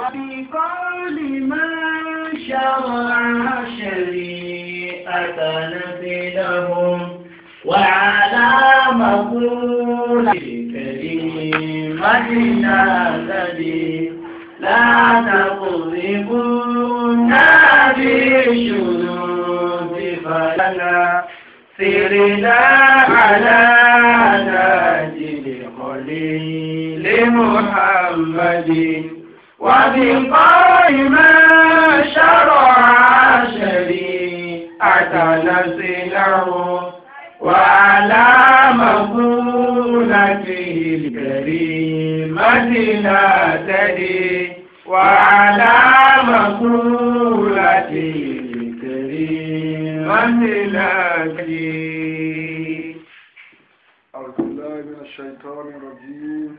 بقول من شرع شريعة نبيهم وعلى مقول كلمتنا الذي لا تقربونا بشذوذ فلنا سرنا على ناجل خليل محمد وبقول ما شرع شريعة نسله وعلى مقولته الكريمة لا تدي وعلى مقولته الكريمة لا تدي أعوذ بالله من الشيطان الرجيم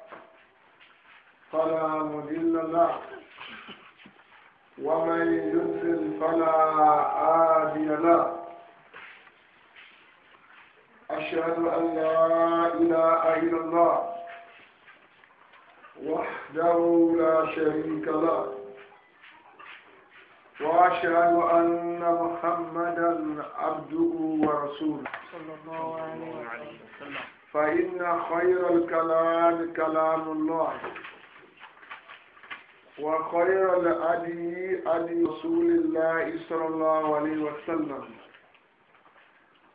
فلا مضل له ومن يضلل فلا هادي له أشهد أن لا إله إلا الله وحده لا شريك له وأشهد أن محمدا عبده ورسوله صلى الله عليه وسلم فإن خير الكلام كلام الله وخير الأدي أدي رسول الله صلى الله عليه وسلم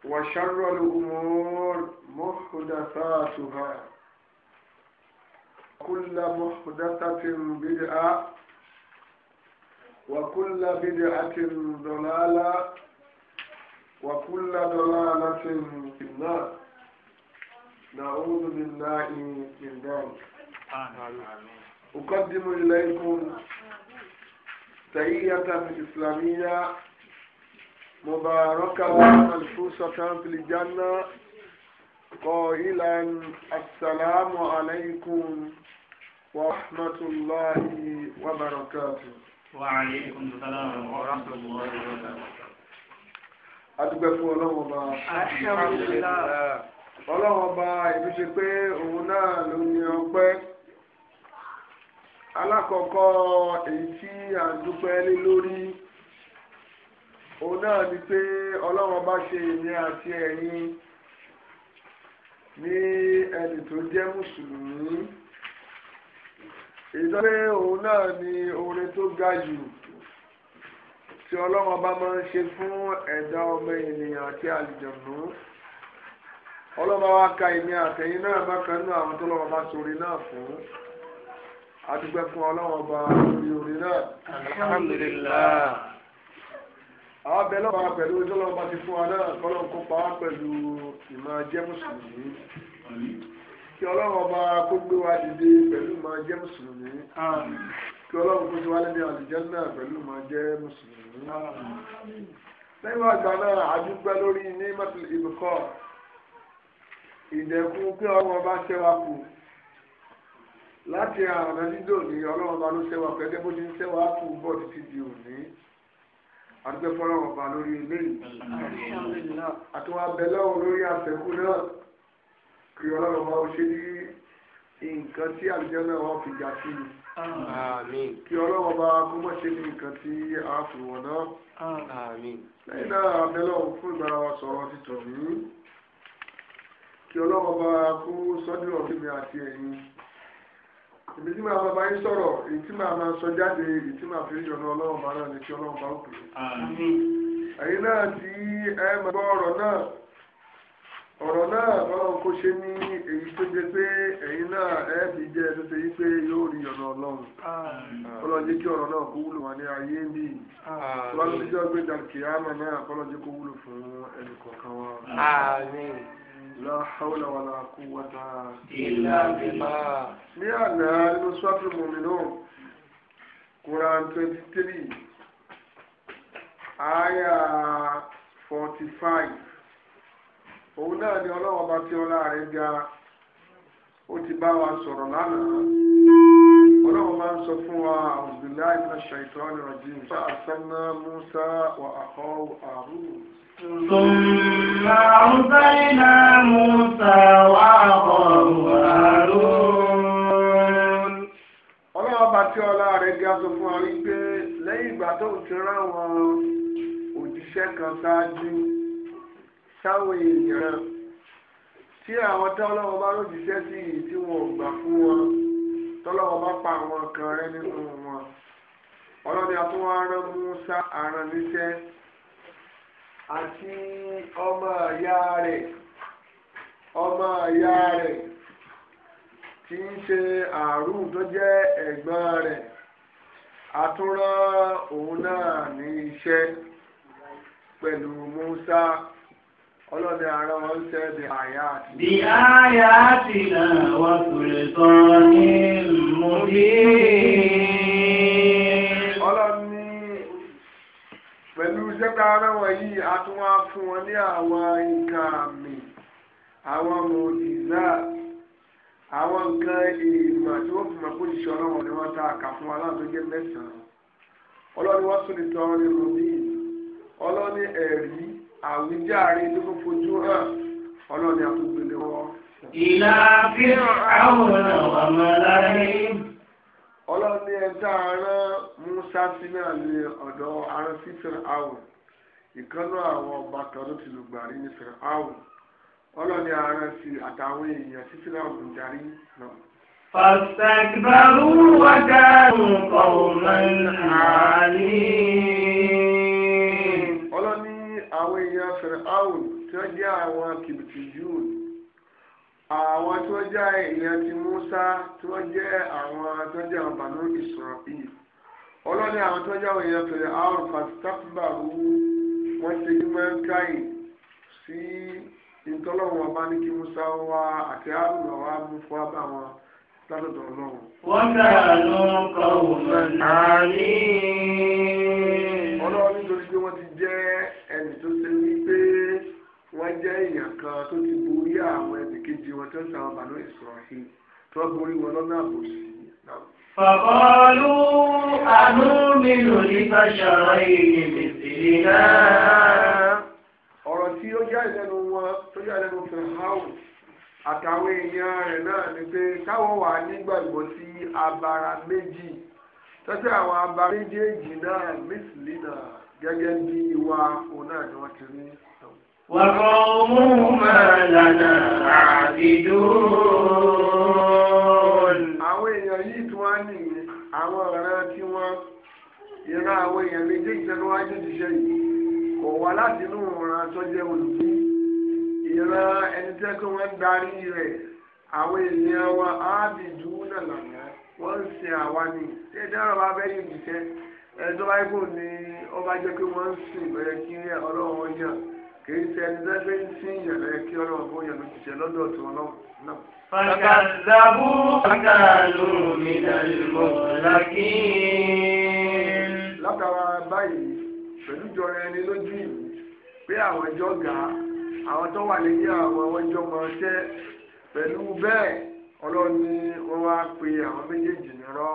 وشر الأمور محدثاتها كل محدثة بدعة وكل بدعة ضلالة وكل ضلالة في النار نعوذ بالله من ذلك آمين أقدم إليكم تحية إسلامية مباركة ملفوسة في الجنة قائلا السلام عليكم ورحمة الله وبركاته وعليكم السلام ورحمة الله وبركاته adúgbò fún ọlọ́wọ́ bá ọlọ́wọ́ bá ìlú pé òun náà ló ní ọpẹ́ alákọ̀ọ́kọ́ èyí tí à ń dúpẹ́ lé lórí òun náà ni pé ọlọ́run bá ṣe èmi àti ẹ̀yin ní ẹni tó jẹ́ mùsùlùmí ìtọ́lé òun náà ni oore tó ga jù tí ọlọ́run bá máa ń ṣe fún ẹ̀dá ọmọ ènìyàn àti àlùjọ̀nù ọlọ́run bá wa ka èmi àtẹ̀yin náà bákan náà àwọn tó lọ́wọ́ bá sori náà fún un adúgbẹ́ fún ọlọ́wọ́n ọba lórí orí náà. alhamdulilah. àwọn abẹ lọ́ba pẹ̀lú ojú ọlọ́ba ti fún wa náà kọ́lọ́n kó pa wá pẹ̀lú ìmọ̀ jẹ́ mùsùlùmí. kí ọlọ́wọ́n ọba kó gbé wa dìde pẹ̀lú ìmọ̀ jẹ́ mùsùlùmí. kí ọlọ́wọ́n kó ti wá lẹ́ni àlùjánnà pẹ̀lú ìmọ̀ jẹ́ mùsùlùmí. lẹ́yìn wá náà adúgbẹ́ lórí ní mọ́tò ìbùkọ́ ìdẹ̀kùn kí ọlọ́wọ́n ọba ṣẹ́wà kù láti àrùn ẹlídò ní ọlọ́run bá ló ṣẹ́wà pẹ́ẹ́dẹ́ bó ti ń ṣẹ́wà á kú bọ́ títí di òní àdúgbò fọlọ́run bá lórí eléyìí àtúwà bẹ́lẹ́wọ̀n lórí àfẹ́kù náà kí ọlọ́run bá ó ṣe ní nǹkan tí àlùjọ náà wọ́n fi jà sí i kí ọlọ́run bá kó mọ̀ ṣe ní nǹkan tí a fi wọ̀n náà lẹ́yìn náà bẹ́lẹ́wọ̀n fún ìgbára wa sọ̀rọ̀ ti tọ̀ mí kí ọlọ́run bá kó sọ́dún ọ̀gbìn àti ẹ̀yìn èmi tí màá bá yín sọ̀rọ̀ èyí tí màá máa sọ jáde èyí tí màá fi yọ̀nà ọlọ́run bá náà ní kí ọlọ́run bá pè é. ẹ̀yin náà tí ẹ máa gbọ́ ọ̀rọ̀ náà ọ̀rọ̀ náà báwọn kò ṣe ní èyí tó jẹ pé ẹ̀yin náà ẹ fi jẹ́ tó ṣe yí pé yóò rí ọ̀nà ọlọ́run ọlọ́jẹ́ kí ọ̀rọ̀ náà kó wúlò wá ní ayé mi tó bá lójú ọgbẹ́jà kìámà náà kọ́lọ́jẹ́ kó wúlò fún ẹnì kọ̀ọ̀kan wa. لا حول ولا قوة إلا بالله ní àná ló sọ́tún mùmínún Quran twenty three aya forty five òun náà ni ọlọ́wọ́ bá tí ọlá rẹ̀ ga ó ti bá wa sọ̀rọ̀ lánàá ọlọ́wọ́ máa ń sọ fún wa a'udhu billahi minash shaitani rajim fa arsalna Musa wa akhahu Harun. ثم أرسلنا موسى وأخاه هارون ọlọ́run ọba tí ọlá rẹ̀ ga sọ fún wa wípé lẹ́yìn ìgbà tó ń ti ráwọn òjíṣẹ́ kan ṣáájú sáwọn èèyàn tí àwọn tọ́lọ́wọ́ bá lòjíṣẹ́ sí yìí tí wọn ò gbà fún wọn tọ́lọ́wọ́ bá pa àwọn kan rẹ́ nínú wọn ọlọ́ni àtúwọ̀n arán Mùsá arán níṣẹ́ àti ọmọ ìyá rẹ̀ ọmọ ìyá rẹ̀ tí ń ṣe àrùn tó jẹ́ ẹ̀gbọ́n rẹ̀ àtúnrán òun náà ní iṣẹ́ pẹ̀lú Musa ọlọ́dẹ ara wọn ṣe bí àyà àti. bí àyà àti náà wọ́n kò lè sọ ní mòdì. nípa ara wọn yìí a tún wá fún wọn ní àwọn nǹkan àmì àwọn mòdìzá àwọn nǹkan ìmọ̀ tí wọ́n fi mọ̀ kó ṣiṣẹ́ ọlọ́wọ́n ni wọ́n ta àkà fún wa láti jẹ́ mẹ́sàn-án ọlọ́ni wọ́n tún lè tọ́ ọrẹ rọ̀bì ọlọ́ni àwíjàre tó tó fojú hàn ọlọ́ni àtúgbélé wọn. ìlà fíìràn àwọn ọmọ láyé. ọlọ́ni ẹ̀dá arán musa sínú àlè ọ̀dọ́ arán fíìràn àwọn ìkànnú àwọn ọba kan ló ti lùgbàrí ní fìràwù ọlọ́ni ààrẹ sí àtàwọn èèyàn tí fìràwù ń darí lọ. فاستكبروا وكانوا قوما عالين. ọlọ́ni àwọn èèyàn fìràwù tí wọ́n jẹ́ àwọn kìbìtì yúù àwọn tí wọ́n jẹ́ èèyàn ti Musa tí wọ́n jẹ́ àwọn فاستكبروا wọ́n ṣe human kind sí ìtọ́lọ́wọ́ ọba ní kí musa wá àti arúgbó wa mú fún abá wọn látọ̀dọ̀ ọlọ́run. wọ́n dára ló òun náà ọlọ́run nítorí pé wọ́n ti jẹ́ ẹni tó ṣe wípé wọ́n jẹ́ èèyàn kan tó ti borí àwọn ẹnì kejì wọn tó ń sàwọn bàánú ìsọ̀rọ̀ yìí tó borí wọn lọ́nà àbòsí. فقالوا أنؤمن لبشرين مثلنا ọ̀rọ̀ tí ó jẹ́ ìlẹ́nu wọn tó jẹ́ ìlẹ́nu fìhàù àtàwọn èèyàn rẹ̀ náà ni pé káwọn wà nígbàgbọ́ sí abara méjì tọ́jú àwọn abara méjèèjì náà mísìlì náà gẹ́gẹ́ bí wa òun náà ni wọ́n ti rí. wàá kọ́ ọmú máa lànà àbídó. àwọn ọ̀rẹ́ tí wọ́n ìran àwọn èèyàn méjèèjì tẹnu wájú ti ṣe yìí kò wá láti inú ìran tó jẹ́ olùkí ìran ẹni tẹ́ kí wọ́n darí rẹ̀ àwọn èèyàn wọn á bì dùn náà lànà wọ́n ń ṣe àwa ni ṣé dára bá bẹ́ yìí jìṣẹ́ ẹni tó bá kò ní jẹ́ pé wọ́n ń sìn bẹ́ẹ̀ kí ọlọ́run ọjà kì í ṣe ẹni tẹ́ fẹ́ ń sìn ìyàrá kí ọlọ́run fún ìyàrá jìṣẹ́ lọ́dọ̀ tí wọ́n náà. فكذبوا فكانوا من المهلكين látara báyìí pẹ̀lú jọra ẹni lójú yìí pé àwọn ẹjọ́ ga àwọn tó wà lẹ́yìn àwọn ẹjọ́ máa ṣẹ́ pẹ̀lú bẹ́ẹ̀ ọlọ́run ni wá pe àwọn méjèèjì nírọ́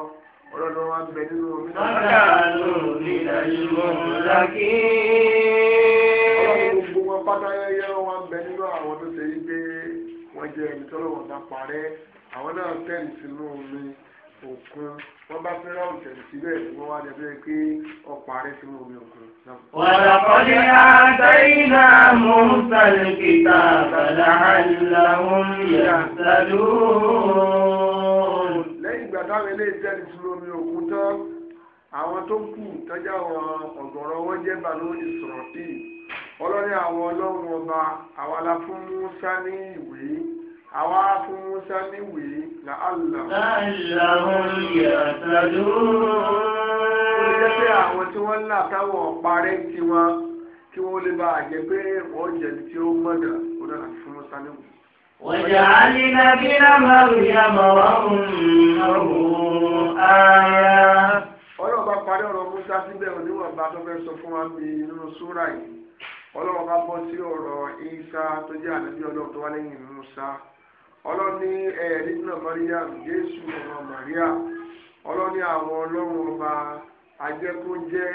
ọlọ́run wá bẹ nínú omi náà. ọ̀gá ló ní ìdájọ́ ọ̀làkì. ọlọ́run gbogbo wọn pátá yẹ́yẹ́ wọn bẹ nínú àwọn tó ṣe yí pé wọ́n jẹ́ ẹni tọ́lọ́wọ́n bá parẹ́ àwọn náà tẹ̀lé sínú omi òkun wọ́n bá fẹ́ràn òtẹ̀lẹ̀ síbẹ̀ wọ́n wá dẹ̀ bẹ́ẹ̀ pé ọ̀pá rẹ̀ sínú omi òkun. Wàlàkọ́lé àtẹ́yìnà mọ́sálì kìtà bàlá àlàhùn yàtàdó. Lẹ́yìn ìgbà táwọn eléyìí tẹ̀lé sínú omi òkun tán, àwọn tó kù tọ́jà wọn ọ̀gọ̀rọ̀ wọn jẹ́ bàlú ìsọ̀rọ̀tì. Ọlọ́rin àwọn ọlọ́run ọba àwọn aláfún Musa ní ìwé. àwa fún Musa níwèé là Allah. láìláhùn yàtàdó. kí wọ́n lè bá àjẹ́ pé wọ́n jẹ̀bi tí ó mọ̀dà ó dára fún Musa bá parí ọ̀rọ̀ Musa síbẹ̀ oníwọ̀nba tó fẹ́ sọ fún wa bí nínú súra yìí bá bọ́ sí Isa tó jẹ́ tó wá ọlọ́ni ẹ̀ẹ́dì náà maria jésù ọmọ maria ọlọ́ni àwọn ọlọ́run ọba ajẹ́kójẹ́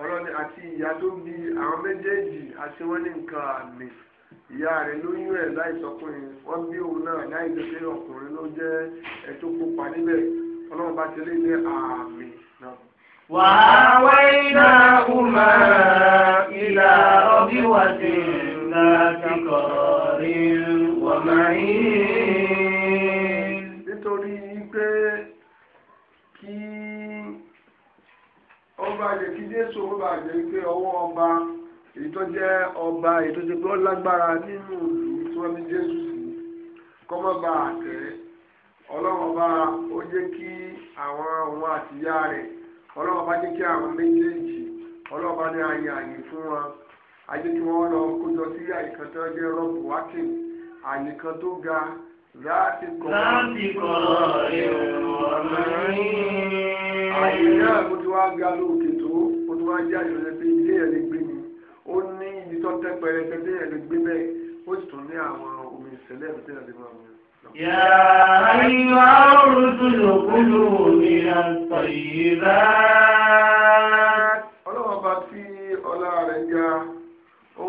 ọlọ́ni àti ìyá tó bí àwọn méjèèjì àti wọ́n ní nǹkan àmì ìyá rẹ̀ lóyún ẹ̀ láìsọkùnrin wọ́n bí òun náà láìsọ pé ọkùnrin ló jẹ́ ẹ tó níbẹ̀ ọlọ́run bá ti lé ní àmì náà. وآويناهما إلى ربوة ذات قرار أجمعين nítorí pé kí ọba jẹ́ kí Jésù ọba jẹ́ pé ọwọ́ ọba èyí tó jẹ́ ọba èyí tó lágbára nínú ìlú tí Jésù sí àtẹ ó kí àwọn àtìyá kí àwọn méjèèjì ní ayé fún wọn ajé kí lọ àyè kan tó ga láti kọ́ àyè náà mo ti wá ga lóòkè tó mo ti wá jẹ́ àyè rẹ̀ pé ilé ẹ̀ lè gbé mi ó ní ibi tó tẹ́ pẹrẹsẹ tí ẹ̀ lè gbé bẹ́ẹ̀ ó sì tún ní àwọn omi ìṣẹ̀lẹ̀ ẹ̀ tí ẹ̀ lè máa mú. يا أيها الرسل كلوا من الطيبات. ọlọ́wọ́ bá tí ọlá rẹ̀ ga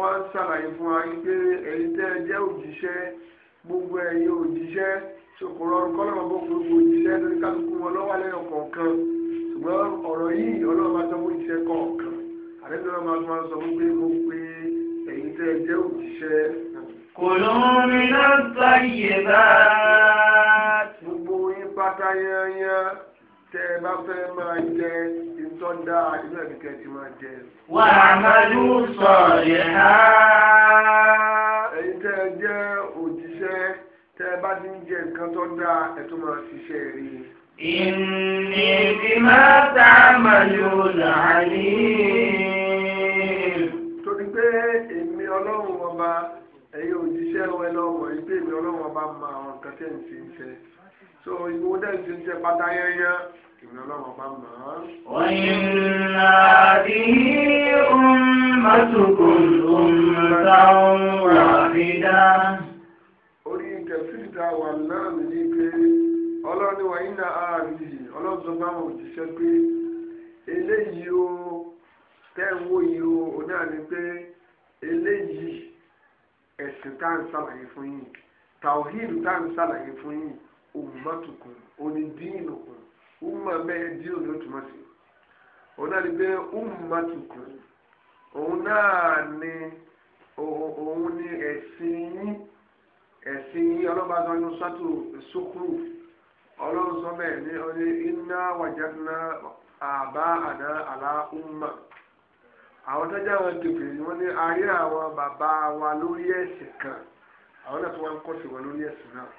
wá ń ṣàlàyé fún wa wípé ẹ̀yin tẹ́ ẹ jẹ́ òjíṣẹ́ gbogbo ẹ̀yin òjíṣẹ́ ṣòkòrò ọ̀rùkọ́lọ́mọ bó gbogbo òjíṣẹ́ lórí kálukú wọn lọ́wọ́ lẹ́yìn kọ̀ọ̀kan ṣùgbọ́n ọ̀rọ̀ yìí ọlọ́run máa sanwó iṣẹ́ kọ̀ọ̀kan àdébí ọlọ́run máa máa sọ wípé mo pé ẹ̀yin tẹ́ ẹ jẹ́ òjíṣẹ́. kò tẹ́ ẹ bá fẹ́ máa jẹ ìtọ́dá inú ẹ̀mí kẹ́ẹ̀tì máa jẹ. wà á májú sọ̀rọ̀ ha. ẹ̀yin tẹ́ ẹ jẹ́ òjíṣẹ́ tẹ́ ẹ bá ti ń jẹ nǹkan tó dáa ẹ̀ tó máa ṣiṣẹ́ rí i. ìní bí máa ta màlúù làálí. torí pé èmi ọlọ́run ọba ẹ̀yin òjíṣẹ́ ẹ lọ́wọ́ ìgbé mi ọlọ́run ọba máa àwọn tẹ̀ ń ṣe iṣẹ́ so ìwọ dẹ́ ti ń jẹ pátá yẹ́yẹ́ ìwé ọlọ́run bá mọ̀ ọ́. wọ́n nà bí ọmọdékùn ọmọdáwọn wà fi dá. orí ìtẹ̀síta wà náà mi ní pé ọlọ́run wà yín náà á rí i ọlọ́run tó bá wọn òjíṣẹ́ pé eléyìí o tẹ́ ń wò yìí o ò náà ní pé eléyìí ẹ̀sìn tá à ń ṣàlàyé fún yín tàwíìlù tá à ń ṣàlàyé fún yín. ummatukum òní dínukum umma mẹ́ẹ̀ díò ní òtúmọ̀ sí òun ni pé ummatukum ni òun ni ẹ̀sìn yín ẹ̀sìn yín ọlọ́ba sọ ní sọ́tò sukuru ọlọ́run sọ bẹ́ẹ̀ umma àwọn ni wọ́n ní ayé àwọn bàbá wa lórí ẹ̀sìn kan àwọn náà tó ń kọ́ sí wọn lórí ẹ̀sìn náà.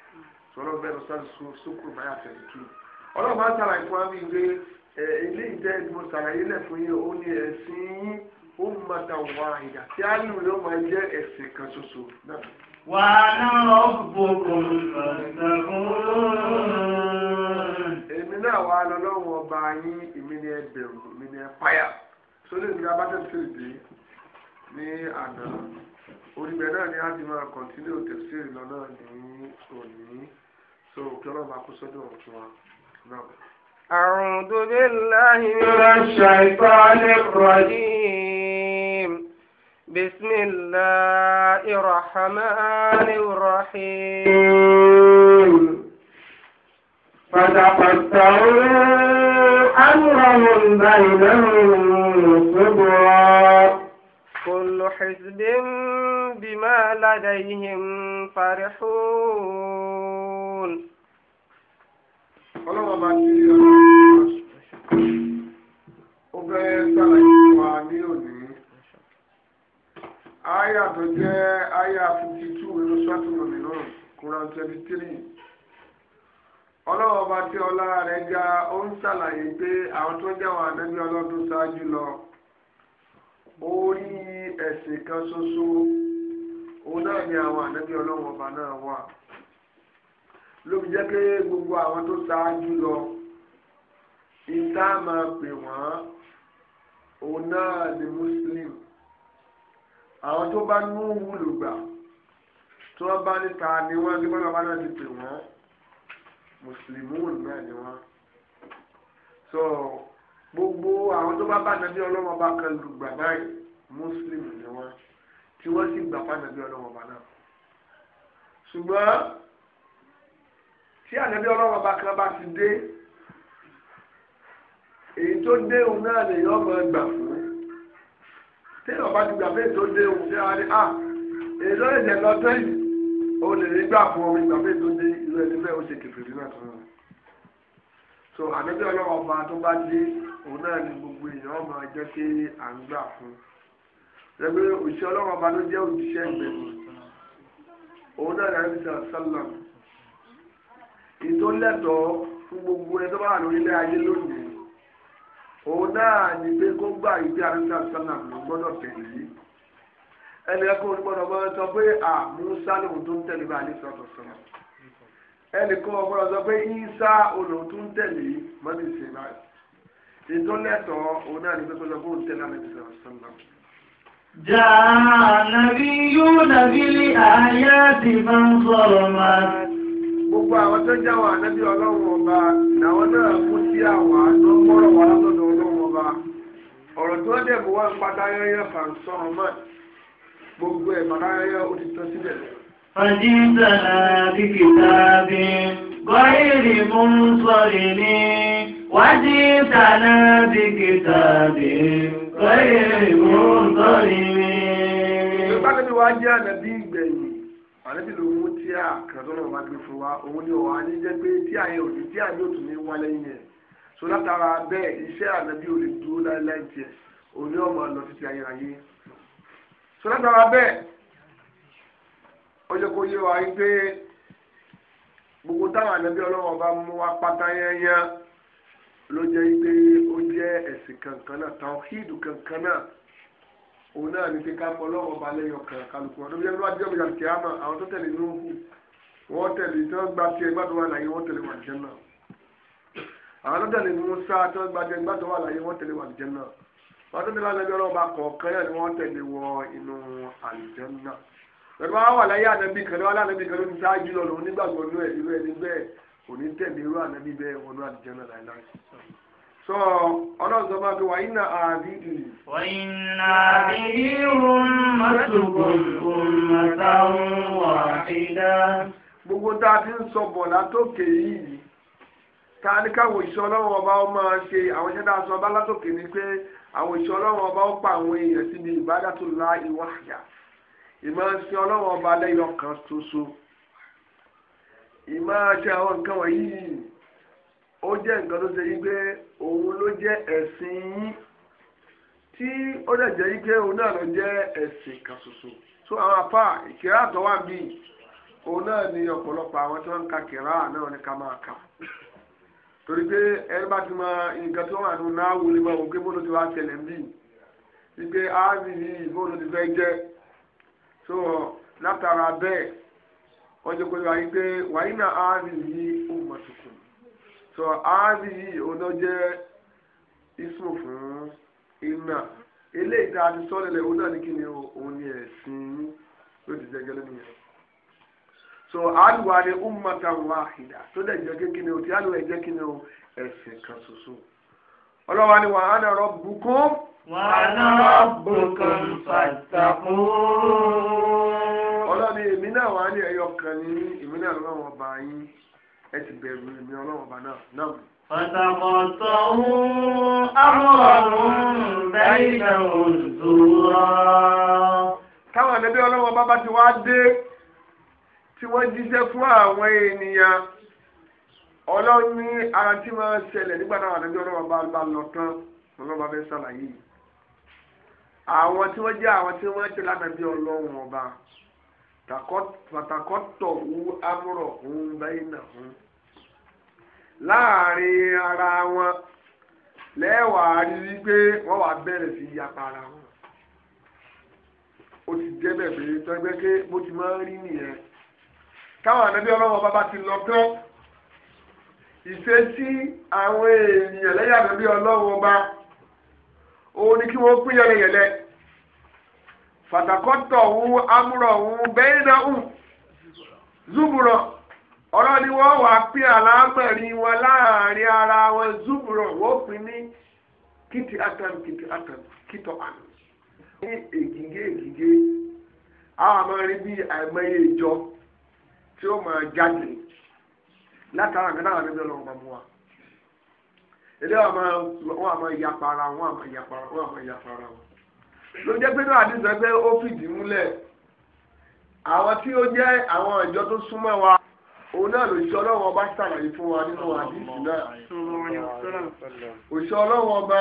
sọlọ bẹ́ẹ̀ lọsàn sókùrù báyà tẹ̀lé tù ọlọ́run bá tara ìfún wa bíi pé ẹ ilé ìtẹ́ ìgbìmọ̀ sàlàyé lẹ̀ fún yín ó ní ẹ̀sìn yín ó ń bàtà wà ìdá tí á lù yóò máa jẹ́ ẹ̀sìn kan ṣoṣo náà. wà á náà ọ̀bùnkùn èmi náà wà á lọ́lọ́run ọba yín èmi ni ẹ bẹ̀rù èmi ni ẹ páyà sólè ní abátẹ́sẹ̀ dé ní àná orí náà ni a ti máa kọ̀ntínú tẹ̀síìrì lọ ní òní. أعوذ بالله من الشيطان الرجيم بسم الله الرحمن الرحيم فتقطعوا أمرهم بينهم صبرا كل حزب بما لديهم فرحون ọlọ́wọ́ bá ti ó fẹ́ sàlàyé fún wa ní òní. Aya tó jẹ́ aya fifty two nínú sọ́tùmù mìíràn Quran twenty three. Ọlọ́wọ́ bá tí ọlá rẹ̀ ga ó ń sàlàyé pé àwọn tó jẹ́ àwọn àdẹ́bí ọlọ́dún ṣáájú lọ. Orí ẹ̀sìn kan ṣoṣo, òun náà ni àwọn àdẹ́bí ọlọ́wọ́ náà wà ló fi jẹ́ pé gbogbo àwọn tó ṣáájú lọ ìta pè wọ́n òun náà ni muslim àwọn tó bá nú wúlò tí wọ́n bá níta ni wọ́n gbé bọ́lá bá náà ti pè wọ́n mùsùlùmí náà ni wọ́n sọ gbogbo àwọn tó bá bá nàbí ọlọ́wọ́ bá kan lùgbà báyìí mùsùlùmí ni wọ́n tí wọ́n sì gbà fún nàbí ọlọ́wọ́ bá náà ṣùgbọ́n tí ànábì ọlọ́wọ́ bá kan bá ti dé èyí tó dé òun náà lè yọ ọmọ gbà fún téèyàn bá ti gbà pé tó dé òun ṣé wàá ní à èyí tó lè jẹ lọ́tọ́ yìí òun lè rí gbà fún ọmọ ìgbà pé tó dé ìlú ẹni bẹ́ẹ̀ ó ṣe kẹfìrí náà tó so ànábì ọlọ́wọ́ ọba tó bá dé òun náà ni gbogbo èèyàn ọmọ ẹjọ́ tí à ń gbà fún rẹ̀gbẹ́ òṣìṣẹ́ ọlọ́wọ́ ọba ló jẹ́ òṣìṣẹ́ ìgbẹ̀mí òun náà ni àyẹ̀wò ètò lẹ́tọ̀ọ́ fún gbogbo ẹni tó bá wà lórí ayé lónìí òun náà ní pé kó gbà ìdí àríwá sálà ló gbọ́dọ̀ tẹ̀lé yìí ẹnì kan ò gbọ́dọ̀ gbọ́dọ̀ sọ pé àmúsá lòun tó ń tẹ̀lé bá alẹ́ sọ̀tọ̀ sọ̀rọ̀ ẹnì kan ò gbọ́dọ̀ sọ pé ìsá olóhùn tó ń tẹ̀lé mọ́tì sí báyìí ètò lẹ́tọ̀ọ́ òun náà ní pé kó lọ fún òun tẹ̀lé alẹ́ sọ̀tọ̀ sọ̀rọ̀. جاء نبينا بالآيات فانصر ما gbogbo àwọn tó jẹ́ àwọn ànábì ọlọ́run ọba làwọn náà kú sí àwọn àná mọ́rọ̀ wà látọ̀dọ̀ ọlọ́run ọba ọ̀rọ̀ tó dẹ̀ bó wá ń padà yẹ́yẹ́ kà ń sọ̀rọ̀ mọ́ gbogbo ẹ̀ padà yẹ́yẹ́ ó ti tọ́ síbẹ̀. فجئتنا بكتاب غير منصرم وجئتنا بكتاب غير منصرم. ìgbàgbọ́ mi wá jẹ́ ànábì ìgbẹ̀yìn àlébí ló mú tíà kan tó náà bá gbé fún wa òun ni ọ̀hán ní jẹ́ pé tíà yẹn ò ní tíà yóò ní wá yẹn so látara bẹ́ẹ̀ iṣẹ́ ànábì ò lè dúró láìláì tiẹ̀ òun ni ọmọ lọ títí ayérayé so látara bẹ́ẹ̀ ó yẹ kó yé wa yí pé gbogbo táwọn ànábì ọlọ́wọ́n bá mú wa pátá yẹ́nyẹ́ ló jẹ́ pé ó jẹ́ ẹ̀sìn kankan náà tàwọn hídù kankan náà òun náà ní pé ká mọ ọlọ́wọ́ ọba lẹ́yọ kan kálukú wọn lóbi ẹgbẹ́ wájú ọ̀gbìn àti àmà àwọn tó tẹ̀lé ní òkú wọ́n tẹ̀lé tí wọ́n gba tiẹ̀ gbàdúrà wà láyé wọ́n tẹ̀lé wà jẹ́ náà àwọn tó tẹ̀lé ní musa tí wọ́n gba tiẹ̀ gbàdúrà wà láyé wọ́n tẹ̀lé wà jẹ́ náà wọ́n tó tẹ̀lé alẹ́bí ọlọ́ba kọ̀ọ̀kan yẹn ni wọ́n tẹ̀lé wọ inú àlùjànnà pẹ̀lú àwọn wà láyé ànábì kan lọ́wọ́ ànábì kan ló ti sáájú lọ lòun So, ọlọ́run sọ máa fi wà iná àbídì. wà iná àbídì ummatun ummatan wahida. gbogbo tá a ti ń sọ bọ̀ látòkè yìí tá a ní káwọn ìṣọ́ ọlọ́run ọba ó máa ṣe àwọn iṣẹ́ tá a sọ ọba látòkè ni pé àwọn ìṣọ́ ọlọ́run ọba ó pa àwọn èèyàn síbi ibadatullahi wahda ìmọ̀ ṣe ọlọ́run ọba lẹ́yìn ọkàn ṣoṣo ìmọ̀ ṣe àwọn nǹkan wọ̀nyí yìí. ó jẹ́ nǹkan tó ṣe wípé òun ló jẹ́ ẹ̀sìn yín tí ó dẹ̀ jẹ́ wípé òun náà ló jẹ́ ẹ̀sìn kan ṣoṣo tó àwọn apá wà bí òun náà ni ọ̀pọ̀lọpọ̀ àwọn tí wọ́n ń ka kírà náà ní ká máa kà torí pé ẹni bá ti ma nǹkan tó wà nù náà wọlé mọ́ òun pé bó ló ti wá ṣẹlẹ̀ wípé áàbì so látara bẹ́ẹ̀ wọ́n jẹ́ pé wáyé pé wáyé náà áàbì yìí so áàlì yìí ọ̀nà jẹ́ ismu fún iná eléyìí a ti sọ lẹ́lẹ̀ ọ̀nà ní òun ni ẹ̀sìn ló ti jẹ́ gẹ́lẹ́ nìyẹn so áàlì wa ni ummatan wahida tó dẹ̀ jẹ́ kékeré o tí áàlì wa jẹ́ kíni o ẹ̀sìn kan ṣoṣo ọlọ́wà ni wàá nà rabbukum. wàá ọlọ́ni èmi náà wàá ní kan ní ẹ ti bẹ̀rù èmi ọlọ́run ọba náà náà. fàtàkọ̀tọ̀hún amọ̀rún bẹ́ẹ̀nà òzúrọ̀. káwọn ẹ̀nẹ́bí ọlọ́run ọba bá ti wá dé tí wọ́n jíṣẹ́ fún àwọn ènìyàn ọlọ́run ní ara tí máa ṣẹlẹ̀ nígbà náà ẹ̀nẹ́bí ọlọ́run ọba bá lọ tán ọlọ́run bá fẹ́ ṣàlàyé àwọn tí wọ́n jẹ́ àwọn tí wọ́n jẹ́ lánàá bí ọlọ́run ọba pàtàkọ́tọ̀ wú amúrọ̀ hún bẹ́yìnà hún láàrin ara wọn lẹ́wàá rí wípé wọ́n wá bẹ̀rẹ̀ sí yapa ara wọn O ti jẹ́ bẹ̀rẹ̀ tọ́gbẹ́ pé bó ti máa ń rí nìyẹn káwọn ànábí ọlọ́wọ́ bàbá ti lọ tán ìṣesí àwọn èèyàn lẹ́yìn ànábí ọlọ́wọ́ bá òun ni kí wọ́n pín yẹlẹyẹlẹ. fàtàkọ́tọ̀hún amúrọ̀hún bẹ́ẹ̀nàhùn zúbùrọ̀ ọ̀rọ̀ ni wọ́n wà pín àlámọ̀rin wọn láàrin ara wọn zúbùrọ̀ wọ́n pín ní kìtì atan kìtì atan kìtọ̀ àná. ní ègìgé ègìgé àwọn àmọ́rin bíi àìmọye ìjọ tí ó máa jáde látara nǹkan táwọn ọlọ́run bá mú wa. ilé ló jẹ́ pé náà àdìsọ pé ó fìdí múlẹ̀ àwọn tí ó jẹ́ àwọn ìjọ tó súnmọ́ wa òun náà ló ṣe ọlọ́wọ́ ọba ṣàlàyé fún wa nínú àdìsí náà òṣè ọlọ́wọ́ ọba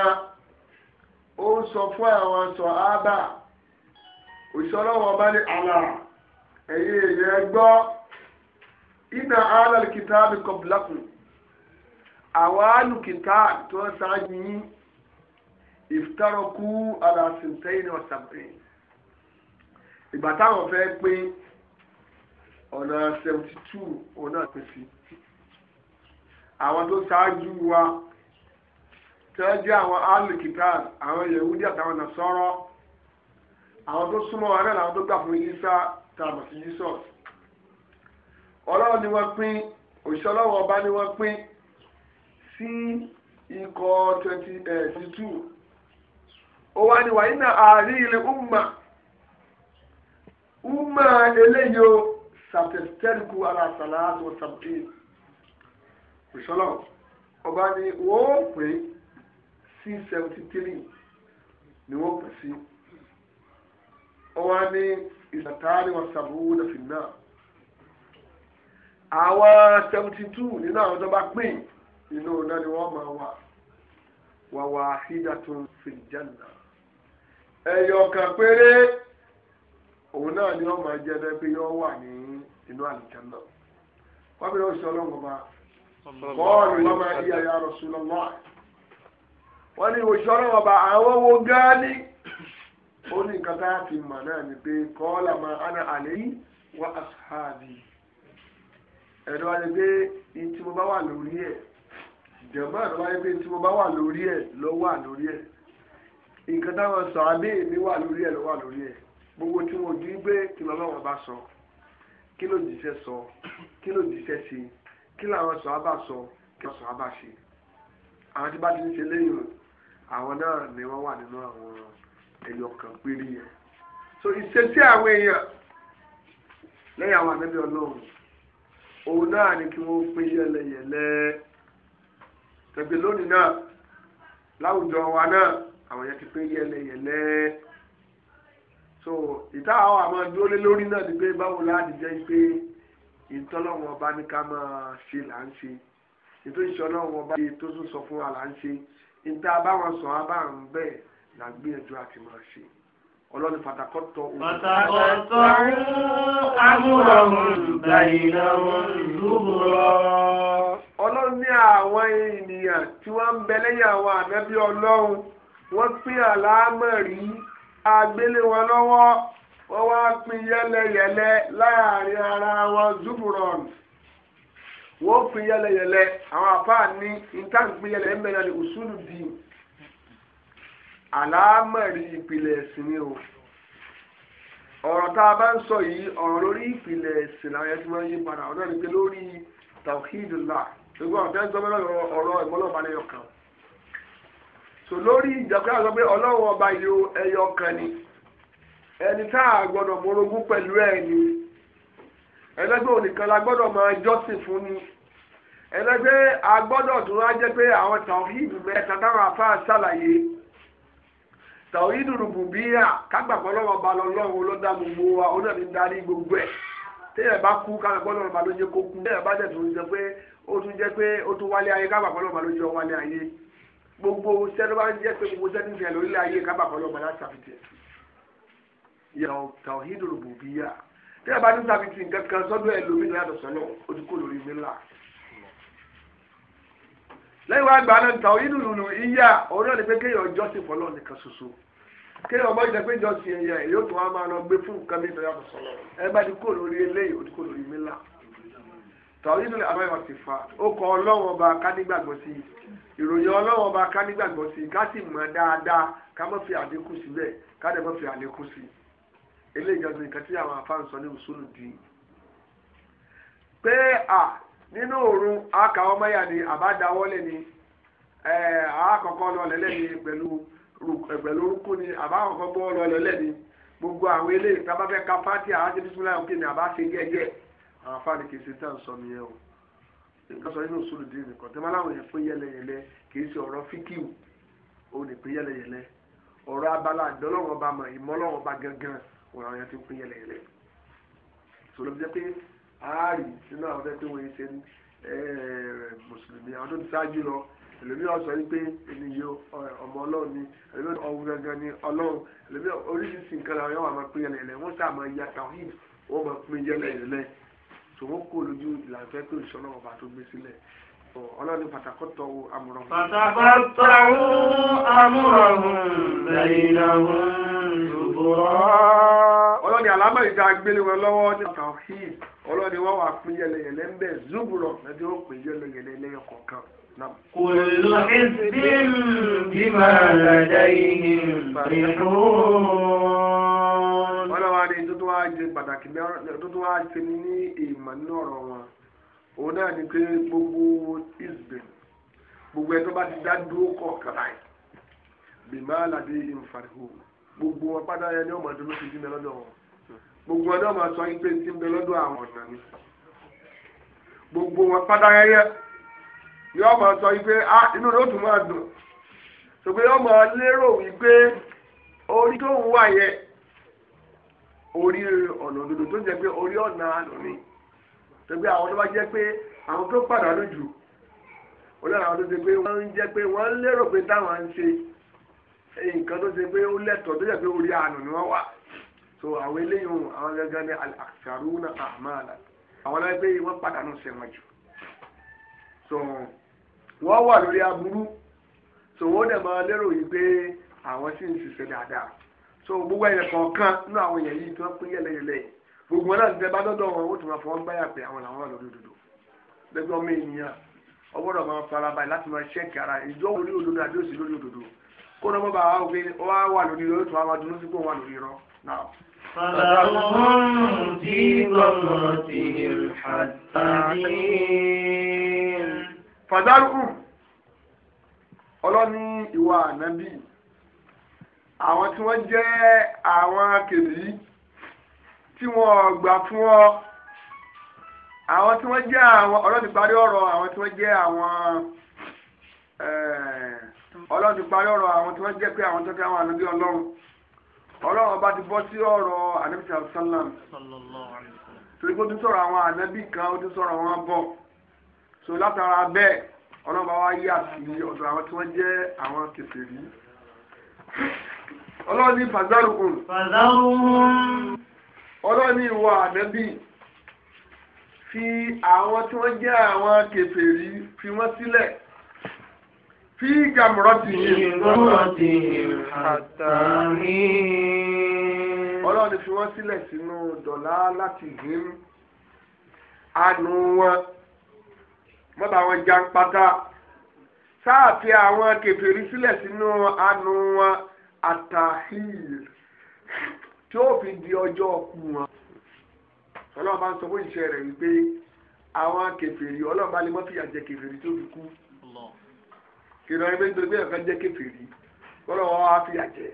ó ń sọ fún àwọn sọ ábà òṣè ọlọ́wọ́ ọba ní àlà ẹ̀yìn èèyàn gbọ́ iná alàlùkìtà mi kọ̀ bùlákùn àwọn alùkìtà tó ń ṣáájú yín ìfitárakú aláṣẹ̀ntẹ́yìn ọ̀sàbẹ̀yìn ìgbà táwọn fẹ́ pín ọ̀nà seventy two ọ̀nà pèsè àwọn tó ṣáájú wa tẹ́lẹ̀ jẹ́ àwọn alikitaad àwọn yehudi àtàwọn nasọ́rọ́ àwọn tó súnmọ́ wa náà làwọn tó gbà fún yíṣà tààmù sí jesus ọlọ́run ni wọ́n pín òṣìṣẹ́ ọlọ́run ọba ni wọ́n pín sí ikọ̀ twenty eh, two ó wá ní wàyí náà àárín ilé umma umma eléyìí o sàtẹ̀sítẹ́rìkù ara sàlàtù sàbùkì òṣèlú ọba ni wọ́n pè é sí seventy three ni wọ́n pè sí ó wá ní ìsàtàrí wọn sàbùkù náà náà àwọn seventy two nínú àwọn tó bá pín inú náà ni wọ́n máa wà wà wà hídàtún fìjánà. ẹyọ kan péré òun náà ni wọn máa jẹ bẹ́ẹ̀ pé yọ wà ní inú àlùjánnà wọn bí wọn sọ Ọlọ́run ọba bọọlù wọn máa di àyà Rasulullah wọn ní òṣìṣẹ́ Ọlọ́run ọba àwọn ó ní nǹkan a fi náà ni pé kọ́ọ́là máa ana àlẹ́ yìí wá àṣàbì ẹ̀rọ wáyé pé ní mo bá wà lórí ẹ̀ jẹ̀mọ́ ẹ̀rọ wáyé pé ní tí mo bá wà lórí ẹ̀ lọ́wọ́ ẹ̀. nǹkan táwọn sọ abẹ́ mi wà lórí ẹ̀ ló wà lórí ẹ̀ gbogbo tí wọn ojú gbé kí lọ́lọ́wọ́ bá sọ kí ló jíṣẹ́ sọ kí ló jíṣẹ́ ṣe kí làwọn sọ abà sọ kí wọ́n sọ abà ṣe àwọn tí bá ti ń ṣe lẹ́yìn àwọn náà ni wọ́n wà nínú àwọn ẹ̀yọ kan péré yẹn so ìṣesí àwọn èèyàn lẹ́yìn àwọn ànábì ọlọ́run òun náà ni kí wọ́n pín yẹlẹyẹlẹ tẹ̀gbẹ́ lónìí náà láwùjọ wa náà àwọn yẹn ti pé yẹlẹyẹlẹ so ìta àwọn àmọ́ dúró lé lórí náà ni pé báwo láti jẹ́ pé ìtọ́lọ́wọ́n ọba ní ká máa ṣe là ń ṣe ètò ìṣọ́lọ́wọ́n ọba tó tún sọ fún wa là ń ṣe ìta báwọn sọ abá ń bẹ́ẹ̀ là ń gbìyànjú àti máa ṣe ọlọ́ni pàtàkọ́ tọ òun. pàtàkọ́ tọ òun amúhàmùn bàyìnà wọn dúró. ọlọ́run ní àwọn ènìyàn tí wọ́n ń bẹ lẹ́yìn àwọn ànábì ọlọ́run wọ́n pín àlámọ̀rí agbélé wọn lọ́wọ́ wọ́n wá pín yẹlẹyẹlẹ láàrin ara wọn zuburon wọ́n pín yẹlẹyẹlẹ àwọn àfáà ní nǹkan pín yẹlẹyẹlẹ ní usulu di àlámọ̀rí ìpìlẹ̀ ẹ̀sìn ni o ọ̀rọ̀ tá a bá ń sọ yìí ọ̀rọ̀ lórí ìpìlẹ̀ ẹ̀sìn làwọn ẹ̀sìn máa ń yí padà ọ̀dọ́ ni pé lórí tawhidullah ṣùgbọ́n ọ̀tẹ́ ń sọ bẹ́ẹ̀ ọ̀rọ̀ ìmọ̀lọ́ọ̀bá lẹ́yọ̀ kan so lórí ìjọba sọ pé ọlọ́run ọba yìí ẹyọ kan ni ẹni tá a gbọ́dọ̀ morogún pẹ̀lú ẹ̀ ni ẹlẹ́gbẹ́ onìkan la gbọ́dọ̀ máa jọ́sìn fún ni ẹlẹ́gbẹ́ a gbọ́dọ̀ tún wá jẹ́ pé àwọn tàwíìdù mẹ́ta táwọn afáà ṣàlàyé tàwíìdù rùbùbíyà kágbàgbọ́ lọ́wọ́ ba lọ́lọ́run olódà gbogbo wa ó náà ní darí gbogbo ẹ̀ téèyàn bá kú kágbàgbọ́ lọ́wọ́ ba ló jẹ́ kó kú téèyàn bá dẹ̀ tún jẹ́ pé ó tún jẹ́ pé ó tún wálé ayé kágbàgbọ́ lọ́wọ́ ba ló jẹ́ wálé ayé. gbogbo sẹ́ni pé gbogbo sẹ́ni fìyà ayé kábà láti tí a bá ní sàfitì nǹkan kan sọ́dọ̀ ẹ̀ lórí ní àdọ̀sọ́ náà ó ti kó lórí mi ńlá. lẹ́yìn wá gbà náà tàwíìdì lùlù iyà òun náà pé kéèyàn fọlọ́ nìkan ṣoṣo kéèyàn ọmọ ìjà pé èyí ó tún wá máa lọ gbé fún nǹkan mi fa ó kọ ọba ìròyìn ọlọ́run ọba ká nígbàgbọ́ sí i ká sì mọ̀ dáadáa ká má fi àdínkù síbẹ̀ ká dẹ̀ má fi àlékún sí i eléyìí ọdún nǹkan tí àwọn afáàn sọ ní òṣòlù di pé à nínú òrun àkàwọ́ mẹ́yà ni àbádáwọ́lé ni àkọ́kọ́ lọ́lẹ́lẹ́ ni pẹ̀lú pẹ̀lú orúkú ni àbákọ́kọ́ gbọ́ lọ́lẹ́lẹ́ ni gbogbo àwọn eléyìí tábàfẹ́ ká fáti àhájẹ́ bísí láyọ̀ kí ni àbá ṣe gẹ́gẹ́ àwọn afáàn kì nǹkan sọ nínú òṣèlú dín nìkan tẹ́ máa láwọn yẹn pé yẹlẹyẹlẹ kì í ṣe ọ̀rọ̀ fíkìw òun ní pé yẹlẹyẹlẹ ọ̀rọ̀ abala àdọ́lọ́wọ́ bá mọ̀ ìmọ́lọ́wọ́ bá gangan òun àwọn yẹn ti ń pé yẹlẹyẹlẹ sọlọ́ bí jẹ́ pé ààrì sínú àwọn tẹ́ pé wọ́n ṣe mùsùlùmí àwọn tó ti ṣáájú lọ ẹlòmí ọ̀sọ̀ yìí pé ènìyàn ọmọ ọlọ́run ni ẹlòmí ọ̀hún gangan ni ọlọ́run ẹlòmí oríṣiríṣi nǹkan làwọn yẹn wà máa pín yẹlẹyẹlẹ wọ́n sáà máa ya tàwọn yìí wọ́n máa pín ṣùgbọ́n kó lójú ìlànà tó ìṣọ́nà ọba tó gbé sílẹ̀ ọlọ́ni pàtàkọ́tọ̀ amúrọ̀hún. pàtàkọ́tọ̀ amúrọ̀hún bẹ̀yìnàhún ṣùgbọ́n. ọlọ́ni àlámọ̀ ìdá gbélé wọn lọ́wọ́ ní tawhid ọlọ́ni wọn wà pín yẹlẹyẹlẹ ń bẹ̀ zúbùrọ̀ lẹ́bí ó pín yẹlẹyẹlẹ lẹ́yìn kọ̀ọ̀kan. كل حزب بما لديهم فرحون ọlọ́wà ni tó tó wá jẹ pàtàkì tó tó wá ní ìmọ̀ nínú ọ̀rọ̀ náà ni gbogbo isbin gbogbo ẹ̀ tó bá ti dá dúró kọ̀ kàrà ẹ̀ bìmọ̀ aládé ìmùfàdìhò gbogbo wọn padà yẹn ọmọ gbogbo wọn náà máa sọ yín pé ti ń bẹ lọ́dọ̀ àwọn ọ̀nà ni gbogbo wọn padà yẹn máa sọ yín pé ah, inú tún máa dùn ṣùgbọ́n yóò máa lérò wípé orí orí ọ̀nà òdodo tó jẹ́ pé orí ọ̀nà àná ni tẹ̀gbẹ́ àwọn tó bá jẹ́ pé àwọn tó pàdánù jù àwọn tó ṣe pé wọ́n ń jẹ́ pé wọ́n lérò pé táwọn ń ṣe tó ṣe pé ó lẹ́tọ̀ tó jẹ́ pé orí àná ni wọ́n wà so àwọn eléyìí àwọn ní àwọn wọ́n pàdánù jù so wọ́n wà lórí aburú so wọ́n dẹ̀ máa lérò yìí pé àwọn sì ń ṣiṣẹ́ so gbogbo ẹ̀yẹ kọ̀ọ̀kan nínú àwọn èèyàn yìí tí wọ́n pín yẹlẹyẹlẹ yìí gbogbo wọn náà ti bá dọ́dọ̀ wọn ó tún máa fọwọ́ gbáyà pé àwọn làwọn lọ lódodo lẹ́gbẹ́ ọmọ ènìyàn ọgbọ́dọ̀ máa farabalẹ̀ láti máa ṣẹ́ẹ̀kì ara ìjọ lórí òdodo àbí òsì lórí òdodo kó ní ọmọ bá wa gbé wá wà lórí rọ tó wá máa dunú sí pé wà lórí rọ náà. ọlọ́ni ìwà ànábì àwọn tí wọ́n jẹ́ àwọn kèbí tí wọ́n gbà fún ọ àwọn tí wọ́n jẹ́ àwọn ọlọ́run ti parí ọ̀rọ̀ àwọn tí wọ́n jẹ́ àwọn eh, ọlọ́run ti parí ọ̀rọ̀ àwọn tí wọ́n jẹ́ pé àwọn tó kẹ́ àwọn ànábí ọlọ́run ọlọ́run ọba ti bọ́ sí ọ̀rọ̀ ànábì sàlám torí pé ó ti sọ̀rọ̀ àwọn ànábì kan ó ti sọ̀rọ̀ wọn bọ̀ so látara bẹ́ẹ̀ ọlọ́run bá wá yà sí ọ̀dọ̀ àwọn tí wọ́n jẹ́ àwọn kèfèrí yìí ọlọ́run ní fàzárùkùn ọlọ́run ní ìwọ ànábì fi àwọn tí wọ́n jẹ́ àwọn kèfèrí fi wọ́n sílẹ̀ fi gàmùrọ́tì ọlọ́run fi wọ́n sílẹ̀ sínú dọ̀lá láti hìm àánú wọn mọ́bà wọn já ń pátá sáàfi àwọn kèfèrí sílẹ̀ sínú anu wọn àtàhìl tí ó fi di ọjọ́ ọkù wọn ọlọ́run bá ń sọ fún ìṣe rẹ̀ wípé àwọn kèfèrí ọlọ́run bá lè mọ́ fìyà jẹ kèfèrí tó fi kú ìran ẹgbẹ́ nítorí pé ẹ̀kan jẹ́ kèfèrí kọ́lọ́wọ́ á fìyà jẹ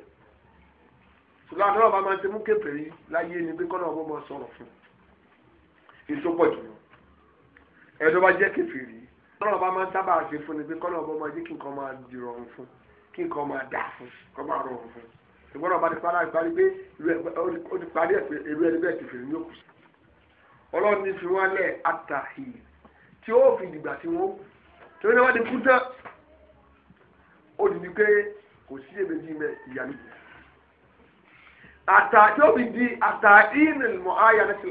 ṣùgbọ́n àtọ́lọ́ bá máa ń ṣe mú kèfèrí láyé ni pé kọ́lọ́wọ́ bó máa sọ̀rọ̀ fún ètò pọ̀ jù ẹ̀dọ́ bá tọ́lọ̀ bá máa ń sábà ṣe fún ni pé kọ́lọ̀ bọ́ máa jẹ́ kí nǹkan máa dìrọ̀rùn fún kí nǹkan máa dà fún kọ́ máa rọrùn fún ṣùgbọ́n ọba ti parí parí pé ó ti parí ẹ̀ pé èrú ẹni bẹ́ẹ̀ ti fèrè ní òkú. ọlọ́run ní fi wọ́n lẹ̀ àtàhì tí ó fi dìgbà tí wọ́n tí wọ́n wá ti kú tán ó di ni pé kò sí èméjì mẹ́ ìyá mi. àtà tí ó fi di àtà ìnìlmọ̀ ayára ti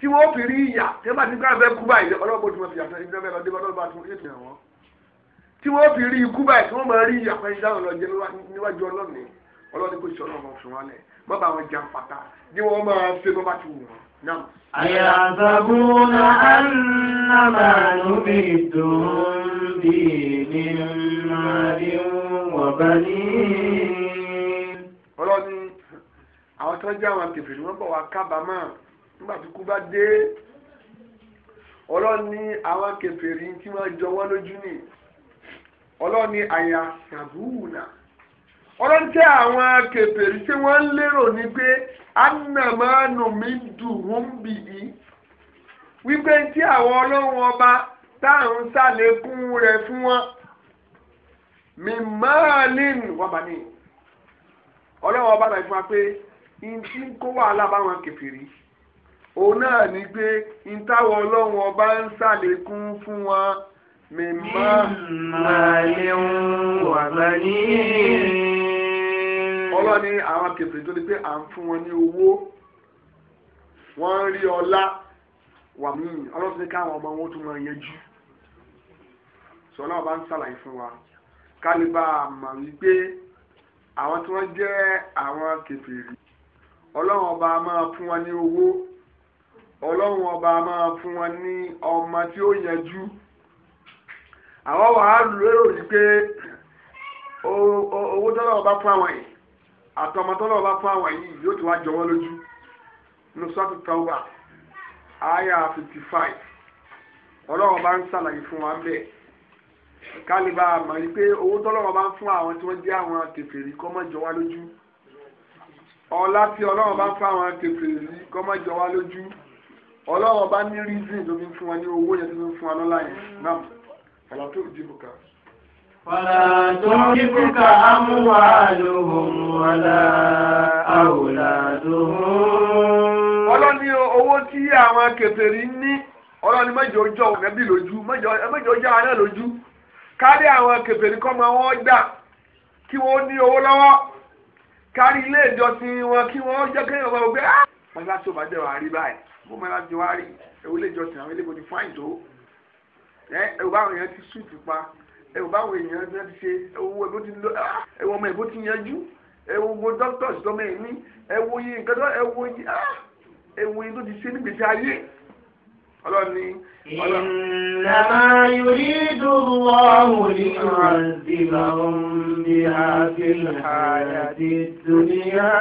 tí wọ́n fi rí ìyà tí wọ́n ti gbà bẹ́ẹ̀ kú báyìí ọlọ́pàá tí wọ́n fi yà sẹ́yìn náà bẹ́ẹ̀ lọ́dẹ́ bá tún ètò ẹ̀wọ̀n tí wọ́n fi rí ikú báyìí tí wọ́n máa rí ìyà pẹ́yìn dáhùn lọ jẹ́ níwájú ọlọ́ọ̀ni ọlọ́ọ̀ni kò sọ̀rọ̀ ọmọ fún wọn lẹ̀ má bá wọn jan pata ni wọ́n máa ṣe bọ́ bá ti wù wọ́n ọlọ́ni àwọn tó ń jẹ́ àwọn kẹfìrí wọ́n bọ̀ wá kábàámọ̀ nígbà tí kú bá dé ọlọ́run ní àwọn kèfèrí tí wọ́n jọ wọ́n lójú ni ọlọ́run ní àyà sàbúùnà ọlọ́run tẹ́ àwọn kèfèrí tí wọ́n ń lérò ní pé anamanu mi dùn wọ́n bìbí wípé tí àwọn ọlọ́run ọba tá à ń ṣàlékún rẹ̀ fún wọn mímọ́ọ̀lìn wọ́n bá ní ọlọ́run ọba náà fún wa pé ìdí ń kó wàhálà báwọn kèfèrí òun náà ní pé ìtawọ̀ ọlọ́run ọba ń ṣàlékún fún wọn mímọ́ màlẹ́hùn wàgbà ní. ọlọ́ni àwọn kẹfìrì tó di pé à ń fún wọn ní owó wọ́n ń rí ọlá wà mí ọlọ́run ti káwọn ọmọ wọn tún máa yẹjú sọ náà bá ń ṣàlàyé fún wa kálíbà mọ̀ wípé àwọn tí wọ́n jẹ́ àwọn kẹfìrì ọlọ́run ọba máa fún wọn ní owó ọlọ́run ọba máa fún wọn ní ọmọ tí ó yẹjú àwọn wàá lérò wípé owó tọ́lọ́wọ́ bá fún àwọn yìí àtọmọ tọ́lọ́wọ́ bá fún àwọn yìí yóò ti wá jọ wọ́n lójú ní sọ́ọ̀tù tọ́wà àyà fifty five ọlọ́run bá ń ṣàlàyé fún wa bẹ́ẹ̀ kálíbà àmọ́ wípé owó tọ́lọ́wọ́ bá ń fún àwọn tí wọ́n jẹ́ àwọn kèfèrí kọ́ mọ́ jọ wá lójú ọlá tí ọlọ́run bá ń fún àwọn kèfèrí kọ́ mọ́ jọ wá lójú ọlọ́run bá ní reason tó fi ń fún wa ní owó yẹn tó fi ń fún wa lọ́lá yẹn náà fàlà tó di bùkà. fàlà tó di bùkà amúwà lóhùn wàlà àwòlà lóhùn. ọlọ́ni owó tí àwọn kèfèrí ní ọlọ́ni mẹ́jọ ojú ọ̀hún ẹbí lójú mẹ́jọ ojú àwọn náà lójú kárí àwọn kèfèrí kọ́ máa wọ́n gbà kí wọ́n ní owó lọ́wọ́ kárí ilé ìjọsìn wọn kí wọ́n jẹ́ kéèyàn wọ́n gbé. pàṣẹ ah! àti òbájẹ́ wà á rí báyìí ó máa láti wá rí ẹ̀wọ́ ilé ìjọsìn àwọn elébo ti fáìn tó ẹ̀wọ́ báwọn èèyàn ti sùn ti pa ẹ̀wọ́ báwọn èèyàn ti ṣe ẹ̀wọ́ ẹ̀bó ti lọ ẹ̀wọ́ ah, ọmọ ẹ̀bó ti yanjú ẹ̀wọ́ gbogbo doctors tọ́mọ ẹ̀ ní ẹ̀wọ́ yìí nǹkan tó ẹ̀wọ́ yìí ẹ̀wọ́ yìí tó ti ṣe nígbèsè ayé ọlọ́run إنما يريد الله ليعذبهم بها في الحياة الدنيا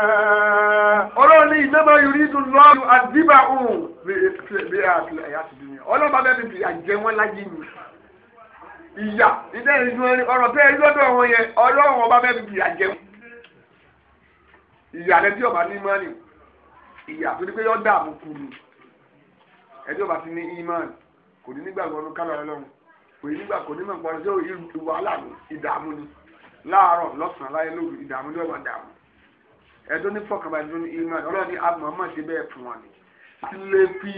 ọlọ́run ní إنما يريد الله ليعذبهم بها في الحياة الدنيا ọlọ́run bá bẹ́ẹ̀ fi àjẹ wọn láyé mi ìyá ìdá ìlú ọ̀rọ̀ tẹ́ ẹ lọ́dọ̀ wọn yẹn ọlọ́run ọba bẹ́ẹ̀ fi àjẹ wọn ìyá rẹ tí ọba ní mọ́nì ìyá tó ní pé yọ dààmú kùnú ẹ tí ọba ti ní ímánì kò ní nígbàgbọ́ ọdún kálọ̀ ọlọ́run kò ní nígbà kò ní mọ̀ nǹkan ṣé wàhálà ni ìdààmú ni láàárọ̀ lọ́sàn-án láyé lóru ìdààmú ni ọ̀gbọ̀n dààmú ẹ̀dọ́ ní fọkànbalẹ̀ ní iman ọlọ́run ní amọ̀ọ́mọ̀ ṣe bẹ́ẹ̀ fún wọn ni. Ilé fi.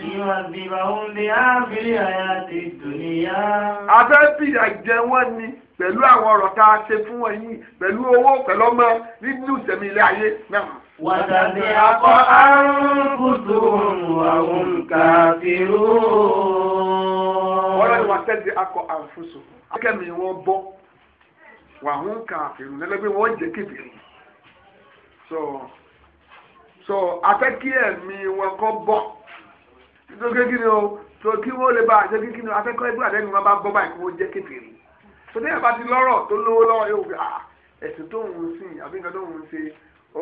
Abẹ́ bìyà jẹ wọ́n ni pẹ̀lú àwọn ọ̀rọ̀ tá a ṣe fún wọn yìí pẹ̀lú owó pẹ̀lú ọmọ nínú ìsẹ̀mí ilé ayé náà. Wàtàbí akọ ọlọ́run wa tẹ́lẹ̀ akọ àfúsù akẹ́mi wọn bọ́ wà hún ka àfihàn lẹ́lẹ́gbẹ́ wọn jẹ́ kébìrì so so afẹ́kí ẹ̀mí wọn kọ́ bọ́ nítorí kí ni o tó kí wọ́n lè bá àṣẹ kí kí ni afẹ́kọ́ ẹgbẹ́ àdẹ́nu wọn bá bọ́ báyìí kí wọ́n jẹ́ kébìrì tó ní ẹ̀bá ti lọ́rọ̀ tó lówó lọ́wọ́ yóò fi ẹ̀sìn tó ń sìn àbí nǹkan tó ń ṣe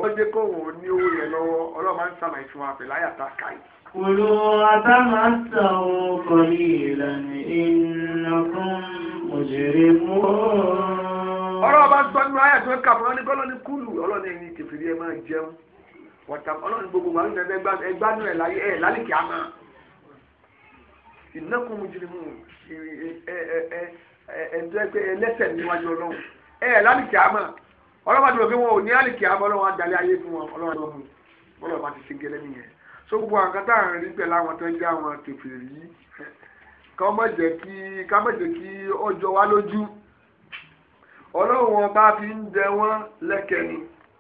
ọjọ́ kó wọn ní owó yẹn lọ́wọ́ ọlọ́run máa ń sàmà ìfún wa pẹ̀lú àyàtà káyìí. كلوا وتمتعوا قليلا إنكم مجرمون ọ̀rọ̀ ọba sọ nínú ayé àti ọkà ọlọ́ni kọ́lọ́ni kúlù ọlọ́ni ẹ̀yìn kẹfìrí ẹ̀ máa jẹun wọ̀tà ọlọ́ni gbogbo màá ń ẹgbánú ẹ̀ láyé ẹ̀ lálìkì àmà ìnákùn mujrimun ẹ̀ẹ́dẹ́gbẹ́ ẹlẹ́sẹ̀ níwájú ọlọ́run ẹ̀ lálìkì àmà ọlọ́ba dùn pé wọn ò ní lálìkì àmà ọlọ́run adalẹ́ ayé fún wọn ọlọ́run ọlọ́run bọ́lọ̀ bá ti ṣe gẹ́lẹ́ nìyẹn sógbó àǹkan tá à ń rí pẹ̀lú àwọn tó ń jẹ́ àwọn kèfèrí yìí ká má jẹ́ kí ká má jẹ́ kí ọjọ́ wa lójú ọlọ́run wọn fi ń jẹ wọ́n lẹ́kẹ̀ẹ́ ni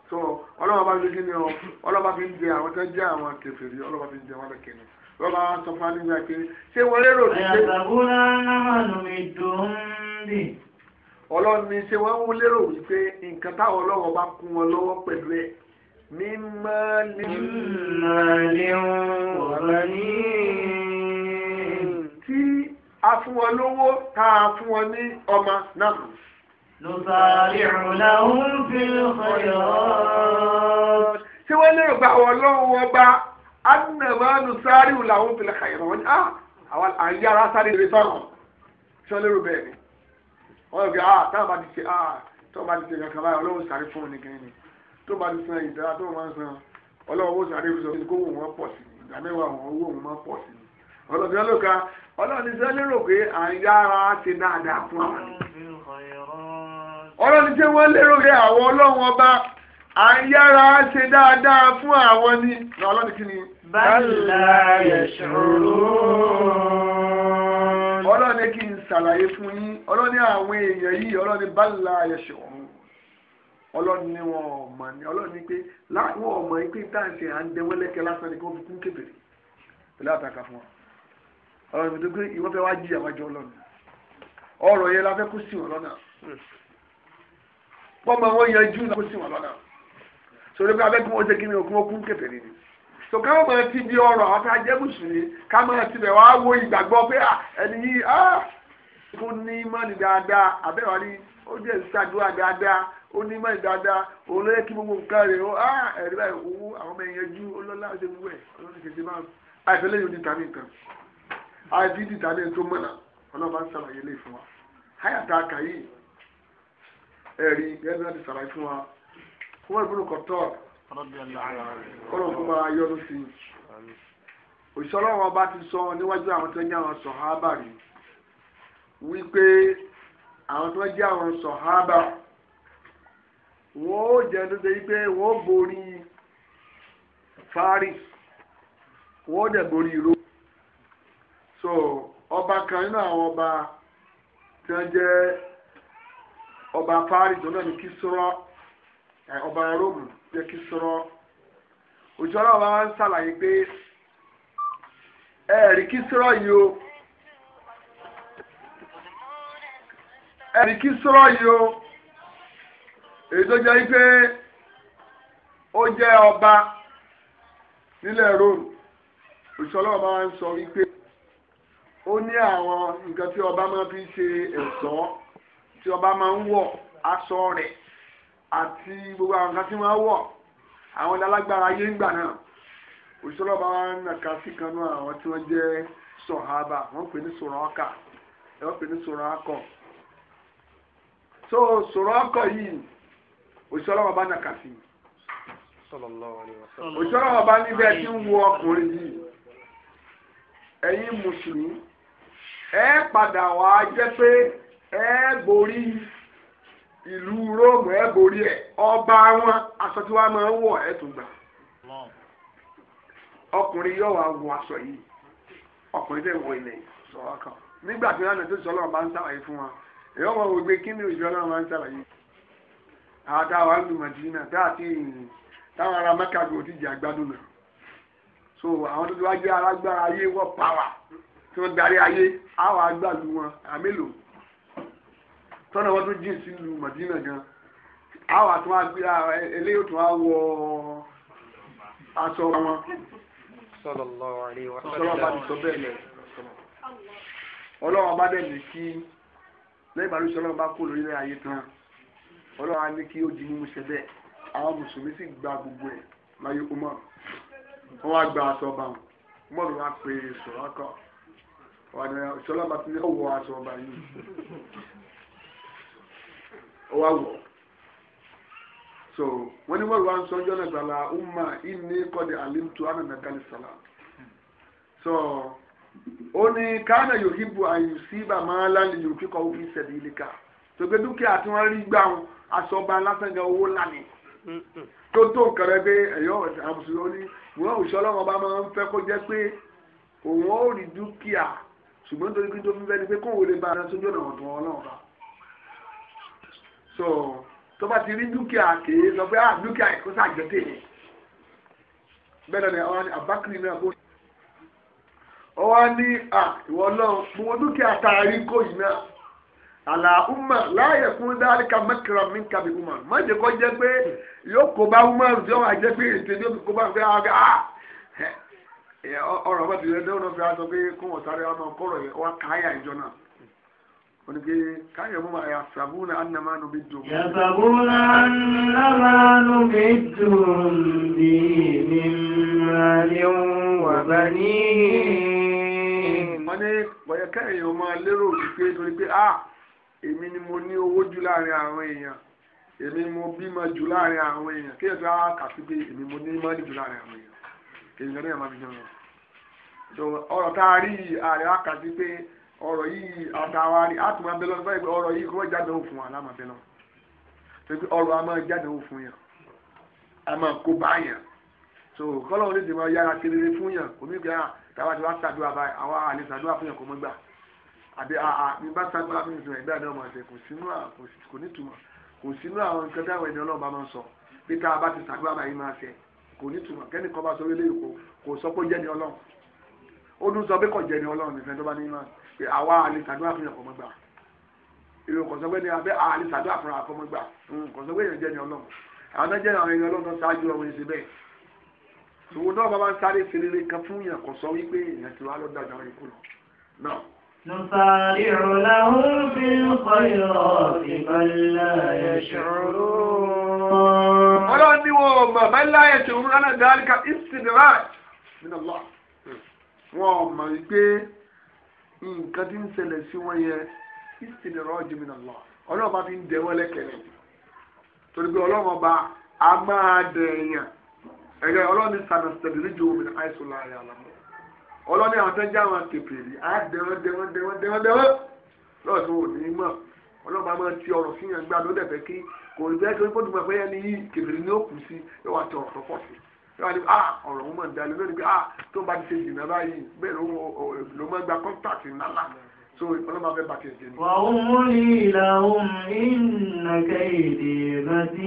so ọlọ́run bá fi ń jẹ wọn ọlọ́run bá fi ń jẹ àwọn tó ń jẹ́ àwọn kèfèrí ọlọ́run bá fi ń jẹ wọ́n lẹ́kẹ̀ẹ́ ni wọ́n bá sọ fún wa nígbà pé ṣé wọ́n lérò ní pé. ọlọ́run ní ṣé wọ́n lérò wípé nǹkan táwọn ọlọ́run bá kún wọn lọ́wọ́ pẹ̀lú ẹ̀ من مال وبنين tí a fún wọn lówó tá a fún wọn ní ọmọ náà. نسارع لهم في الخيرات tí wọ́n lérò gba àwọn ọlọ́run ọba anamọ́ nusariu làwọn fil khairat ah, wọ́n ní àwọn àyàrá sáré lè sọ̀rọ̀ tí wọ́n lérò bẹ́ẹ̀ ni wọ́n yóò fi ah táwọn bá ti ṣe ah tí wọ́n bá ti ṣe kankan báyìí ọlọ́run sáré fún un nìkan ni tó bá ti san ìdára tó máa ń san ọlọ́wọ́ owó fi sọ pé kówó wọn pọ̀ sí ìgbà mẹ́wàá àwọn owó wọn máa pọ̀ sí ọlọ́ọ̀dún yẹn ló ka sẹ́ lérò pé à ń yára ṣe dáadáa fún àwọn ni ọlọ́ọ̀ sẹ́ wọ́n lérò pé àwọn ọlọ́run ọba à ń yára ṣe dáadáa fún àwọn ni ọlọ́ọ̀ kí ni. bálá yẹ̀ṣọ̀rọ̀ ọlọ́ni kí n ṣàlàyé fún yín ọlọ́ni àwọn ọlọ́run ni wọn ọmọ ni ọlọ́run ni pé láwọn ọmọ yìí pé tá à ń ṣe à lásán ni kí wọ́n fi kún kébèrè pẹ̀lú àtàkà fún wa ọlọ́run mi tó pé ìwọ́n fẹ́ wá jí àwájọ ọlọ́run ọ̀rọ̀ yẹn la fẹ́ kó sì wọn lọ́nà pọ́nmọ wọn yanjú la kó sì wọn lọ́nà sọ̀rọ̀ pé abẹ́kùn wọn ṣe kí ni òkú wọn kún kébèrè ni so ká máa ti bí ọ̀rọ̀ àwọn tá a jẹ́ mùsùlùmí ká máa ti bẹ̀ wá wo ìgbàgbọ́ pé ẹni yìí ah kò ní mọ́ni dáadáa àbẹ́wàá ní ó jẹ́ ìṣàdúrà dáadáa ó ní mọ̀ dáadáa òun ló yẹ kí gbogbo nǹkan rẹ̀ ó ah, ẹ̀rí báyìí owó àwọn ọmọ èèyàn ju ọlọ́lá ṣe gbogbo ẹ̀ ọlọ́run kìí ṣe máa àìfẹ́ lẹ́yìn òdì tàbí nǹkan àìfi dì tàbí tó mọ̀nà ọlọ́run bá ń ṣàlàyé lè fún wa háyà tá a kà yìí ẹ̀rí gẹ́gẹ́ láti ṣàlàyé fún wa fún wọn ìbúrò kọ̀tọ́ kọ́lọ̀ fún wa yọrù sí i òṣìṣẹ́ ọlọ́run ọba ti sọ níwájú àwọn tó ń yá àwọn tó jẹ́ àwọn sọ̀hábà wọ́n ó jẹ́ tó ṣe pé wọ́n borí Faris wọ́n dẹ̀ borí ro so ọba kan nínú àwọn ọba tí wọ́n jẹ́ ọba Faris tó náà ní Kisra ọba Róòmù jẹ́ Kisra òjò ọlọ́wọ́ wa ń ṣàlàyé pé ẹ̀ẹ̀rí Kisra yìí o. ẹni kí sọ́rọ̀ yìí o èyí tó jẹ́ pé ó jẹ́ ọba nílẹ̀ rome òṣìṣọ́lọ́wọ́ bá ń sọ wípé ó ní ọba máa fi ṣe ẹ̀ṣọ́ tí ọba máa ń wọ̀ aṣọ rẹ̀ àti gbogbo àwọn nǹkan tí wọ́n wọ̀ àwọn ìdálágbára ayé ń gbà náà òṣìṣọ́lọ́wọ́ bá ń nàka sí kan náà àwọn tí wọ́n jẹ́ sọ̀hábà wọ́n pè so sọ̀rọ̀ ọkọ̀ yìí òṣìṣẹ́ ọba náà kà sí òṣìṣẹ́ ọba níbẹ̀ tí ń wo ọkùnrin yìí ẹ̀yin mùsùlùmí ẹ padà wá jẹ́ pé ẹ borí ìlú róòmù ẹ borí ọba wọn aṣọ tí wàá máa ń ẹ tún gbà ọkùnrin yóò wá wọ aṣọ yìí ọkùnrin wọ nígbà tí wọn náà tó èyí ọmọ òwe kí ni òjò náà máa ń ṣàlàyé àwọn táwa ń lu Madina táàtì táwọn ará Mẹ́kà gbòó ti àgbàdo náà so àwọn tó ti wá jẹ alágbára ayé wọ pàwà tí wọn darí ayé àwọn agbàlú wọn àmélò tọ́nà wọn tó jìn sí lu Madina gan àwọn àtúnwá gbé eléyìí tó wá wọ aṣọ wọn sọlọ́ọ̀ bá ti sọ bẹ́ẹ̀ lẹ̀ ọlọ́wọ́n bá dẹ̀ ní kí lẹ́yìn ìbàlú ìṣọ́lọ́run bá kó lórí ayé tán ọlọ́run á ní kí ó di mímú ṣe bẹ́ẹ̀ àwọn mùsùlùmí sì gba gbogbo ẹ̀ láyé umar wọ́n wá gba aṣọ ọba wọn umar wá pe sọ̀rọ̀kọ̀ ìṣọ́lọ́run bá ti ní ọwọ́ aṣọ ọba yìí ó wá wọ̀ so wọ́n ní wọ́n wá ń sọ́jọ́ náà gbàlá umar ìní kọ́ni alimtu anamẹ́kálí sọ̀rọ̀ so ó ní kánà yòókìbù àyùsíbà máa lánà yòókìkọ òfin ṣẹ̀dí ìlíkà tògbé dúkìá tí wọ́n rí gbà wọn aṣọba lásánga owó lánìí tó tó nǹkan rẹ pé ẹ̀yọ́ àmùsùlùmí ó ní ìwọ́n òṣèlọ́wọ́ bá máa ń fẹ́ kó jẹ́ pé òun ó rí dúkìá ṣùgbọ́n nítorí pé tó fi fẹ́ni pé kó wò lè ba ara sójú ọ̀nà ọ̀dùn ọlọ́run bá so tó bá ti rí dúkìá kèé sọ pé ah dúkìá ẹ̀kọ́ sàjọ́ tèmi bẹ́ẹ̀ ni àwọn náà ó wá ní ìwọ ọlọ́run gbogbo dúkìá tààrí kò yìí náà àlà láàyè fún dáríkà mẹ́kìrà mi kàbí umma má jẹ́ jẹ́ pé yóò kó bá umma rẹ̀ wá jẹ́ pé ètò yóò kó bá fẹ́ àgbà á ọ̀rọ̀ bá ti rẹ̀ dẹ́wọ́n náà fi aṣọ pé kó wọ́n sáré ọmọ kọ́rọ̀ yẹn wá káyà ìjọ náà wọ́n ní pé káyà mú ma sàbúnà ànàmá nù bí dùn. yà sàbúnà nù bí dùn bí mi àmọ́ ní bọ̀yẹ̀ kẹ́yìn ọmọ lérò wípé torí pé ah èmi ni mo ní owó jù láàrin àwọn èèyàn èmi ni mo bímọ jù láàrin àwọn èèyàn kí ẹ̀sọ́ á kà sí pé èmi mo ní mọ́ni jù láàrin àwọn èèyàn èmi kan náà máa fi jẹun lọ. ọ̀rọ̀ tá a rí yìí ààrẹ á kà sí pé ọ̀rọ̀ yìí àtàwa rí àtùmọ̀ abẹ́lọ́ nípa ìgbà ọ̀rọ̀ yìí kọ́ jáde òfun wa láàmà abẹ́lọ́ torí pé ọ̀rọ̀ a máa jáde òfun yàn a máa kó bá yàn so kọ́lọ́run ní ti máa yára kiri táwa ti wá ṣàdúrà báyìí àwa àlè ṣàdúrà fún yàn kó mọ́ gbà àbí àà ní bá ṣàdúrà fún ìsìn ẹgbẹ́ àdáwọ̀ àti kò sínú kò ní túmọ̀ kò sínú àwọn nǹkan táwọn ẹni ọlọ́run bá máa ń sọ bí tá a bá ti ṣàdúrà báyìí máa ṣe kò ní túmọ̀ kẹ́ni kan bá sọ wílé yìí kò sọ pé jẹ́ni ọlọ́run ó dún sọ pé kò jẹ́ni ọlọ́run nìfẹ́ tó bá ní ìmọ̀ pé àwa àlè ṣàdúrà fún yàn kó mọ́ gbà èrò kò sọ pé ní abẹ́ àlè ṣàdúrà fún yàn kó mọ́ sòwò náà bàbá ń sáré fèrèrè kan fún yàn kò sọ wípé èèyàn ti wá lọ dàgbà wọn ikú lọ náà. نسارع لهم في الخيرات بل لا يشعرون ọlọ́run ní wọn ò mọ̀ bal la yash'urun أن ذلك استدراج من الله wọn ò mọ̀ wípé nǹkan tí ń ṣẹlẹ̀ sí wọn yẹn istidraj min Allah ọlọ́run bá fi ń dẹ̀wọ́ lẹ́kẹ̀rẹ̀ torí pé ọlọ́run ọba a máa dẹ̀ èèyàn ẹ̀yẹ ọlọ́ni sanasitẹ̀lẹ́lẹ́ jù omi àìsàn láàyè àlámọ́ ọlọ́ni àwọn wọn kèpèrè á dẹ̀wọ́n dẹ̀wọ́n ní mọ̀ ọlọ́ba máa ti ọ̀rọ̀ sí yẹn gbá ló dẹ̀ fẹ́ kí kò ní bẹ́ẹ̀ torí kóòtù pẹ̀pẹ́ yẹn ni yìí kèpèrè ni sí yóò wá ọ̀rọ̀ pọ̀ sí yóò ah, ọ̀rọ̀ wọn máa ń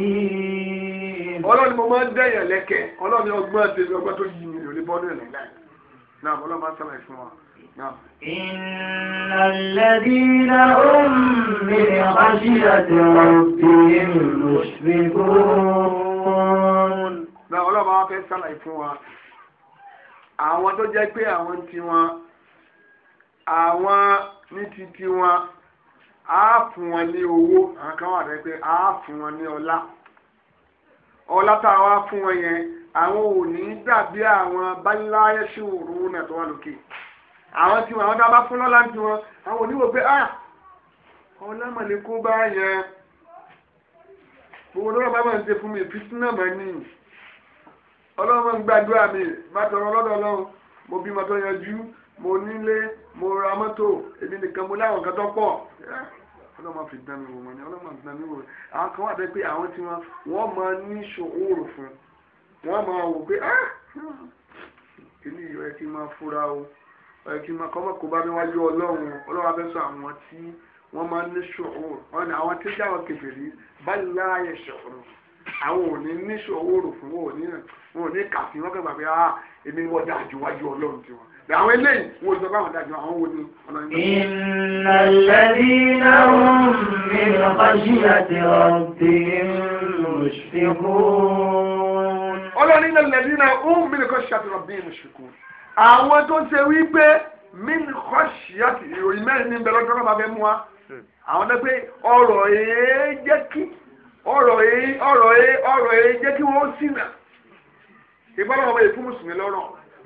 dalẹ̀ ọlọ́ni mo máa ń dẹ̀yàn lẹ́kẹ̀ ọlọ́ni ọgbọ́n tèmi ọgbọ́n tó yí mi ò lè bọ́dún ẹ̀ lẹ́yìn náà ọlọ́ni máa ń sábà fún wa. إن الذين هم من خشية ربهم مشفقون. náà ọlọ́ni máa fẹ́ sábà fún wa àwọn tó jẹ́ pé àwọn tiwọn àwọn ní ti tiwọn á fún wọn ní owó àwọn kan wà rẹ pé á fún wọn ní ọlá ọlá tá a wá fún wọn yẹn àwọn ò ní dàbí àwọn báyìláyé sí òru náà tó wà lókè àwọn tí wọn àwọn tá a bá fún lọ́la ń tiwọn àwọn oníwò pé ah ọlọ́mọlẹ́kọ́ bá yẹn gbogbo lọ́rọ̀ bá máa ń ṣe fún mi fìtínà máa ní ọlọ́run gbàdúrà mi má tọrọ lọ́dọ̀ ọlọ́run mo bímọ tó yanjú mo nílé mo ra mọ́tò èmi nìkan mo láwọn kan tó pọ̀ ọlọ́mọ fi dán mi wò wọ́n ni ọlọ́mọ fi dán mi wò àwọn kan wà bẹ́ẹ̀ pé àwọn tí wọ́n wọ́n máa ní ṣòwòrò fún wọ́n máa wò pé ah ilé ìwé kí n máa fura o ẹ kí n máa kọ́mọ̀ kó bá mi wájú ọlọ́run ọlọ́run abẹ́sọ àwọn tí wọ́n máa ní ṣòwòrò wọ́n ní àwọn tí jáwọ́ kẹfìrí báyìí láàyè ṣòwòrò àwọn ò ní ní ṣòwòrò fún wọn ò ní kà sí wọn gbà pé ah èmi wọ́n dáa ju wájú ọlọ́run tiwọn àwọn eléyìí wọn ò sọ fáwọn dájọ àwọn wo ni ọ̀nà ìgbà. iná lẹ́ni náà ń mi lọ́kọ́sí àti ọ̀gbìn mùsùlùmí. ọlọ́ni iná lẹ́ni náà ń mi lọ́kọ́sí àti ọ̀gbìn mùsùlùmí. àwọn tó ṣe wípé mi lọ́kọ́sí àti ìròyìn mẹ́rin ní bẹ̀rẹ̀ ọjọ́ bàbá mú wa. àwọn tó pé ọ̀rọ̀ èé jẹ́ kí ọ̀rọ̀ èé ọ̀rọ̀ èé ọ̀rọ̀ èé jẹ́ kí wọ́n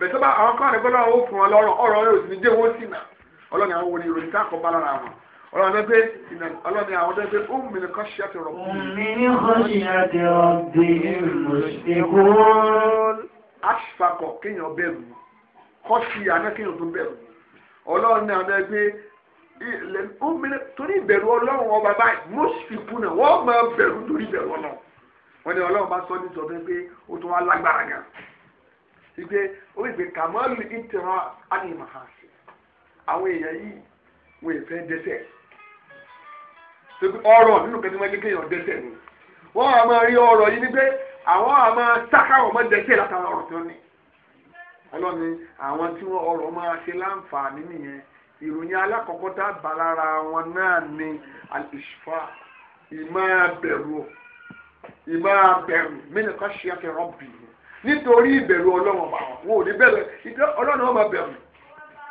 bẹ̀tẹ́ bá àwọn kan àdẹ́gbẹ́ ó fún wọn lọ́rùn ọ̀rọ̀ rẹ̀ òsì ní jẹ́ wọ́n sínà ọlọ́ni àwọn wo ìròyìn tá àkọ́bá lára wọn ọlọ́ni pé ọlọ́ni àwọn tó ń pè ó mìíràn kan ṣe àti rọ̀bù. mìíràn kan ṣe àti rọ̀bù ìmùsìnkún. aṣfakọ kéèyàn bẹ̀rù kọ́ṣì àná kéèyàn tó bẹ̀rù ọlọ́ni àwọn ẹgbẹ́ umm torí ìbẹ̀rù ọlọ́run ọba báyìí mọ́ṣíkún náà wọ́n máa bẹ̀rù torí ìbẹ̀rù ọlọ́run wọ́n ní ọlọ́run bá sọ ní wípé ó wípé kàmọ́lù ìtẹ̀rọ ánìmọ̀hánsì àwọn èèyàn yìí wọ́n yẹ fẹ́ dẹ́ṣẹ̀ ọ̀rọ̀ nínú kẹ́tí wọ́n kékeré yàn dẹ́ṣẹ̀ ni wọ́n á máa rí ọ̀rọ̀ yìí ni pé àwọn á máa sákàwọ̀ mọ́ dẹ́ṣẹ̀ látara ọ̀rọ̀ tí wọ́n ní ọlọ́ni àwọn tí wọ́n ọ̀rọ̀ máa ṣe láǹfààní nìyẹn ìròyìn alákọ̀ọ́kọ́ tá a bá lára wọn náà ni àlùfáà ìmáa bẹ̀rù ìmáa bẹ̀rù mí nítorí ìbẹ̀rù ọlọ́run bá wọn wọn ò ní bẹ̀rù ọlọ́run wọn máa bẹ̀rù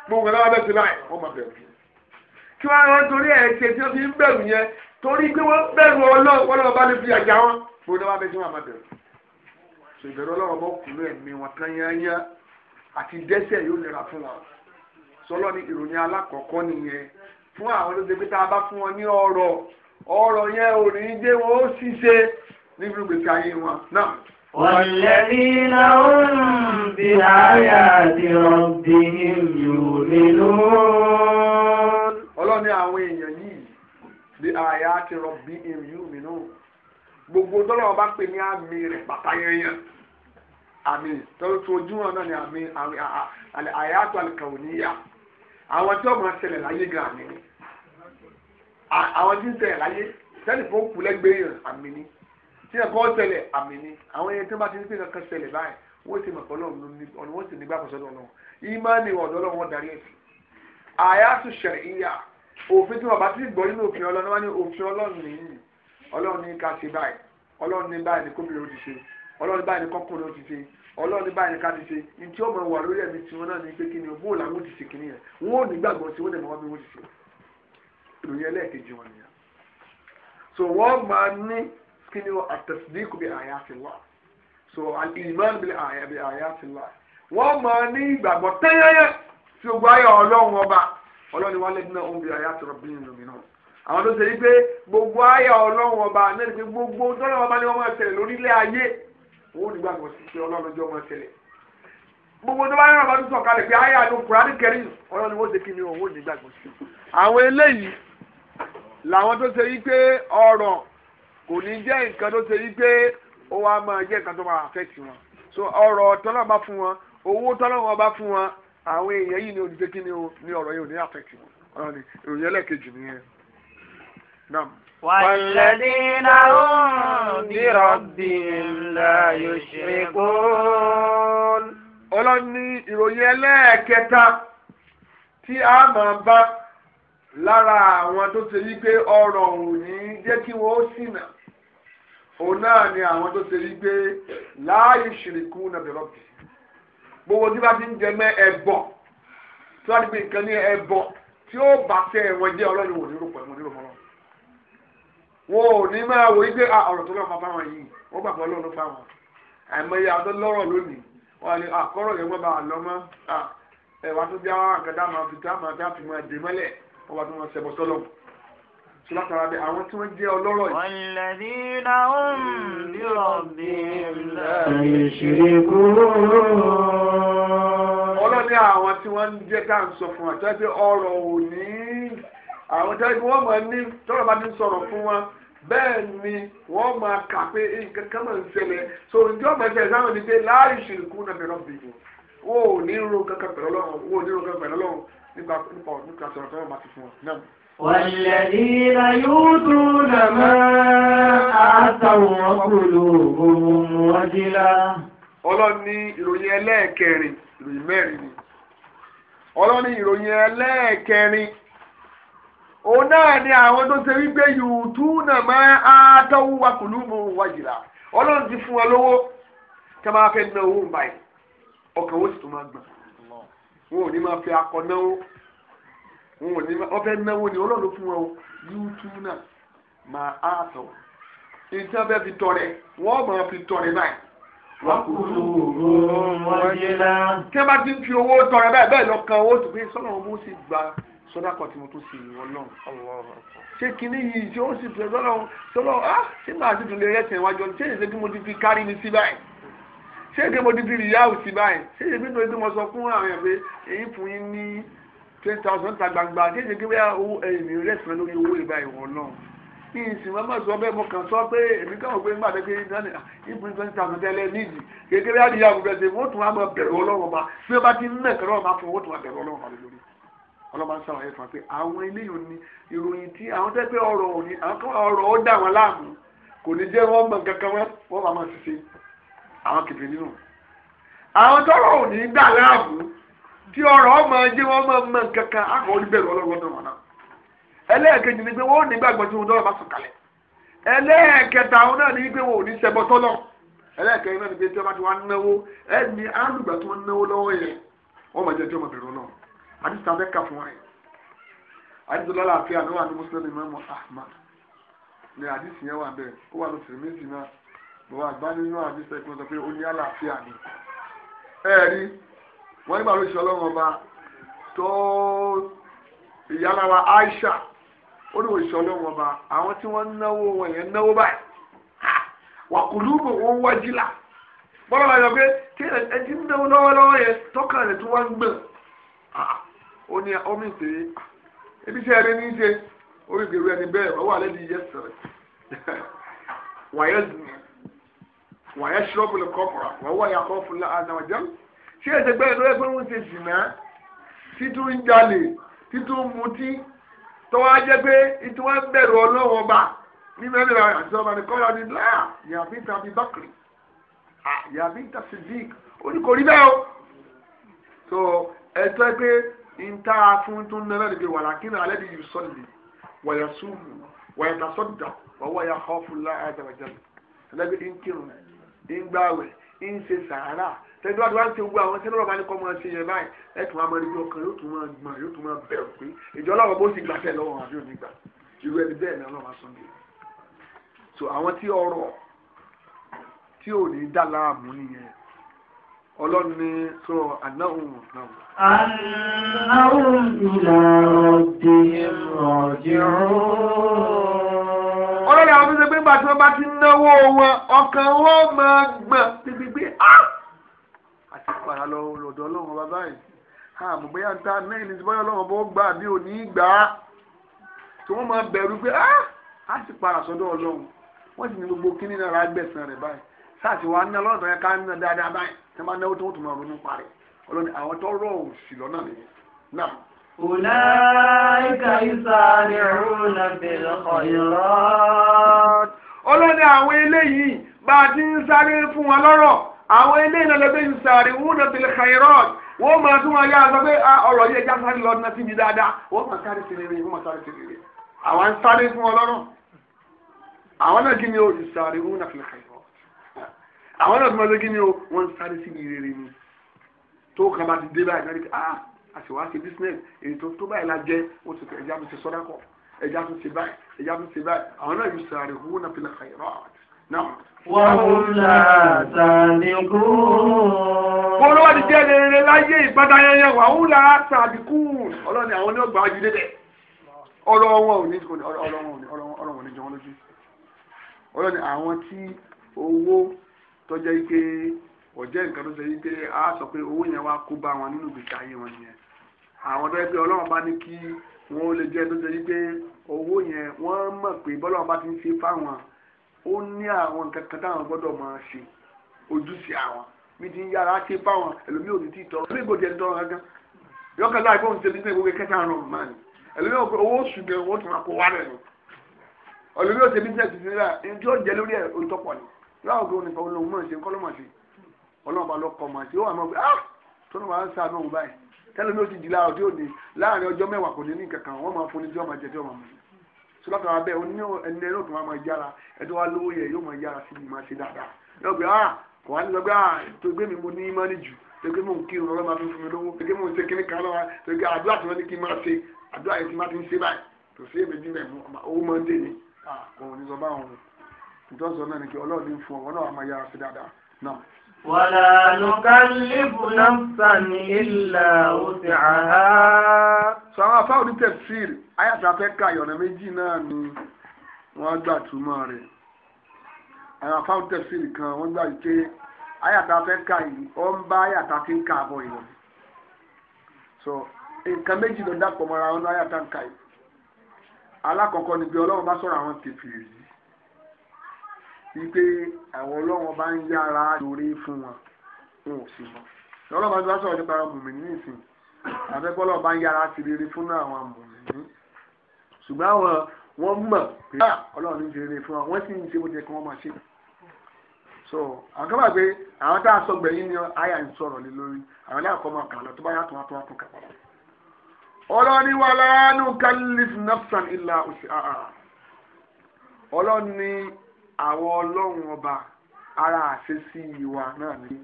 gbogbo ẹ̀rọ abẹ́sẹ̀ báyìí wọn máa bẹ̀rù. kí wọ́n rán torí ẹ̀ ṣe tí wọ́n fi ń bẹ̀rù yẹn torí pé wọ́n bẹ̀rù ọlọ́run wọn lọ́wọ́ bá lè fi àjà wọn gbogbo ẹ̀rọ abẹ́sẹ̀ wọn máa bẹ̀rù. sọ ìbẹ̀rù ọlọ́run bọ́ kúló ẹ̀mí wọn tán àti dẹ́sẹ̀ yóò nira fún wọn. sọlọ ni ìròyìn alákọ̀ọ́kọ́ nìyẹn fún àwọn ló ṣe pé tá a bá والذين هم بآيات ربهم يؤمنون ọlọ́run ní àwọn èèyàn yìí bí àyà ti rọ̀bì èmi mi náà gbogbo tọ́lọ́wọ́ bá pè ní àmì rẹ̀ pàtà yẹnyẹn àmì tọ́lọ́ tó ojú wọn náà ni àmì àyà tó àlùkàwò níyà àwọn tí wọ́n ṣẹlẹ̀ láyé gan àmì ni àwọn tí ń ṣẹlẹ̀ láyé sẹ́ni fún kú lẹ́gbẹ̀ẹ́ yẹn àmì ni tí ẹ̀kọ́ tẹ̀lẹ̀ àmì ni àwọn ẹni tí wọ́n bá ti ní pé kankan tẹ̀lẹ̀ báyìí wọ́n ti mọ̀ pé ọlọ́run wọ́n sì nígbà pọ̀sọ́dọ̀ náà ìmánì ọ̀dọ́ ọlọ́run wọn darí ẹ̀sìn. àyàtú ṣẹ̀rẹ̀ ìyá òfin tí wọ́n bá ti gbọ́ nínú òfin ọlọ́run wọ́n ní òfin ọlọ́run nìyí ọlọ́run ní ká ṣe báyìí ọlọ́run ní báyìí ní kóbìnrin ó ti ṣe ọlọ́run báyìí ní kọ́kùnrin ó ti ṣe ọlọ́run báyìí ní ká ti ṣe ní tí ó mọ̀ wà lórí ẹ̀mí tiwọn náà ní pé kí ni òbó làwọn ti ṣe kìnìyà wọn ò ní gbàgbọ́ sí wọn dẹ̀ mọ́ wọn bí wọ́n ti ṣe ìròyìn ẹlẹ́ẹ̀kejì wọn nìyà. so wọ́n máa ní kí ni at-tasdiq bi ayati Allah so al-iman bi ayati Allah wọ́n máa ní ìgbàgbọ́ tẹ́yẹ́yẹ́ tí ogun ayé ọlọ́run ọba ọlọ́run ni wọ́n lé dínà òun bí ayati rabbihim yu'minun àwọn tó ṣe yí pé gbogbo ayé ọlọ́run ọba náà ní gbogbo tọ́lọ́run ọba ni wọ́n máa tẹ̀lé lórílẹ̀ ayé owó nígbàgbọ́ sí pé ọlọ́run ọjọ́ máa tẹ̀lé gbogbo tó bá yára bá tún sọ̀kalẹ̀ pé ayé àdó kùránì kẹrin ọlọ́run ni wọ́n ṣe kí ni òun ò ní gbàgbọ́ sí. àwọn eléyìí làwọn tó ṣe yí pé ọ̀rọ̀ kò ní jẹ́ nǹkan tó ṣe wípé ó wá máa jẹ́ nǹkan tó máa affect wọn so ọ̀rọ̀ tọ́lá bá fún wọn owó tọ́lá wọn bá fún wọn àwọn èèyàn yìí ni olùdíje kí ni o ní ọ̀rọ̀ yìí ò ní affect wọn ọ̀rọ̀ ni ìròyìn ẹlẹ́ẹ̀kejì nìyẹn. والذين هم بربهم لا يشركون ọlọ́ni ìròyìn ẹlẹ́ẹ̀kẹta tí a máa bá lára àwọn tó ṣe wípé ọ̀rọ̀ òní jẹ́ kí wọ́n ó ṣìnà òun náà ni àwọn tó ṣe wípé láàyè ṣìrìkú nàbẹ̀rọ̀bì gbogbo tí bá ti ń jẹ mẹ́ ẹ̀bọ̀ tí wọ́n ti pè nǹkan ní ẹ̀bọ̀ tí ó bá tẹ ẹ̀wọ̀n jẹ́ ọlọ́run wò ní rúpọ̀ ẹ̀wọ̀n ní rúpọ̀ ọlọ́run wọn ò ní máa wò wípé ah, ọ̀rọ̀ tó lọ́ọ́ bá wọn yìí wọ́n gbàgbọ́ ọlọ́run fá wọn àìmọye àtọ́ lọ́rọ̀ lónìí wọn ni àkọ́rọ̀ ah, yẹn wọ́n bá a lọ mọ́ ah, ẹ̀wà tó bí àwọn àgàdá máa fi tá máa dá fi máa dè mọ́lẹ̀ wọ́n bá tó máa ṣẹbọ sọ́lọ́mù sọlátara bẹ àwọn tí wọn jẹ ọlọ́rọ̀ yìí. wàlẹ́dínà òun bí ọ̀bí láàyè ṣe kúrò. ọlọ́ni àwọn tí wọ́n ń jẹ́ ká ń sọ fún wa tó pé ọrọ̀ ò ní àwọn tó pé wọ́n máa ní tọ́rọ̀ bá ti ń sọ̀rọ̀ fún wa bẹ́ẹ̀ ni wọ́n máa kà pé nǹkan kan máa ń ṣẹlẹ̀ so ǹjẹ́ ọmọ ẹ̀ṣẹ̀ sáwọn ni pé láàyè ṣe kúrò náà bẹ̀rẹ̀ bìbò والذين يؤتون ما آتوا وقلوبهم وجلة ọlọ́run ìròyìn ẹlẹ́ẹ̀kẹrin ìròyìn mẹ́rin ni ọlọ́run ìròyìn ẹlẹ́ẹ̀kẹrin òun náà ni àwọn tó ṣe wípé yùtú náà máa á tọ́wọ́ wa kùlú mu wájìlá ọlọ́run ti fún wa lówó tí máa fẹ́ náwó báyìí ọkàn ó sì tún máa gbà wọn ò ní máa fi akọ náwó wọn ò ní ọbẹ̀ náwó ni ọlọ́run fún wọn o yóò tú náà máa á sọ ìtàn bẹ́ẹ̀ fi tọrẹ wọ́n máa fi tọrẹ báyìí. wọ́n kú wọ́n yé náà. tí wọ́n bá ti ń fi owó tọrẹ báyìí bẹ́ẹ̀ lọ kan owó tó pé sọ́nà ọmọ ó sì gba sọ́dà kan tí mo tún sì yìn ọlọ́run. ṣé kinní yìí tí ó sì fi ọlọ́run sọ́dọ̀ á ṣé màá ti dùn lè rẹ̀ tẹ̀ wájú ṣé èsè bí mo ti fi kárí mi sí báyìí ṣé èsè mo ti fi rìyáwó sí báyìí ṣé èsè bí mo ti mo sọ fún àwọn èèyàn pé èyí fún yín ní Ten thousand ta gbangba déjì kí wíyá owó èmi rẹ́sìmẹ́ lórí owó ìgbà ìwọ̀n náà kí n sì máa sọ bẹ́ẹ̀ mo kàn sọ pé èmi kàn wọ́n pé nígbà tẹ́kẹ́ ìdáni ìbùn twenty thousand tẹ́lẹ̀ nídìí kékeré bí adìyẹ àgùnbẹ̀ ṣe wọ́n tún wá máa bẹ̀rù ọlọ́run ma bí wọ́n bá ti ń mẹ̀kẹ́ lọ́wọ́ máa fún wọ́n tún wá bẹ̀rù ọlọ́run ma lórí ọlọ́run máa ń sàwọn ẹ̀fọn pé àwọn eléyìí ni ìròyìn tí àwọn tẹ́ pé ọ̀rọ̀ òní àwọn ọ̀rọ̀ ó dà wọn láàmú kò ní jẹ́ wọ́n mọ̀ kankan wọ́n máa máa ṣiṣẹ́ àwọn kìfì àwọn tọ́rọ̀ òní dà láàmú tí ọrọ ọmọ ajé wọn máa mọ kankan akọ oníbẹ̀rù ọlọ́gbọ́dọ̀ wọn náà ni pé wọ́n ò ní gbàgbọ́ tí wọn dọ́rọ̀ bá sùn kalẹ̀ wọn náà ní pé wọn ò ní náà ní pé tí bá ti wá náwó ẹni alùgbà tí náwó máa náà fún wa ní mùsùlùmí wọ́n nígbà lóṣù ọlọ́run ọba tó ìyálára Aisha ó ní òṣìṣẹ́ ọlọ́run ọba àwọn tí wọ́n náwó wọn yẹn náwó báyìí wàkùlù bò wọ́n wájìlá bọ́lá bá yọ pé tí ẹ ti ń náwó lọ́wọ́lọ́wọ́ yẹn tọ́kàn rẹ̀ tó wá ń gbọ̀n ó ní omi ṣe ebi ṣe ẹni ní ṣe orí ìgbèrú ẹni bẹ́ẹ̀ ọwọ́ alẹ́ di yẹ sẹ̀rẹ̀ wàyẹ ṣọ́bùlù kọ́kọ́rà wọ́n wà yà kọ́ fúnlá àdáwàjẹ́ tí èsè pé ìlú ẹgbẹ́ ń ṣe sìnà títún ń jalè títún ń mutí tọ́wọ́ á jẹ́ pé ìtú wọn bẹ̀rù ọlọ́wọ́ bá ní mẹ́rin àwọn àti ọmọ nìkan lọ ní láà yàbí tàbí bákìrì yàbí tàbí dik ó ní kò rí bẹ́ẹ̀ o so ẹ̀tọ́ pé ń tá a fún tún náírà níbi wàlàkínà alẹ́ bí yìí sọ́ọ̀lì wàyà súnmù wàyà tàṣọ́dà wọ́wọ́ ya kọ́ fún láàájá wàjá lẹ́gbẹ̀ẹ́ ń kírun ń gbàwẹ̀ ń tẹ́jú wá ti wá ń ṣe gbogbo àwọn tẹ́lú ọ̀gá ni kọ́ máa ṣe yẹn báyìí ẹ̀ tún máa mọ̀lẹ́bí ọkàn yóò tún máa gbọ̀n yóò tún máa bẹ̀rù pé ìjọ ọlọ́wọ́ bó sì gbàtẹ́ lọ́wọ́ àbí òní gbà irú ẹni bẹ́ẹ̀ ni ọlọ́wọ́ sọ ní. so àwọn tí ọrọ̀ tí ò ní dá láàmú nìyẹn ọlọ́run ní sọ anáhùn náà. anáhùn ìlà ọ̀dẹ̀ ọ̀dẹ̀ ọlọ́run àwọn tó ṣe pé gbàtí wọ́n bá ti náwó wọn ọkàn wọn máa gbọ̀n pípípí padà lọ lọ́dọ̀ ọlọ́run ọba báyìí àmọ́ bóyá ń ta mẹ́rin ní bóyá ọlọ́run bó gbà bí ò ní í gbà á tí wọ́n máa bẹ̀rù pé á ah! sì padà sọ́dọ̀ ọlọ́run wọ́n sì ní gbogbo kíní náà lágbẹ̀sán rẹ̀ báyìí sáàtì wa ná lọ́dọ̀ yẹn ká ná dáadáa báyìí tí wọ́n bá náwó tó wọ́n tún máa ronú parẹ́ ọlọ́ni àwọn tó rọ̀ òsì lọ́nà nìyẹn náà. أولئك يسارعون بالخيرات ọlọ́ni àwọn eléyìí bá a ti ń sáré fún wọn lọ́rọ̀ àwọn ilé ìnàlẹ́bẹ̀ ń sàárè wúnà tìlẹ̀ kàìrọ́ọ̀t wọ́n máa tún wọn yá àgbà pé ah, ọ̀rọ̀ yẹ já sáré lọ náà síbi dáadáa wọ́n máa sáré sí rere wọ́n máa sáré sí rere àwọn ń sáré fún ọlọ́run àwọn náà kí ni o ìsàárè wúnà tìlẹ̀ kàìrọ́ọ̀t àwọn náà tún wọn kí ni o wọ́n sáré síbi rere ni tó kàn bá ti dé báyìí náà ni ah àṣewá ṣe business èyí tó tó báyìí la jẹ́ o ti ẹja tó ti sọ́dá kọ ẹja tó ti báyìí ẹja tó ti báyìí àwọn náà yóò sàárè wúnà tìlẹ̀ kàìrọ́ọ̀t náà. Wọ́n látàdíkú. Wọ́n ló wá ti jẹ́ rere láyé ìpadà yẹyẹ wà ó látàdíkú. Ọlọ́ni àwọn ní ọgbà ajílẹ̀ dẹ̀. Ọ̀rọ̀ wọn ò ní ọ̀rọ̀ wọn ní jẹun lójú. Ọlọ́ni àwọn tí owó tọ́jẹ́ ike ọ̀jẹ́ nǹkan tó ṣe yí pé a sọ pé owó yẹn wá kó bá wọn nínú ìgbésí ayé wọn yẹn. Àwọn tó yẹ pé Ọlọ́run bá ní kí wọ́n lè jẹ́ tó ṣe yí pé owó yẹn wọ́n mọ̀ pé bọ́lọ́run bá ti ń ṣe fáwọn ó ní àwọn nǹkan kan táwọn gbọ́dọ̀ máa ṣe ojúṣe àwọn mi ti ń yára ké fáwọn ẹlòmíì ò ní tí ì tọrọ ẹlòmíì gòdì ẹni tọrọ gángan yọkàn láì fóun ṣe bísí ìgbókè kẹta àrùn ọ̀gbìn máa ní ẹlòmíì ò pé owó oṣù gan owó tó máa kó wá rẹ̀ nù ẹlòmíì ò ṣe bísí ẹ̀sìn sílẹ̀ ẹni tí ó jẹ lórí ẹ̀ òǹtọ́pọ̀ ni láwọn gbọ́n nípa olóhùn máa ṣe kọ́lọ́ máa ṣe ọlọ́run bá máa ṣe ó wà máa pé ah tó náà máa ń sáà náà wù báyìí tẹ́lẹ̀ mi ó ti di láàárọ̀ tí ni tí wọ́n máa sọlọ́tọ̀ abẹ́ oní ẹni ẹni òtún wa máa yára ẹni tó wá lówó yẹ yóò máa yára sí i máa ṣe dáadáa lọ́gbẹ́ ah kò wá ní lọ́gbẹ́ ah tó gbé mi mo ní ìmánì jù tó gbé mò ń kírun ọlọ́mọ àfi fún mi lówó tó gbé mò ń ṣe kíní kan lọ́wọ́ tó gbé àdúrà tí wọ́n ní kí n máa ṣe àdúrà yẹn ti máa ti ń ṣe báyìí tó ṣe é méjì bẹ́ẹ̀ owó máa ń dé ni ah! kò ní sọ báwọn ìtọ́sọ náà ni kí ولا نكلف نفسا إلا وسعها sọ́wọ́n afáwọn onítẹ̀síìrì ayàtàfẹ́ ka ìyọ̀nà méjì náà ni wọ́n gbà túmọ̀ rẹ̀ àwọn afáwọn onítẹ̀síìrì kan wọ́n gbà wípé ayàtàfẹ́ ka yìí ó ń bá ayàtàfẹ́ ń ka àbọ̀ ìlọ. so nǹkan méjì ló dàpọ̀ mọ́ra wọn ní ayàtà ń ka yìí alákọ̀ọ́kọ́ ni bí ọlọ́run bá sọ̀rọ̀ àwọn kèfèrí wípé àwọn ọlọ́wọ́n bá ń yára lórí fún wọn wọn ò sí mọ́ lọ́lọ́ bá ti wá sọ̀rọ̀ nípa mùmìnì nìsín àfẹ́kọ́lọ́ bá ń yára ti rere fún àwọn mùmìnì ṣùgbọ́n àwọn wọ́n mọ̀ pé ah, ọlọ́run ń rere fún wọn wọ́n sì ń ṣe bó ti kí wọ́n máa ṣe so àwọn kan bá gbé àwọn tá a sọ gbẹ̀yìn ni àyà ń sọ̀rọ̀ lé lórí àwọn ilé àkọ́mọ kan lọ tó bá yàtọ̀ wọn tó wọn tún kà àwọ ọlọ́run ọba ara àṣesí ìwà náà ni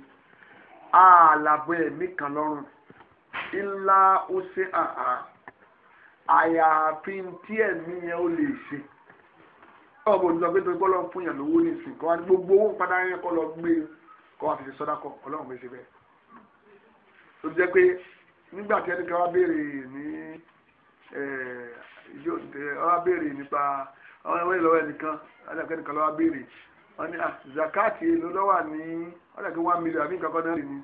àlàbọ̀ ẹ̀mí kan lọ́rùn ńlá ó ṣe àhá àyàfi tí ẹ̀mí yẹn ó lè ṣe ọ̀bọ̀ ní ọgbẹ́ tó gbọ́lọ́ fún yàn lówó nìsín kọ́ gbogbo owó padà yẹn kọ́ lọ gbé e, kọ́ fi ṣe sọ́dá kọ́ ọlọ́run fi ṣe bẹ́ẹ̀ tó jẹ́ pé nígbà tí ẹnìkan wá béèrè ní àwọn ẹ̀wọ́n ìlọ́wọ́ ẹnìkan alákẹ́ nìkan lọ́wọ́ béèrè wọ́n ní zakati èlò lọ́wà ní ọ̀dàkẹ́ one million àbí nǹkan kan náà nìyí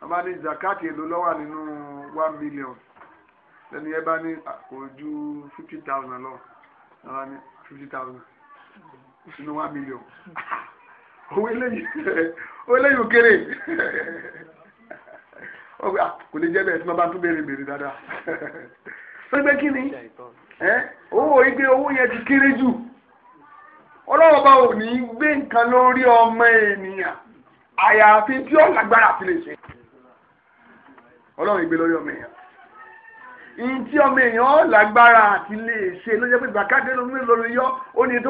wọ́n bá ní zakati èlò lọ́wà nínú one million lẹ́nu yẹn bá ní kò ju fifty thousand lọ wọ́n ní fifty thousand nínú one million owó eléyìí owó eléyìí kéré kò lè jẹ́ bẹ́ẹ̀ tí wọ́n bá tún béèrè béèrè dáadáa pé pé kí ni. owó igbe owó yẹn ti kéré jù ọlọ́ọ̀bá ò ní gbé nǹkan lórí ọmọ ènìyàn àyàfi tí ó lágbára àti lè ṣe ọlọ́run ìgbé lórí ọmọ èèyàn ìyìn tí ọmọ èèyàn lágbára àti lè ṣe ló jẹ́ pé bàkádé ló ń lórí yọ ó ní ó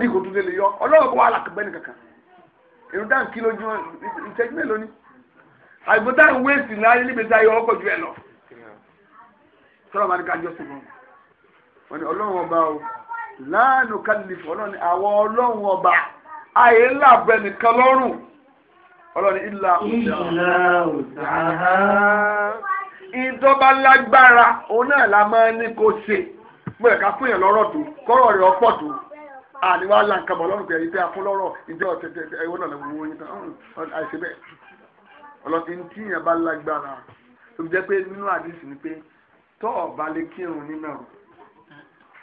dì yọ ọlọ́run kó wà ní kankan èrò dáhùn kí lójú mélòó ni ọkọ̀ ju ẹ lọ sọ́dọ̀ máa wọ́n ní ọlọ́run ọba o láàánú kálífù ọlọ́run àwọn ọlọ́run ọba àyè ńlá bẹ nìkan lọ́rùn ọlọ́run ìlà òṣàhá ìjọba lágbára òun náà la máa ní kó ṣe pé ká fún yẹn lọ́rọ̀ tó kọ́rọ̀ rẹ̀ ọ̀pọ̀ tó àníwá la nǹkan bọ̀ lọ́rùn pé ẹ̀yin tẹ́ afúnlọ́rọ̀ ìjọ tẹ̀tẹ̀ ẹ̀wọ́n náà lọ́wọ́ yín tán àìṣe bẹ́ẹ̀ ọlọ́run tí yẹn bá lágbára tó jẹ́ pé nínú àdìsí ni pé tọ́ọ̀ bá lè kírun nínú ọ̀rọ̀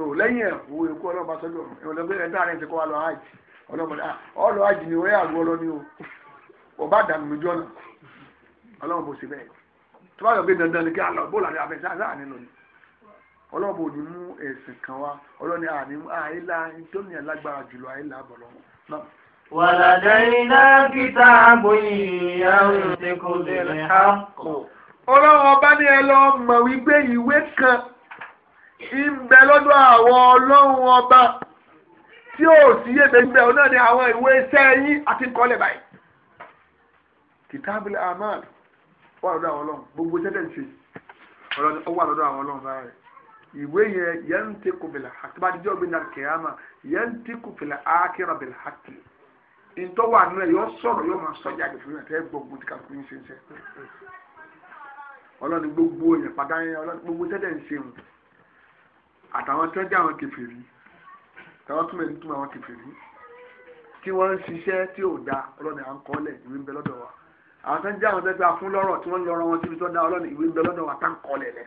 so lẹ́yìn ọlọ́ba sọ́jọ́ ti kọ́ wa lọ hajj ọlọ́ ah, hajj ni wọ́n yà lọ ní o ọba dànù lójú ọ̀nà ọlọ́mọ bò sí bẹ́ẹ̀ tó bá yọ pé dandan ni kí a lọ bó sáà nínú ni ọlọ́mọ bò ní mú ẹ̀sìn kan ọlọ́ni ń bẹ lọ́dọ̀ àwọn ọlọ́run ọba tí ò sí èdè ìgbẹ́ ọ̀nà ni àwọn ìwé iṣẹ́ yín àti kọ́lẹ̀ báyìí. kìtàbílẹ̀ amal wà lọ́dọ̀ àwọn ọlọ́run gbogbo tẹ́tẹ̀ ń ṣe ó wà lọ́dọ̀ àwọn ọlọ́run báyìí ìwé yẹn yẹn ń tẹ́kù bìlà hàkì bá dijọ́ bí nàá kẹ́yàmà yẹn ń tẹ́kù bìlà ákẹ́rọ̀ bìlà hàkì ntọ́wọ́ àná ẹ̀ yọ sọ̀rọ̀ yọ máa sọ jáde fún yàtọ̀ ẹ̀ gbọ́ àtàwọn tó jẹ́ àwọn kèfèrí àtàwọn tó mẹ́rin túmọ̀ àwọn kèfèrí tí wọ́n ń ṣiṣẹ́ tí ò da ọlọ́ni à ń kọ́lẹ̀ ìwé ń bẹ lọ́dọ̀ wa àwọn tó ń jẹ́ àwọn tó gba fún lọ́rọ̀ tí wọ́n lọ́rọ̀ wọn síbi tó da ọlọ́ni ìwé ń bẹ lọ́dọ̀ wa tá ń kọ́lẹ̀ lẹ̀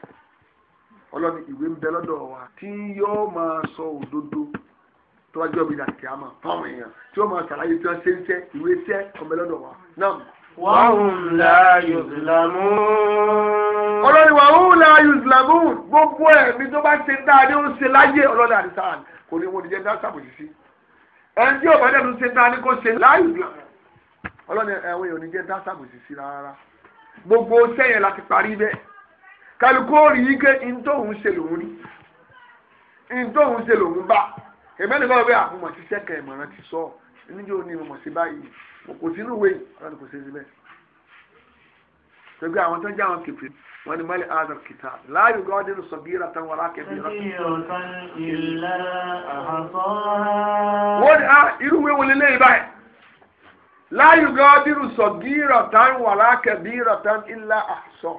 ọlọ́ni ìwé ń bẹ lọ́dọ̀ wa tí yóò máa sọ òdodo tó wájú ọ̀bìnrin àti àmọ̀ fáwọn èèyàn tí yóò máa ṣàlàyé tí wọ́n ṣe ń ṣe wa náà wàhùn láàyò ìsìlámù. ọlọ́ni wàhùn láàyò ìsìlámù gbogbo ẹ̀mí tó bá ṣe dáadé ó ṣe láyé ọlọ́ni àdìsáà kò ní wọ́n ti jẹ́ dá sàbòsí sí. ẹni tí ọ̀bá dẹ̀nu ṣe dáadé kò ṣe láàyò ìsìlámù. ọlọ́ni ẹ̀wọ̀n yóò ní jẹ́ dá sàbòsí sí rárá. gbogbo sẹ́yìn láti parí bẹ́ẹ̀. kálukú ó rí i pé ntòhún ṣe lòun ní. ntòhún ṣe lòun bá. èmi ẹni kò sínú ìwé yìí ọlọ́run kò sí síbẹ̀ tẹgbẹ́ àwọn tó ń jẹ́ àwọn kìfì wọ́n ní mali adam kìtà láàyò gọ́ọ̀dínù sọ̀bìrà tán wọ́n rákẹ́ bí rákẹ́. wọ́n ní ah, irú ìwé wọlé lẹ́yìn báyìí láàyò gọ́ọ̀dínù sọ̀bìrà tán wọ́n rákẹ́ bí rákẹ́ ilá àṣọ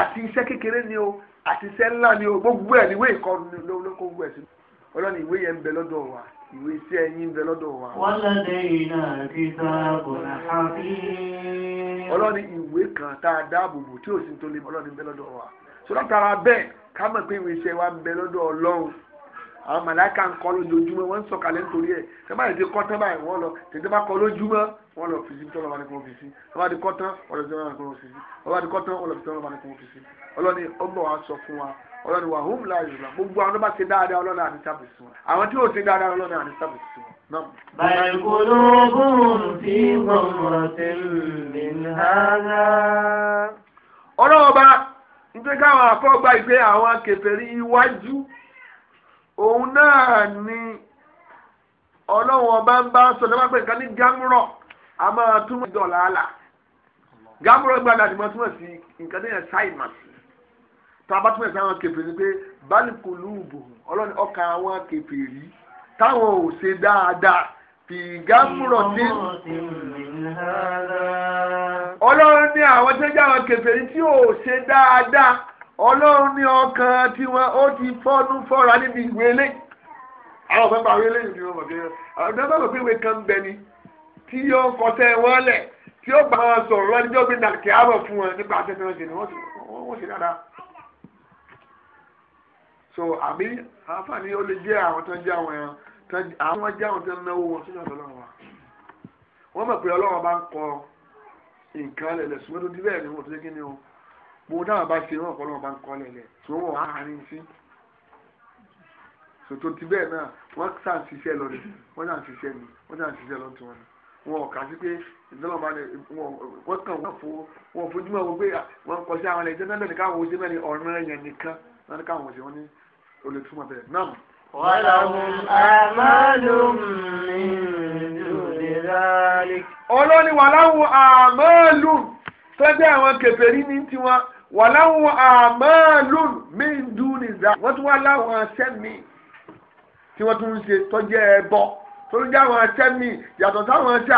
àti iṣẹ́ kékeré ni o àti iṣẹ́ ńlá ni o gbogbo ẹ̀ níwé ìkọ́ni lóko gbogbo ẹ̀ sí ọlọ́ni ìwé yẹn ń bẹ lọ́dọ̀ wa ìwé sí ẹ̀yin ń bẹ lọ́dọ̀ wa. wọ́n lọ́dẹ̀ iná kíta kò ní àbí. ọlọ́ni ìwé kan tá a dáàbòbò tí òsì tó lè ọlọ́ni ń bẹ lọ́dọ̀ wa. sọlá tara bẹ́ẹ̀ ká mọ̀ pé ìwé iṣẹ́ wa ń bẹ lọ́dọ̀ ọlọ́run. àwọn màláìka ń kọ́ lójoojúmọ́ wọ́n ń sọ̀kalẹ̀ nítorí ẹ̀ tẹ́ bá ti kọ́ tán báyìí wọ́n lọ tètè bá kọ́ lójúmọ́ wọ́n lọ fi sí tọ́lọ́ ní kó fi sí wọ́n bá ti kọ́ tán ọ̀lọ́ ọlọ́ni wà hum la yorùbá gbogbo àwọn tó bá ṣe dáadáa ọlọ́ni àti sábìsì wọn àwọn tí yóò ṣe dáadáa ọlọ́ni àti sábìsì wọn. bal qulubuhum fi ghamratin min hadha. ọlọ́wọ́ bá nítorí káwọn afọ́gbà òun náà ni ọlọ́wọ́ bá ń bá sọ nípa pé nǹkan ní gámúrọ̀ a máa túmọ̀ ìdọ̀là àlà gámúrọ̀ gbàdá ni túmọ̀ sí nǹkan tó yẹn ṣáìmọ̀ sí tába tún ẹ̀sán àwọn kèfèrí ni pé bálùkù lùbù ọlọ́ni ọkàn àwọn kèfèrí táwọn ò ṣe dáadáa fi gámúrọ̀ sí. ọlọ́run ní àwọn tó jẹ́ àwọn kèfèrí tí ò ṣe dáadáa ọlọ́run ní ọkàn tiwọn ó ti fọ́nú fọ́ra níbi ìwé ilé àwọn ọ̀fẹ́ bá wílé ìdí wọn bàbá yẹn àwọn ọ̀fẹ́ bá wíwé kan bẹ ni tí yóò kọsẹ̀ wọn lẹ̀ tí yóò gbà wọn sọ̀rọ̀ lọ́dún tí yóò gbé nàkẹ́ àbọ̀ fún wọn nípa àtẹ̀tẹ̀ wọn ṣe ni wọ́n ṣe dáadáa so àbí àǹfààní ó lè jẹ́ àwọn tó ń jẹ́ àwọn ẹran àwọn jẹ́ àwọn tó ń náwó wọn sínú ọ̀dọ̀ ọlọ́run wa wọ́n mọ̀ pé ọlọ́run bá ń kọ nǹkan lẹ̀lẹ̀ ṣùgbọ́n tó di bẹ́ẹ̀ ni wọ́n ti kí ni o gbogbo táwọn bá ṣe wọn ọlọ́run bá ń kọ lẹ̀lẹ̀ tó wọ́n á rìn sí tòtò ti bẹ́ẹ̀ náà wọ́n sà ń ṣiṣẹ́ lọ ni wọ́n sà ń ṣiṣẹ́ ni wọ́n sà ń ṣiṣẹ́ lọ tí wọ́n ni wọn ò kà sí pé ìdánwò ni wọ́n kàn wọ́n fo wọ́n fojú mọ́ wọn pé wọ́n kọ sí àwọn ẹ̀jẹ̀ náà lẹ́nu káwọn oṣù mẹ́rin ọ̀ràn ẹ̀yàn nìkan náà káwọn oṣù wọn ní o lè túmọ̀ bẹ́ẹ̀ náà. wàlàhùn àmàlùm mi lòdì rálí. olórí wàlàhùn àmàlùm tọ́jú àwọn kèfèrí ní tiwọn wàláwọn àmàlùn mìndú nìza wọ́n tún wá láwọn aṣẹ́ mi tí wọ́n tún ń ṣe tọ́jú ẹbọ tó ń jẹ́ àwọn aṣẹ́ mi yàtọ̀ sáwọn aṣẹ́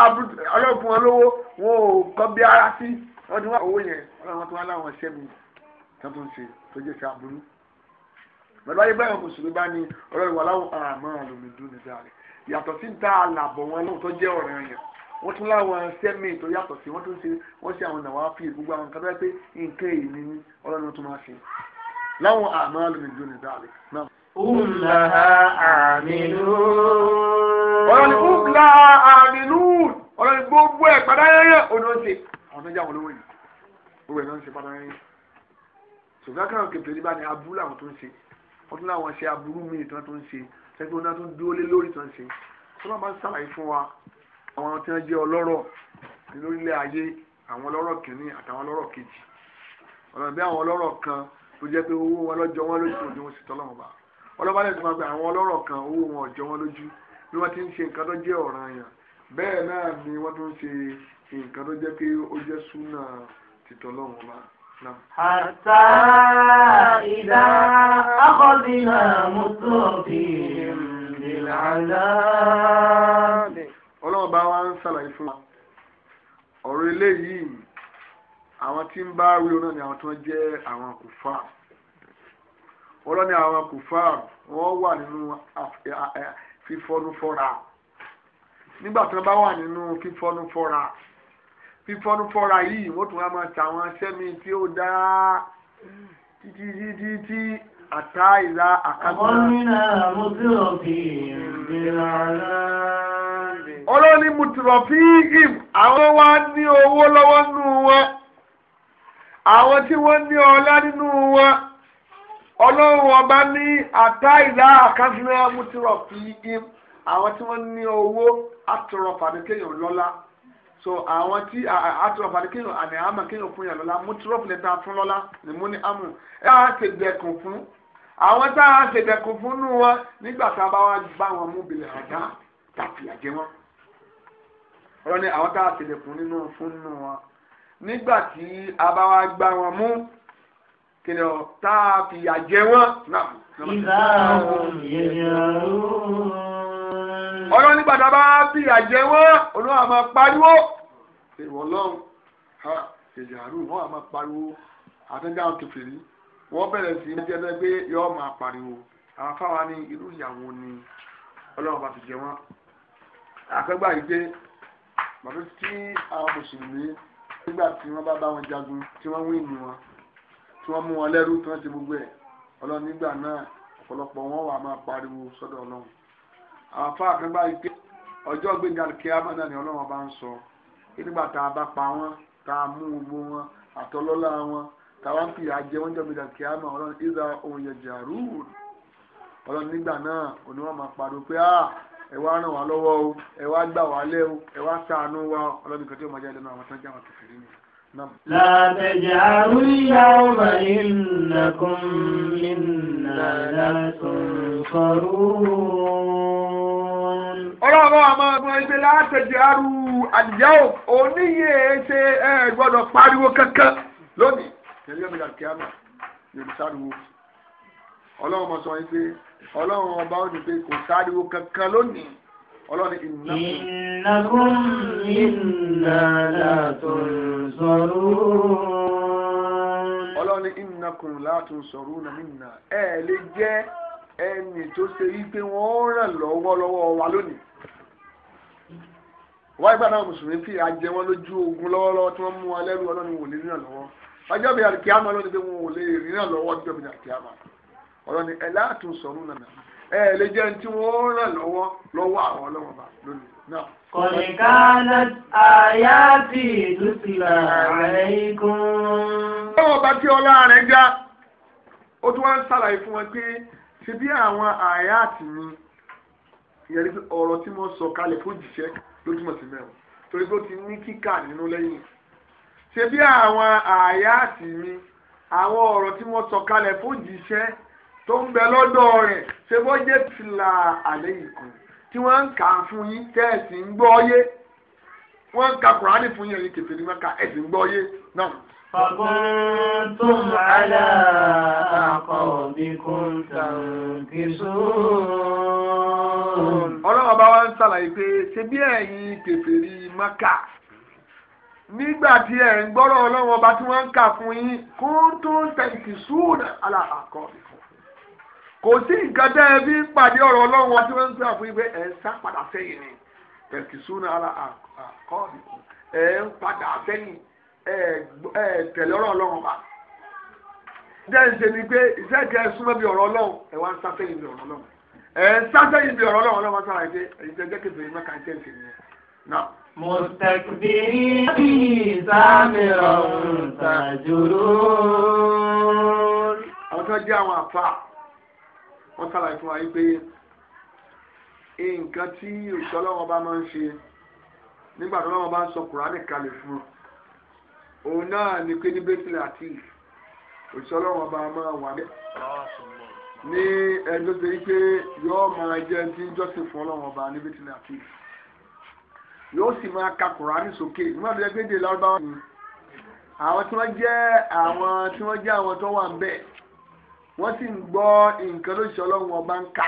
ọlọ́fun wọn lówó wọn ò kọ́ bí ara sí wọ́n tún wá owó yẹn wọ́n tún wá láwọn aṣẹ́ mi tí wọ́n tún ń ṣe tọ́jú ẹṣẹ́ aburú pẹ̀lú ayé bẹ́ẹ̀ mùsùlùmí bá ní ọlọ́run wà láwọn àmọ́ àlòmídùn ní dáre yàtọ̀ sí ta àlàbọ̀ wọn lóòótọ́ jẹ́ ọ̀rẹ́ yẹn wọ́n tún láwọn sẹ́mi tó yàtọ̀ sí wọ́n tún ṣe wọ́n ṣe àwọn ìnáwó fi gbogbo àwọn nǹkan pé nǹkan èyí ni ọlọ́run tún máa ṣe láwọn àmọ́ àlòmídùn ní dáre náà. àmìnú. Ọ̀rọ̀ ni Ula àmìnú. Ọ̀rọ̀ ni gbogbo ẹ̀ wọ́n tún láwọn ṣe aburú míì tí wọ́n tún ń ṣe ṣẹ́gun náà tún dúró lé lórí tí wọ́n ń ṣe tí wọ́n bá ń ṣàlàyé fún wa àwọn tí wọ́n jẹ́ ọlọ́rọ̀ lórílẹ̀ ayé àwọn ọlọ́rọ̀ kìíní àtàwọn ọlọ́rọ̀ kejì ọ̀nà bí àwọn ọlọ́rọ̀ kan tó jẹ́ pé owó wọn lọ́jọ́ wọn lójú òdi wọn sì tọ́lọ́wọ́n bá ọlọ́ba lè tún máa gbé àwọn ọlọ́rọ̀ kan owó wọn ọ̀jọ́ wọn lójú bí wọ́n ti ń ṣe nǹkan tó jẹ́ ọ̀ranyàn bẹ́ẹ̀ náà ni wọ́n tún ṣe nǹkan tó jẹ́ pé ó jẹ́ súnà tìtọ́lọ́wọ́n bá حتى إذا أخذنا مترفيهم بالعذاب ọlọ́run bá wa ń ṣàlàyé fún wa ọ̀rọ̀ eléyìí àwọn tí ń bá wí ọ náà ni àwọn tó ń jẹ́ àwọn kùfà ọlọ́run ni àwọn kùfà wọ́n wà nínú fífọ́nú fọ́ra nígbà tí wọ́n bá wà nínú fífọ́nú fọ́ra fífọ́nfọ́ra yìí wọ́n tún wá máa tàwọn sẹ́mi tí ó dá títí títí tí àtà ìlà àkágbọ́n. àwọn nínú àwọn tí ó fi ìrìnlẹ̀ ara. olórí mùtúrọ̀ fi im àwọn wá ní owó lọ́wọ́ nínú wọn àwọn tí wọ́n ní ọlá nínú wọn ọlọ́run ọba ní àtà ìlà àkágbọ́n mùtúrọ̀ fi im àwọn tí wọ́n ní owó àtúrọ̀ fàdékẹ́yọ̀ lọ́lá so àwọn tí àtúrọ̀fà ni kéèyàn àmì àmà kéèyàn fún yàn lọ́la mú tírọ́fù lẹ́tà fún lọ́la ni mo ní àmù ẹ á ṣe dẹkùn fún àwọn tá a ṣe dẹkùn fún nù wọn nígbà tá a bá wá bá wọn mú bilẹ̀ àdá tàbí àjẹ wọn ọ̀rọ̀ ni àwọn tá a ṣe dẹkùn nínú fún nù wọn nígbà tí a bá wá gbá wọn mú kìnìún tá a fìyà jẹ wọn. ìbára òun yẹ̀yẹ̀ òun ọlọ́run nígbà tá a bá bí àjẹ wọn olóhùn àmọ́ pariwo èrò ọlọ́run ha èyí àrùn wọn àmọ́ pariwo àtẹ́jà ń tòfè rí wọ́n bẹ̀rẹ̀ sí ní jẹ́ pé yọ́ọ́ máa pariwo àwọn afáwa ní irú ìyàwó ni ọlọ́run bá ti jẹ wọn àkọ́gbà yìí pé bàbá tí àwọn mùsùlùmí nígbà tí wọ́n bá bá wọn jagun tí wọ́n wí ìlú wọn tí wọ́n mú wọn lẹ́rú tí wọ́n ti gbogbo ẹ̀ ọlọ́run nígbà náà ọ̀pọ̀lọpọ̀ wọn wà máa pariwo sọ́dọ̀ ọlọ́run àwọn afá àkàngbá yìí pé ọjọ́ gbẹ̀ngà kíámà náà ni ọlọ́run bá ń sọ nígbà tá a bá pa wọ́n tá a mú gbogbo wọn àtọlọ́lá wọn táwọn fi àjẹ wọn jọ gbẹ̀ngà kíámà ọlọ́run ìdá ohun yẹ̀jà rúùrù ọlọ́run nígbà náà òní wọn máa pariwo pé a ẹ wá ràn wá lọ́wọ́ o ẹ wá gbà wá lẹ́ o ẹ wá ṣàánú wa ọlọ́run kò tí ò máa jáde náà àwọn tó لا تجعلوا اليوم إنكم منا لا تنصرون ọlọ́ọ̀bá àmọ́ ọmọ ẹgbẹ́ látẹ̀jẹ̀ arú àdìyá ò oníyè ṣe ẹ gbọ́dọ̀ pariwo kankan lónìí tẹ̀lé mi làkè àmà lèmi sáriwo ọlọ́run mọ̀ sọ yín pé ọlọ́run ọba ó ní pé kò sáriwo kankan lónìí ọlọ́run ìnà. ìnàkùn ìnà látún sọ̀rọ̀. ọlọ́run ìnàkùn látún sọ̀rọ̀ nàmínà ẹ̀ lè jẹ́ ẹni tó ṣe wípé wọ́n ràn lọ́wọ́ wa lónìí wọ́n gbà náà mùsùlùmí fi àjẹ wọn lójú ogun lọ́wọ́lọ́wọ́ tí wọ́n mú alẹ́ rú ọlọ́run wò lè ríràn lọ́wọ́ ọjọ́ bíi àlùkìyàmọ́ ọlọ́run pé wọn ò lè ríràn lọ́wọ́ ọjọ́ bíi àlùkìyàmọ́ ọlọ́run ẹ̀ láàtún sọ̀rọ̀ nànà ẹ̀ lè jẹ́ tí wọ́n ràn lọ́wọ́ lọ́wọ́ àwọn ọlọ́run bá lónìí náà. kọ̀nìkanà àyà ti ìlú sílà rẹ̀ bá tí ọlá ló túmọ̀ sí mẹ́wọ̀n torí pé ó ti ní kíkà nínú lẹ́yìn ṣe bí àwọn àyáàtì mi àwọn ọ̀rọ̀ tí wọ́n sọ kalẹ̀ fún jíṣẹ́ tó ń bẹ lọ́dọ̀ rẹ̀ ṣe bó jẹ́ tìlà àlẹ́ ìkùn tí wọ́n ń kà fún yín tẹ́ẹ̀sì ń gbọ́ yé wọ́n ń ka kùránì fún yín ẹ̀yin kẹfẹ́ ní mẹ́ka ẹ̀sìn ń gbọ́ yé náà. فكنتم على أعقابكم تنكسون ọlọ́run ọba wa ń ṣàlàyé pé ṣe bí ẹ̀yin kèfèrí mọ́kà nígbà tí ẹ̀ ń gbọ́rọ̀ ọlọ́run ọba tí wọ́n ń kà fún yín kó tó ń tẹ̀sí súnà aláàkọ́ kò sí nǹkan tẹ́ ẹ bí pàdé ọ̀rọ̀ ọlọ́run tí wọ́n ń kà fún yín pé ẹ̀ ń sá padà sẹ́yìn ni tẹ̀sí súnà aláàkọ́ ẹ̀ ń padà sẹ́yìn ẹ tẹ̀lé ọ̀rọ̀ ọlọ́run wa jẹ́ǹsẹ̀ ni pé iṣẹ́ kẹ́ ẹ súnmọ́ bí ọ̀rọ̀ ọlọ́run ẹ wá ń sátẹ́yìn bí ọ̀rọ̀ ọlọ́run ẹ ń sátẹ́yìn bí ọ̀rọ̀ ọlọ́run ọlọ́run sára ẹgbẹ́ ẹ̀yìn tẹ́jẹ́ kẹfẹ́ yìí mẹ́ka jẹ́ǹsẹ̀ nìyẹn náà. مستكبرين به سامرا تهجرون àwọn tó jẹ́ àwọn àfa wọ́n sàlàyé fún wa yìí pé nǹkan tí òṣìṣẹ́ òun náà ni pé ní bẹ́tìlẹ̀ àti òṣìṣọ́lọ́wọ́n bá máa wà ní. ní ẹni tó ṣe wípé yóò máa jẹ́ tí jọ́sìn fún ọlọ́wọ́n bá ní bẹ́tìlẹ̀ àti yóò sì máa ka Kùránì sókè nígbà tó yẹ pé dè lárúbáwá ni àwọn tí wọ́n jẹ́ àwọn tí wọ́n jẹ́ àwọn tó wà ń bẹ̀ wọ́n sì ń gbọ́ nǹkan lóṣìṣẹ́ ọlọ́wọ́n bá ń kà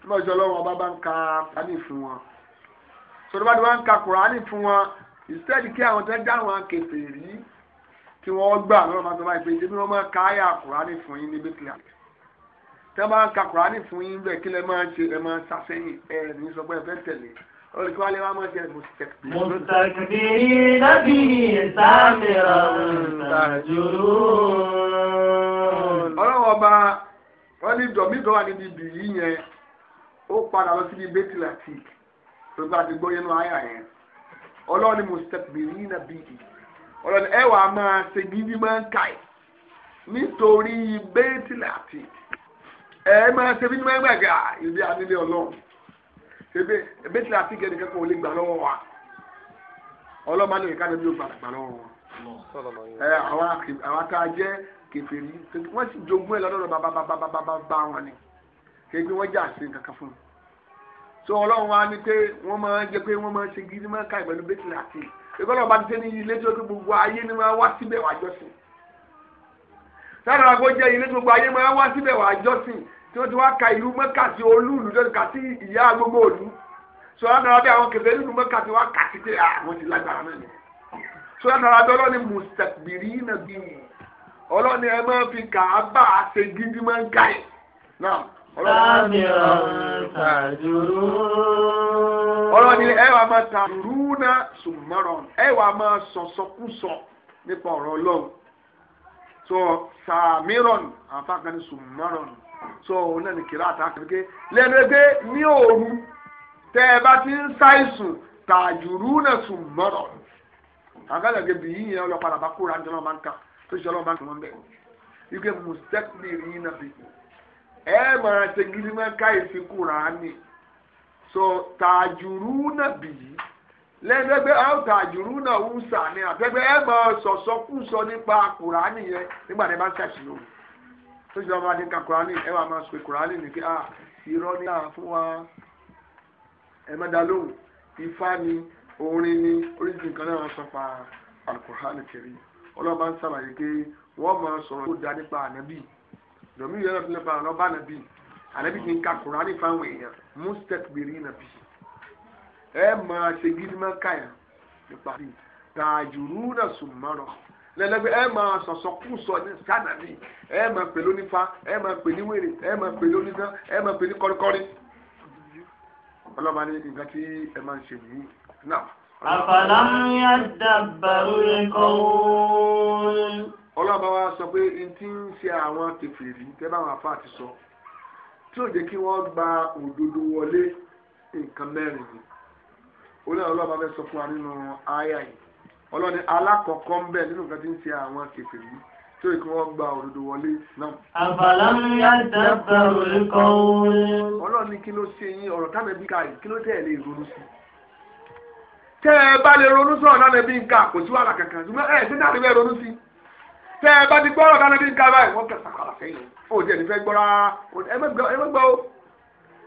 tí wọ́n ṣe ọlọ́wọ́n bá bá ń ka Kùránì fún wọn sọdọ́bàdàn bá ń ka Kùránì fún wọn instead kí àwọn tó dáwọn kèfèrí tí wọ́n gbà lọ́wọ́ máa sọ báyìí pé ṣébí wọ́n máa ka àyà kùránì fún yín níbi kílà tẹ́ bá ka kùránì fún yín bẹ́ẹ̀ kí lẹ máa ṣe ẹ máa sàṣẹ́yìn ẹ ní sọ ẹ fẹ́ tẹ̀lé olùkọ́ alẹ́ wa máa ṣe mùsùlùmí. mùsùlùmí lábí ìsámìrà ṣàjòrò. ọlọ́wọ́ ọba wọ́n ní dọ̀mídọ́ wà níbi bìyí yẹn ó padà lọ síbi bẹ́tìlá tì tó bá ti gbọ́ yẹn yẹn ọlọ́ọ̀ni mustakbirina bihi ọlọ́ọ̀ni ẹ wàá máa ṣe gidi máa ń kà ẹ́ nítorí bẹ́ẹ̀tì láti ẹ máa ṣe gidi máa ń gbàgbà ìdí àdílé ah, ọlọ́run ṣebí bẹ́ẹ̀tì láti gẹ̀ nìkan kò lè gbà lọ́wọ́ wa ọlọ́run máa ní ìka níbi ó gbàgbà lọ́wọ́ wa ẹ àwọn tá a jẹ́ kèfèrí wọ́n sì jogún ẹ̀ lọ́dọ̀ bàbá bàbá bàbá wọn ni kéèké wọ́n jà sí kankan fún un so ọlọ́run wa ni pé wọ́n máa jẹ́ pé wọ́n máa ṣe gidi máa ká ìpẹ̀lú bẹ́tì láti ìgbọ́dọ̀ bá ti tẹ́ ní ilé tó kí gbogbo ayé ni máa wá síbẹ̀ wá jọ́sìn sáré àgọ́ jẹ́ ilé tó gbogbo ayé máa wá síbẹ̀ wá jọ́sìn tí wọ́n ti wá ka ìlú mẹ́kà sí olú ìlú tó kà sí ìyá gbogbo òlu so lánàá bí àwọn kẹfẹ́ nínú mẹ́kà ti wá kà sí pé àwọn ah, ti lágbára náà ni so lánàá bí ọlọ́ni mùsàkìbìrì nàbí ọlọ́ni ẹ máa fi kàá bá àṣegídí máa ń ká ẹ̀ náà ọlọ́run ni ẹ wàá máa ta rúnà sùmọ́rọ̀ ẹ wàá máa sọ̀sọ̀kúsọ nípa ọ̀rọ̀ ọlọ́run so sàmírọ̀n àfàkànni sùmọ́rọ̀ so onáni kìlá àtàkùnkè lẹ́nu ẹgbẹ́ ní òru tẹ́ ẹ bá ti ń ṣàìsùn tàjùrú náà sùmọ́rọ̀ àgàlẹ̀gẹ̀ bìí yẹn ọlọ́pàá làbá kóra ní ọlọ́mọ bá ń kà tó ṣe ọlọ́mọ bá ń kà wọ́n bẹ́ẹ̀ ike mùsítẹ́kìlì yìí náà fi kù. ẹ ṣe ni so tàjùrú náà bì lẹ́gbẹ́gbẹ́ àwọn tàjùrú náà ń sà ní àtẹ́gbẹ́ ẹ máa sọ nípa kùránì yẹn nígbà tí ẹ bá ń tó ṣe ka ẹ wà máa sọ ní kí a irọ́ ní à fún wa ẹ má ni orin ni oríṣi nǹkan náà sọ pa kiri ń sàlàyé pé wọ́n máa sọ̀rọ̀ tó da nípa ànábì domin yɛrɛ tun ba lɔ ba na bi ale bi kin ka kurani fan wɛ yan mustak biri na bi ɛ maa se gidima ka ne pa bi taajuru na sumarɔ lẹlẹgbẹ ẹ máa sọsọkúsọ ní sànàbí ẹ máa pè lónífa ẹ máa pè ní wèrè ẹ máa pè lónídán ẹ máa pè ní kọrikọri ọlọ́ba nǹkan tí ẹ máa ń ṣe nìyí náà. àfàlàmù yà dàbàrú ẹ̀kọ́ wọn ọlọ́ba wa sọ pé n ti ń ṣe àwọn kèfèrí tẹ́ bá wọn afáà ti sọ tí ò jẹ́ kí wọ́n gba òdodo wọlé nǹkan mẹ́rin ni olóòrùn ọlọ́ba fẹ́ sọ fún wa nínú àyà yìí ọlọ́ni alákọ̀ọ́kọ́ ń bẹ̀ nínú nǹkan tí ń ṣe àwọn kèfèrí tí ò jẹ́ kí wọ́n gba òdodo wọlé náà. àbàlám yadabbaru al-qawl. ọlọ́ni kí ló ṣe yín ọ̀rọ̀ táwọn ẹbí ká yìí kí ló tẹ̀ lè ronú sí tẹ́ ẹ bá lè ronú sọ̀rọ̀ náà ẹbí ń kò sí wàhálà kankan ṣùgbọ́n ẹ̀ bẹ́ẹ̀ ronú sí i tẹ ẹ bá ti gbọ́ ọ̀rọ̀ dáná bí nǹkan báyìí wọ́n kẹsàn-án kàrà sẹ́yìn o ò tiẹ̀ ní fẹ́ gbọ́ rárá ẹ má gbọ́ o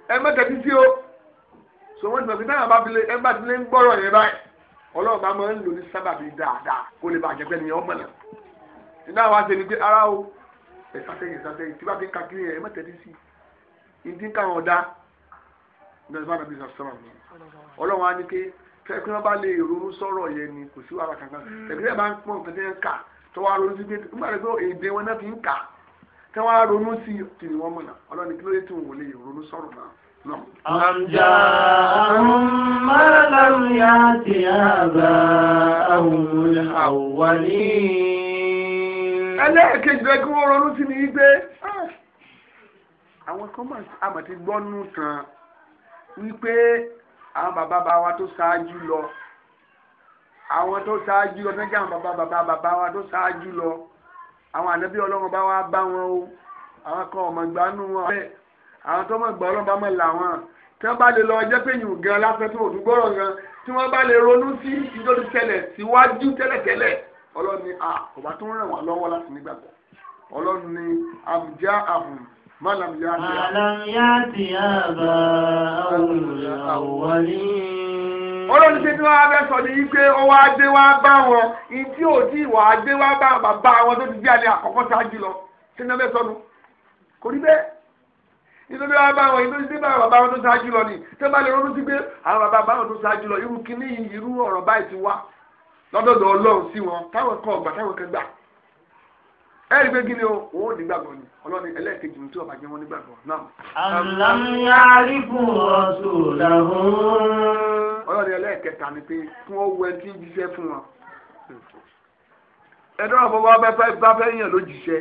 ẹ má tẹ̀sí sí o sọ wọ́n ti mọ̀ sí táwọn bá bilé ẹ bá ti lé ń gbọ́rọ̀ yẹn báyìí ọlọ́run bá máa ń lò ní sábàbí dáadáa kó lè bàjẹ́ pẹ́ nìyẹn ọmọ náà iná wa ṣe ni pé ara o ẹ sàtẹ́yìn sàtẹ́yìn tí wàá fi ń kakiri yẹn ẹ má tẹ̀sí sí i ní káwọn ọ̀dà ní ọlọ́run á ní pé kẹ́kẹ́ wọn bá lè ronú sọ̀rọ̀ yẹn ni kò sí wàhálà kankan kẹ́kẹ́ hmm. bá ń pọ́n kẹ́kẹ́ ń kà tó wá ronú sí pé nígbà tó èdè wọn náà fi ń kà tí wọ́n á ronú sí kí ni wọ́n mọ̀nà ọlọ́ni kí ló dé tí wọn ò lè ronú sọ̀rọ̀ náà. أم جاءهم ما لم يأت آباءهم الأولين ẹlẹ́ẹ̀kejì rẹ̀ kí wọ́n ronú sí ni wípé ah, àwọn kan máa àmọ̀tí gbọ́nù kan wípé àwọn bàbá bá wa tó ṣáájú lọ àwọn tó ṣáájú lọ fẹ́ẹ́ jáwọn bàbá bàbá bàbá wa tó ṣáájú lọ àwọn ànábí ọlọ́run bá wa bá wọn o àwọn kan ọmọ ìgbà nù wọn bẹ́ẹ̀ àwọn tó mọ̀ gbà ọlọ́run bá mọ̀ là wọn tí wọ́n bá lè lọ jẹ́ pé yìí gan lásán tó òdú gbọ́rọ̀ gan tí wọ́n bá lè ronú sí ìdórí tẹ́lẹ̀ síwájú tẹ́lẹ̀tẹ́lẹ̀ ọlọ́run ni a ah, kò bá ràn wọ́n lọ́wọ́ láti ọlọ́run ṣe tí wọ́n á fẹ́ sọ ni wípé ó wá dé wá bá wọn ìdí òdì ìwà dé wá bá bàbá wọn tó ti jẹ́ àlẹ́ àkọ́kọ́ ṣáájú lọ ṣé ní ọbẹ̀ sọnù kò rí bẹ́ẹ̀ nítorí wá bá wọn ìdí òdì bá bàbá wọn tó ṣáájú lọ ni tó bá lè ronú sí pé àwọn bàbá bá wọn tó ṣáájú lọ irú kíní irú ọ̀rọ̀ báyìí ti wá lọ́dọ̀dọ̀ ọlọ́run sí wọn táwọn kan ọgbà táwọn kan gbà ẹ̀rí pé gíní o wọ́n ò ní gbàgbọ́ ni ọlọ́ni ẹlẹ́ẹ̀kejì ní tí ọba jẹ́ wọ́n ní gbàgbọ́ náà. àlàmì àríkù ọ̀ṣù làwọn ọlọ́ni ẹlẹ́ẹ̀kẹta ni pé kí wọ́n wẹ tí ń jíṣẹ́ fún wọn. ẹ̀dọ́ náà bọ́bá bá fẹ́ yàn ló jíṣẹ́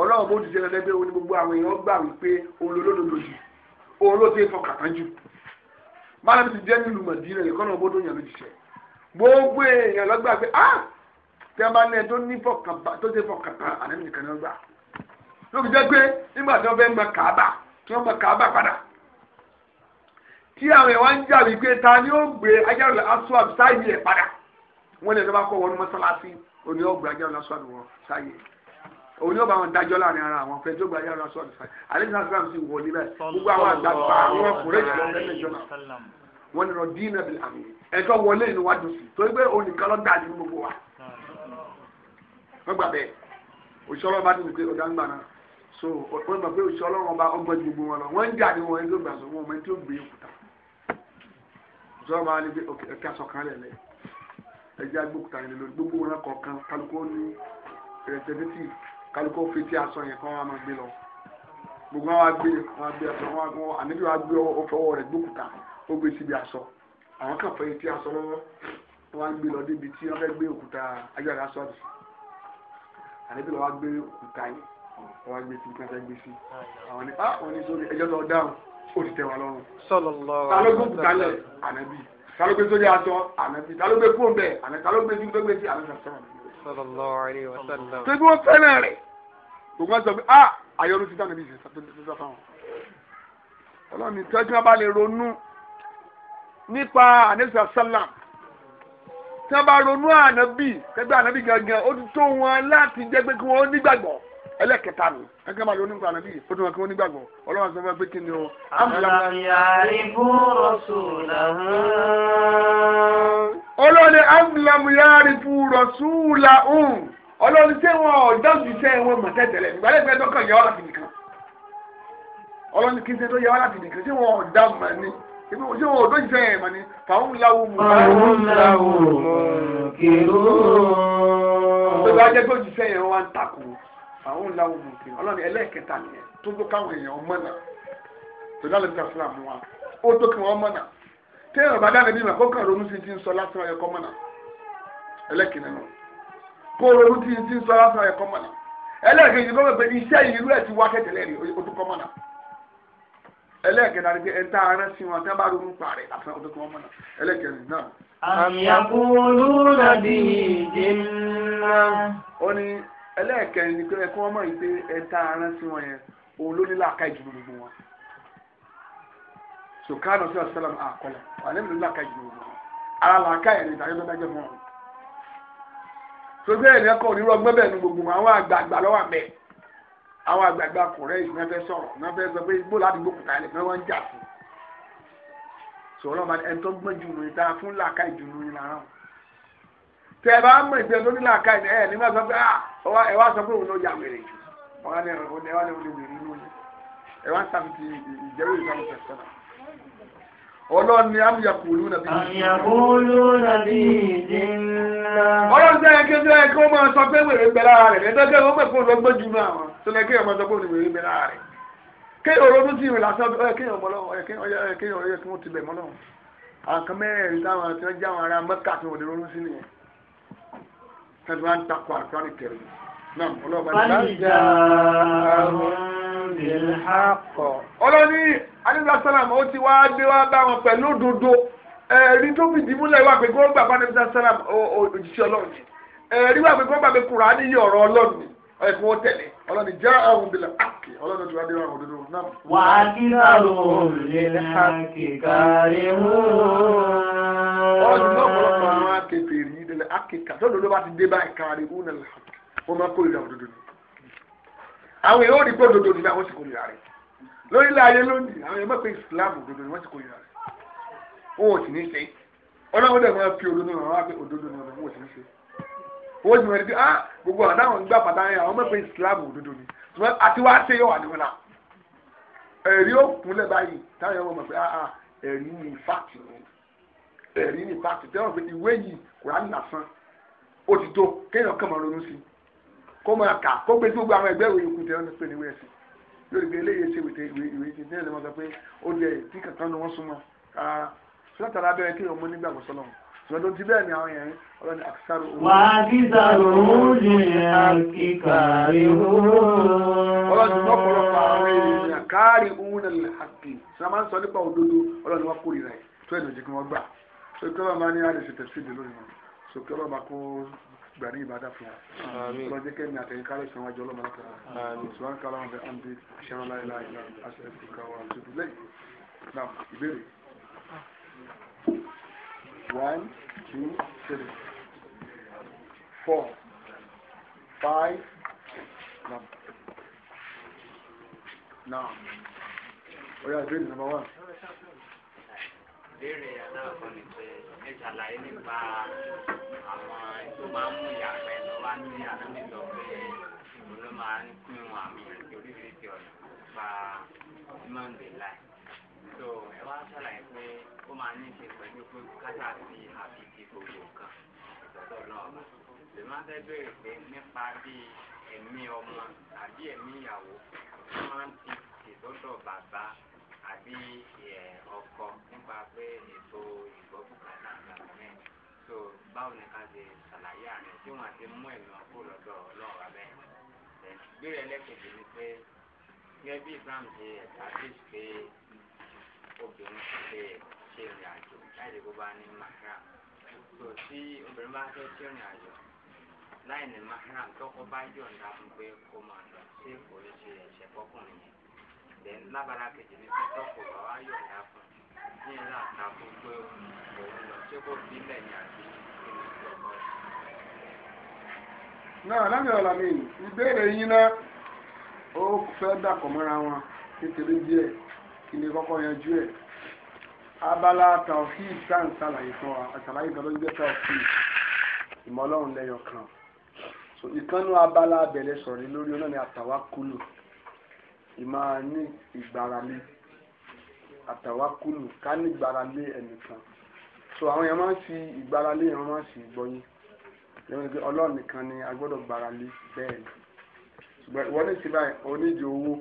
ọlọ́run bó jíṣẹ́ lẹ́gbẹ́ ó ní gbogbo àwọn èèyàn gbà wípé olólódodo jù olóòtú ìfọkàtàn jù. báyọ̀ ti jẹ́ nílùú mọ̀dínà ẹ̀kọ́ náà bó tó yàn ló jíṣẹ́ gbogbo èèyàn lọ́gbà pé ah tí a bá ní ẹ tó ní fọkàtàn àná nìkan ni wọ́n gbà. ló fi jẹ́ pé nígbà tí wọ́n fẹ́ mọ kàábà tí wọ́n mọ kàábà padà tí àwọn ẹ̀wá ń jà wípé ta ni ó gbé ajáròlá aswab sáyé ẹ̀ padà wọ́n lè lọ́ba kọ́ wọnú mọ́sálásí òní ọ̀gbẹ́ ajáròlá aswab wọn sáyé òní ọba àwọn dájọ́ láàrin ara àwọn fẹ́ tó gba ajáròlá aswab sáyé alẹ́sà sàm sì wọ̀ níbẹ̀ gbogbo àwọn àgbàgbà àwọn ọkùnrin ìjọba wọn ni rọdí nàbí àmì ẹ̀tọ́ wọlé inú wa dùn sí torí pé òní kan lọ́ dàdí gbogbo wa wọ́n gbà bẹ́ẹ̀ òṣìṣọ́lọ́ bá dùn pé ọ̀dà ń gbà náà so wọ́n mọ̀ pé òṣìṣọ́lọ́ wọn bá ọgbọ́n gbogbo wọn lọ wọ́n ń jà ní wọn ẹgbẹ́ ògbà sọ wọn ọmọ ẹni tó gbé òkúta jọba máa ní bí ẹ̀ka sọ̀kan lẹ̀ lẹ̀ ẹ̀jẹ̀ agbókuta yẹn lórí gbogbo wọn kọ̀ọ̀kan kálukó ní rẹ̀sẹ̀dẹ́tì kálukó fetí aṣọ yẹn kọ́ wọn máa gbé lọ gbogbo wọn wá gbé wọn gbé aṣọ wọn wọn àníbi wọn gbé ọfọwọ́ rẹ̀ gbókuta ó gbé síbi aṣọ àwọn kan fẹ́ etí aṣọ lọ́wọ́ wọn gbé lọ débi tí wọn fẹ́ gbé òkúta ajáde aṣọ àdì àníbi lọ́wọ́ gbé òkúta yẹn wọn gbé síbi kí wọn fẹ́ gbé sí àwọn ah, ní ẹjọ́ lọ dáhùn ó ti tẹ́ wa lọ́rùn. talógún kalẹ̀ ànábì talógún sórí aṣọ ànábì talógún kúrò bẹ́ẹ̀ ànábì talógún ju gbégbé sí ànábì sọ̀rọ̀. tẹ́bí wọ́n fẹ́ràn rẹ̀ gbogbo wọn sọ pé a ayọ́rú sí tànàbí ìṣẹ̀ṣẹ̀ tó ti sọ́fà wọn. ọlọ́run ìtọ́jú wọn bá lè ronú nípa ànábì sálàm tí wọ́n bá ronú ànábì kẹgbẹ́ ànábì gangan ó ti tó wọn láti jẹ́ pé kí wọ́n nígbàgbọ́ ẹlẹ́kẹta nù ẹgbẹ́ máa lo onígbà náà bíi fótó wọn kí wọ́n nígbàgbọ́ ọlọ́wà sọ fún ẹ pé kí ni o. ọlọ́ni amúlámù yáàrí fún rọ̀ṣúlà ń ọlọ́ni tí wọn ò dáhùn iṣẹ́ wọn mọ̀ tẹ́tẹ̀lẹ̀ nígbà lẹ́gbẹ́ tó kàn yẹ wá láti nìkan ọlọ́ni kí n ṣe tó yẹ wá láti nìkan ṣé wọn ò dá mọ̀ ni ibi ṣé wọn ò dójú sẹ́yìn mọ̀ ni fàáhùn láwù mọ̀. fàáhùn láwù mọ̀ kìrò. gbogbo àwọn ńlá wo mùtí ọlọ́ni ẹlẹ́ẹ̀kẹta nìyẹn tó tó káwọn èèyàn mọ̀nà tó dá lẹ́mìtà fúlà mú wa ó tó kí wọ́n mọ̀nà téèyàn bá dáná bímọ kó kàn ronú sí ti ń sọ lásán ẹ̀kọ́ mọ̀nà ẹlẹ́ẹ̀kẹta nù kó ronú sí ti ń sọ lásán ẹ̀kọ́ mọ̀nà ẹlẹ́ẹ̀kẹta kó pẹ̀lú iṣẹ́ ìlú ẹ̀ ti wá kẹ́tẹ̀lẹ́ rí ẹlẹ́ẹ̀kẹrin ni pé ẹkún ọmọ yìí pé ẹta aran sí wọn yẹn òun ló ní làákàyè ju gbogbo wọn sùkánù sí ọ̀sẹ̀lẹ̀ àkọlẹ̀ àlẹ́mì ló làákàyè ju gbogbo wọn ara làákàyè ni ìdájọ́ dájọ́ fún wọn. sọgbẹ́ ẹ̀ lẹ́kọ̀ọ́ onírú ọgbẹ́ bẹ́ẹ̀ ni gbogbo wọn àwọn àgbààgbà lọ́wọ́ àbẹ̀ àwọn àgbààgbà kọ̀rẹ́ ìsìn náà fẹ́ sọ̀rọ̀ náà fẹ́ sọ pé igbó láti gbókùtà ẹ̀ lẹ́fẹ́ wọ́n ń jà fún tẹ ẹ bá mọ ìgbẹ́ lórí làákà ẹ ẹ ní ma sọ pé ah ẹ wá sọ pé òun ló yà wèrè jù ọ̀gá ni ẹ wá ní olè wèrè inú yẹn ẹ wá sàmì ti ìjẹ́wé ìsàmì tẹ̀sán náà. Ọlọ́run ni àmì yàkùlù nàbí. Àyàkùlù nàbí ìdínlá. Ọlọ́run sẹ́yìn kí sẹ́yìn kí wọ́n máa sọ pé wèrè bẹ lára rẹ̀ lẹ́dọ́gẹ́ wọ́n mẹ́fọ́ lọ gbé jù náà wọn sọlẹ̀ kí wọ́n sọ pé wèrè bẹ lára rẹ̀. Kí òrónú sí ìrìn lásán ẹ̀ kí wọ́n mọ́lọ́wọ́ ẹ̀ kí wọ́n ti bẹ̀ mọ́lọ́wọ́. Àwọn kan táwọn àti ọjà àwọn ará mẹ́ka tó wọlé rónú sí nìyẹn ẹni wá ń takọ àkàrí kẹrin náà ọlọ́ba ní láìjà bilhaqq. ọlọ́ni alẹ́sà sálàmù ó ti wá dé wá bá wọn pẹ̀lú òdodo ẹ̀rí tó fi dìímúlẹ̀ wà pé gbọ́ngbà bá alẹ́sà sálàmù òjíṣẹ́ ọlọ́run ni ẹ̀rí wà pé gbọ́ngbà bẹ kúrò á níyì ọ̀rọ̀ ọlọ́run ni ẹ̀kún ó tẹ̀lé ọlọ́ni já ọ̀hún bílẹ̀ ákì ọlọ́ni tí wọ́n dé wọn òdodo náà. wà á kí lárò òrùlé ákì kárí mú. ọ̀dùn àlẹ́ àkìkà sọ́dọ̀dọ̀ bá ti dé báyìí kárí wúnà làkì wọ́n máa kórìíra òdodo ni. àwọn èèyàn ò rí pé òdodo ni àwọn sì kórìíra rẹ̀ lórílẹ̀ ayé lónìí àwọn èèyàn mọ̀ pé Islam òdodo ni wọ́n sì kórìíra rẹ̀ wọn ò sì ní ṣe ọlọ́run dẹ̀ máa fi òdodo náà wá pé òdodo náà wọn ò ní ṣe owó ti mọ̀ ní pé ah gbogbo àdáwọn gbà pàtàkì àwọn mọ̀ pé Islam òdodo ni àti wá ṣe yóò wà ní wọn náà ẹ̀rí ah, ah, tẹ́wọ̀n pé ìwé yìí kùránì lásán ó ti tó kéèyàn kàn máa ronú sí i kó máa kà kó gbé sí gbogbo àwọn ẹgbẹ́ ìwé yòókù tẹ́ ọ́n pè ní ìwé ẹ̀sìn lórí pé eléyìí ṣe wète ìwé ìwé ti tẹ́lẹ̀ wọn sọ pé ó lẹ̀ tí kankan ni wọ́n súnmọ́ rárá sọ́tàrà abẹ́rẹ́ kéèyàn mú nígbàgbọ́ sọ́lọ́run lọ́dún tí bẹ́ẹ̀ ni àwọn yẹn ọlọ́ni àkísàrò òun. wà á kísàrò òun ní àkíkàrí òun. ọlọ́ni lọ́pọ̀lọpọ̀ àwọn èèyàn káàrí òun sókè ọlọ́run bá ní àdìsí tẹ̀síìdì lónìí wọn sókè ọlọ́run bá kó gbà ní ìbádà fún wa lọ́jọ́ kẹ́mi àtẹ̀yìn kálẹ̀ sàn wájú ọlọ́run láti ra ìṣúwọ́n kálọ̀ wọn bẹ àǹdí aṣẹ́wọ́n láyé láyé aṣọ ẹ̀sìn kan wà lójú lẹ́yìn náà ìbéèrè. one two three four five now now oya green number one ìbéèrè aláàbọ̀ ni pé ẹ ṣàlàyé nípa àwọn tó máa ń mú ìyá rẹ̀ lọ́wọ́ sí àdámì sọ pé òun ló máa ń pín wọn àmì oríṣiríṣi ọ̀nà nípa human day life. so ẹ wá ṣàlàyé pé ó máa ní ṣe pẹ̀lú pé kátà sí àbí ti gbogbo nǹkan ìtọ́jọ́ náà bá. èmi máa fẹ́ béèrè pé nípa bí ẹ̀mí ọmọ àbí ẹ̀mí ìyàwó máa ń ti ṣètọ́jọ́ bàbá àbí ọkọ nípa pé ètò ìgbọ́kùnkàtà àgbàgbọ́ náà so báwo ni ká ṣe ṣàlàyé àrẹ tí wọn àti mú ẹ̀mí ọkọ lọ́dọ̀ ọlọ́run abẹ́ ìbéèrè ẹlẹ́kẹ̀dẹ̀ ni pé gẹ́gẹ́ bí Islam ṣe establish pé obìnrin ṣe ṣe ìrìn àjò láì kó bá ní mahram so tí obìnrin bá fẹ́ ṣe ìrìn àjò láì ní mahram tọ́kọ bá yọ̀ǹda fún pé kó máa lọ sí kò ní ṣe ẹ̀ṣẹ̀ fọkùnrin yẹn. then lábala kejì ní pẹ́tọ́ kò bá yọ̀ ya fún ní ìlà àtàkù pé òun lọ ṣé kò bí lẹ́yìn àti ìlú ìjọba. náà lábẹ́ ọ̀la ìbéèrè yín náà ó fẹ́ dàpọ̀ mọ́ra wọn kékeré díẹ̀ kí ni kọ́kọ́ yanjú ẹ̀ abala fún wa so abala lórí ìmáa ní ìgbáralé àtàwákùlù ká ní ìgbáralé ẹnìkan so àwọn èèyàn máa ń fi ìgbáralé èèyàn máa ń fi gbọ́yìn lẹ́yìn pé ọlọ́run nìkan ni a gbọ́dọ̀ gbáralé bẹ́ẹ̀ ni ṣùgbọ́n ìwọ ní ti báyìí onídìí owó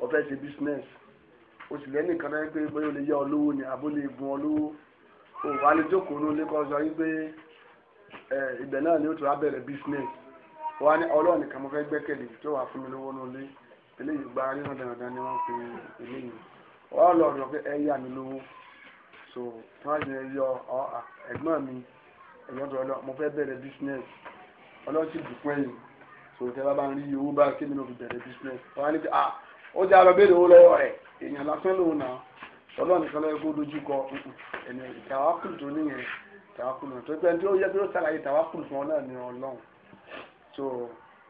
o ṣe business o sì lẹ́nìkan náà pé bóyá o lè yá ọ ni àbó lè bùn ọ lówó o wà á lè jókòó ní olè kan sọ wípé ibẹ̀ náà ni ó tún á bẹ̀rẹ̀ business wọ́n á ní ọlọ́run nìkan mo fẹ́ gbẹ́kẹ̀lé tí ó wà fún mi lówó ní olè eléyìí gba nínú dandan ni wọ́n fi eléyìí wọ́n lọ rọ pé ẹ yà lówó so tí wọ́n yẹ yọ ẹ̀gbọ́n mi ẹ̀gbọ́n tó lọ mo fẹ́ bẹ̀rẹ̀ business ọlọ́sì dùkú ẹ̀yìn so tẹ́ bá bá ń rí owó bá kémi ló fi bẹ̀rẹ̀ business wọ́n ní pé ah ó jẹ́ àlọ́ béèrè owó lọ́wọ́ rẹ̀ èèyàn lásán lòun náà ọlọ́run kan lọ́yẹ kó dojú kọ ẹni tàwákùn tó níyẹn tàwákùn náà tó pẹ́ ní ó yẹ kí ó sàlàyé tàwákùn fún ọ náà ní ọlọ́run so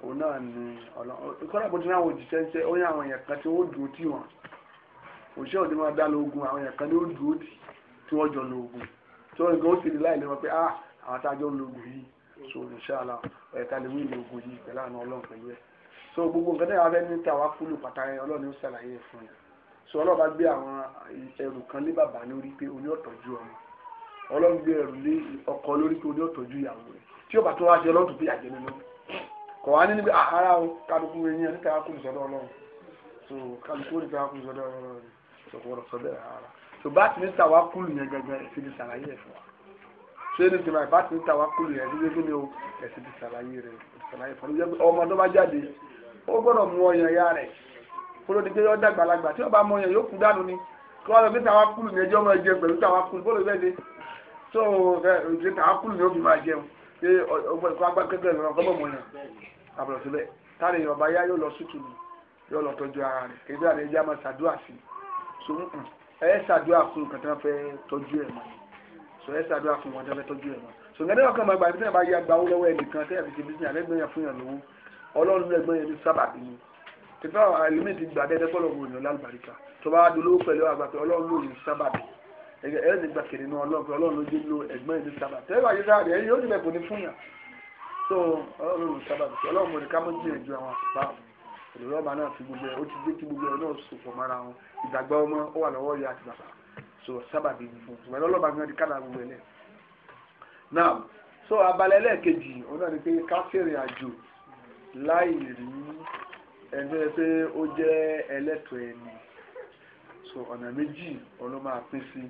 òun náà ni ọlọ́run kọ́lá bó ti ní àwọn òjíṣẹ́ ń ṣe ó ní àwọn èèyàn kan tí wọ́n dúró tì wọ́n òṣìṣẹ́ òde máa dá lóògùn àwọn èèyàn kan ní ó dúró tì tí wọ́n jọ lóògùn tí wọ́n gan ó sì rí láì lè pé ah àwọn tájọ́ lóògùn yìí so inshallah ẹ̀ka lè wí lóògùn yìí pẹ̀lú àwọn ọlọ́run pẹ̀lú ẹ̀ so gbogbo nǹkan tẹ́yà fẹ́ ní tàwa fúlù pàtàkì ọlọ́run ó ṣàlàyé fún yẹn so ọlọ́run bá gbé àwọn ẹrù kan lé bàbá lórí pé oní ọ̀tọ̀jú ọmọ ọlọ́run gbé ẹrù lé ọkọ lórí pé oní ọ̀tọ̀jú ìyàwó rẹ̀ tí yóò bá tó wá ṣe ọlọ́run kọ̀ wá ní níbi àhárá ah, o kálukú eyín ẹni tàbí kúrò sọ́dọ̀ ọlọ́run so kálukú ní tàbí kúrò sọ́dọ̀ ọlọ́run so kò wọ́n sọ́dọ̀ àhárá so bá ti ní tàwa kúlù yẹn gẹ́gẹ́ ẹ̀sìn ti sàlàyé ẹ̀ fún wa ṣé ní tìmọ̀ bá ti ní tàwa kúlù yẹn gẹ́gẹ́ kí ni o ẹ̀sìn ti sàlàyé rẹ̀ sàlàyé fún wa ọmọ tó bá jáde ó gbọ́dọ̀ mú ọyàn ya rẹ̀ olódìgbé yọ dàgbàlagbà tí wọ́n bá mú ọyàn yóò kú dànù ni kí wọ́n lọ gbé tàwa kúlù yẹn jẹ́ ọmọ ẹ̀jẹ̀ pẹ̀lú tàwa kúlù bó ló fẹ́ de so ẹ̀ ẹ̀ tàwa kúlù yẹn ó fi máa jẹun pé ọgbọ́n ìkọ́ agbákẹ́kẹ́ ìrọ̀rùn kọ́ bọ̀ mọ́ yàn àbọ̀rọ̀ síbẹ̀ táwọn èèyàn bá yá yóò lọ sùtù ni yóò lọ tọ́jú ara rẹ̀ kì í sọ́dọ̀ ẹja máa ṣàdúrà sí so ẹ ṣàdúrà fún nǹkan tí wọ́n fẹ́ tọ́jú ẹ̀ mọ́ so ẹ ṣàdúrà fún nǹkan tí wọ́n fẹ́ tọ́jú ẹ̀ mọ́ so nǹkan tí wọ́n kàn máa gbà tí wọ́n bá yá gba owó lọ́wọ́ ẹnìkan tí wọ́n fi ṣe bísí àlẹ́gbẹ̀ẹ́ yẹn fún yàn lówó ọlọ́run ẹgbẹ́ ní sábàbí ni tìfẹ́ ẹlẹ́mì ti gbà bẹ́ẹ̀ pọ́lọ́ wò yàn lálùbáríkà tó bá dolówó pẹ̀lú àgbà pé ọlọ́run ló yẹ sábàbí so ọlọ́run ló sábà bìí ọlọ́run mo ní ká mọ́ jìnnà ju àwọn àpá òdòdó ọba náà fi gbogbo ẹ̀ ó ti dé kí gbogbo ẹ̀ náà sòpọ̀ mọ́ra wọn ìgbàgbọ́ ọmọ ó wà lọ́wọ́ ìyá àti bàbá so sábà bìí fún un ṣùgbọ́n ọlọ́ba gan di kádà gbogbo ẹ̀ now so abalẹ̀ ẹlẹ́ẹ̀kejì òun náà ni pé ká fèrè àjò láì rí ẹgbẹ́ pé ó jẹ́ ẹlẹ́tọ̀ ẹni so ọ̀nà méjì ọ̀nà máa pín sí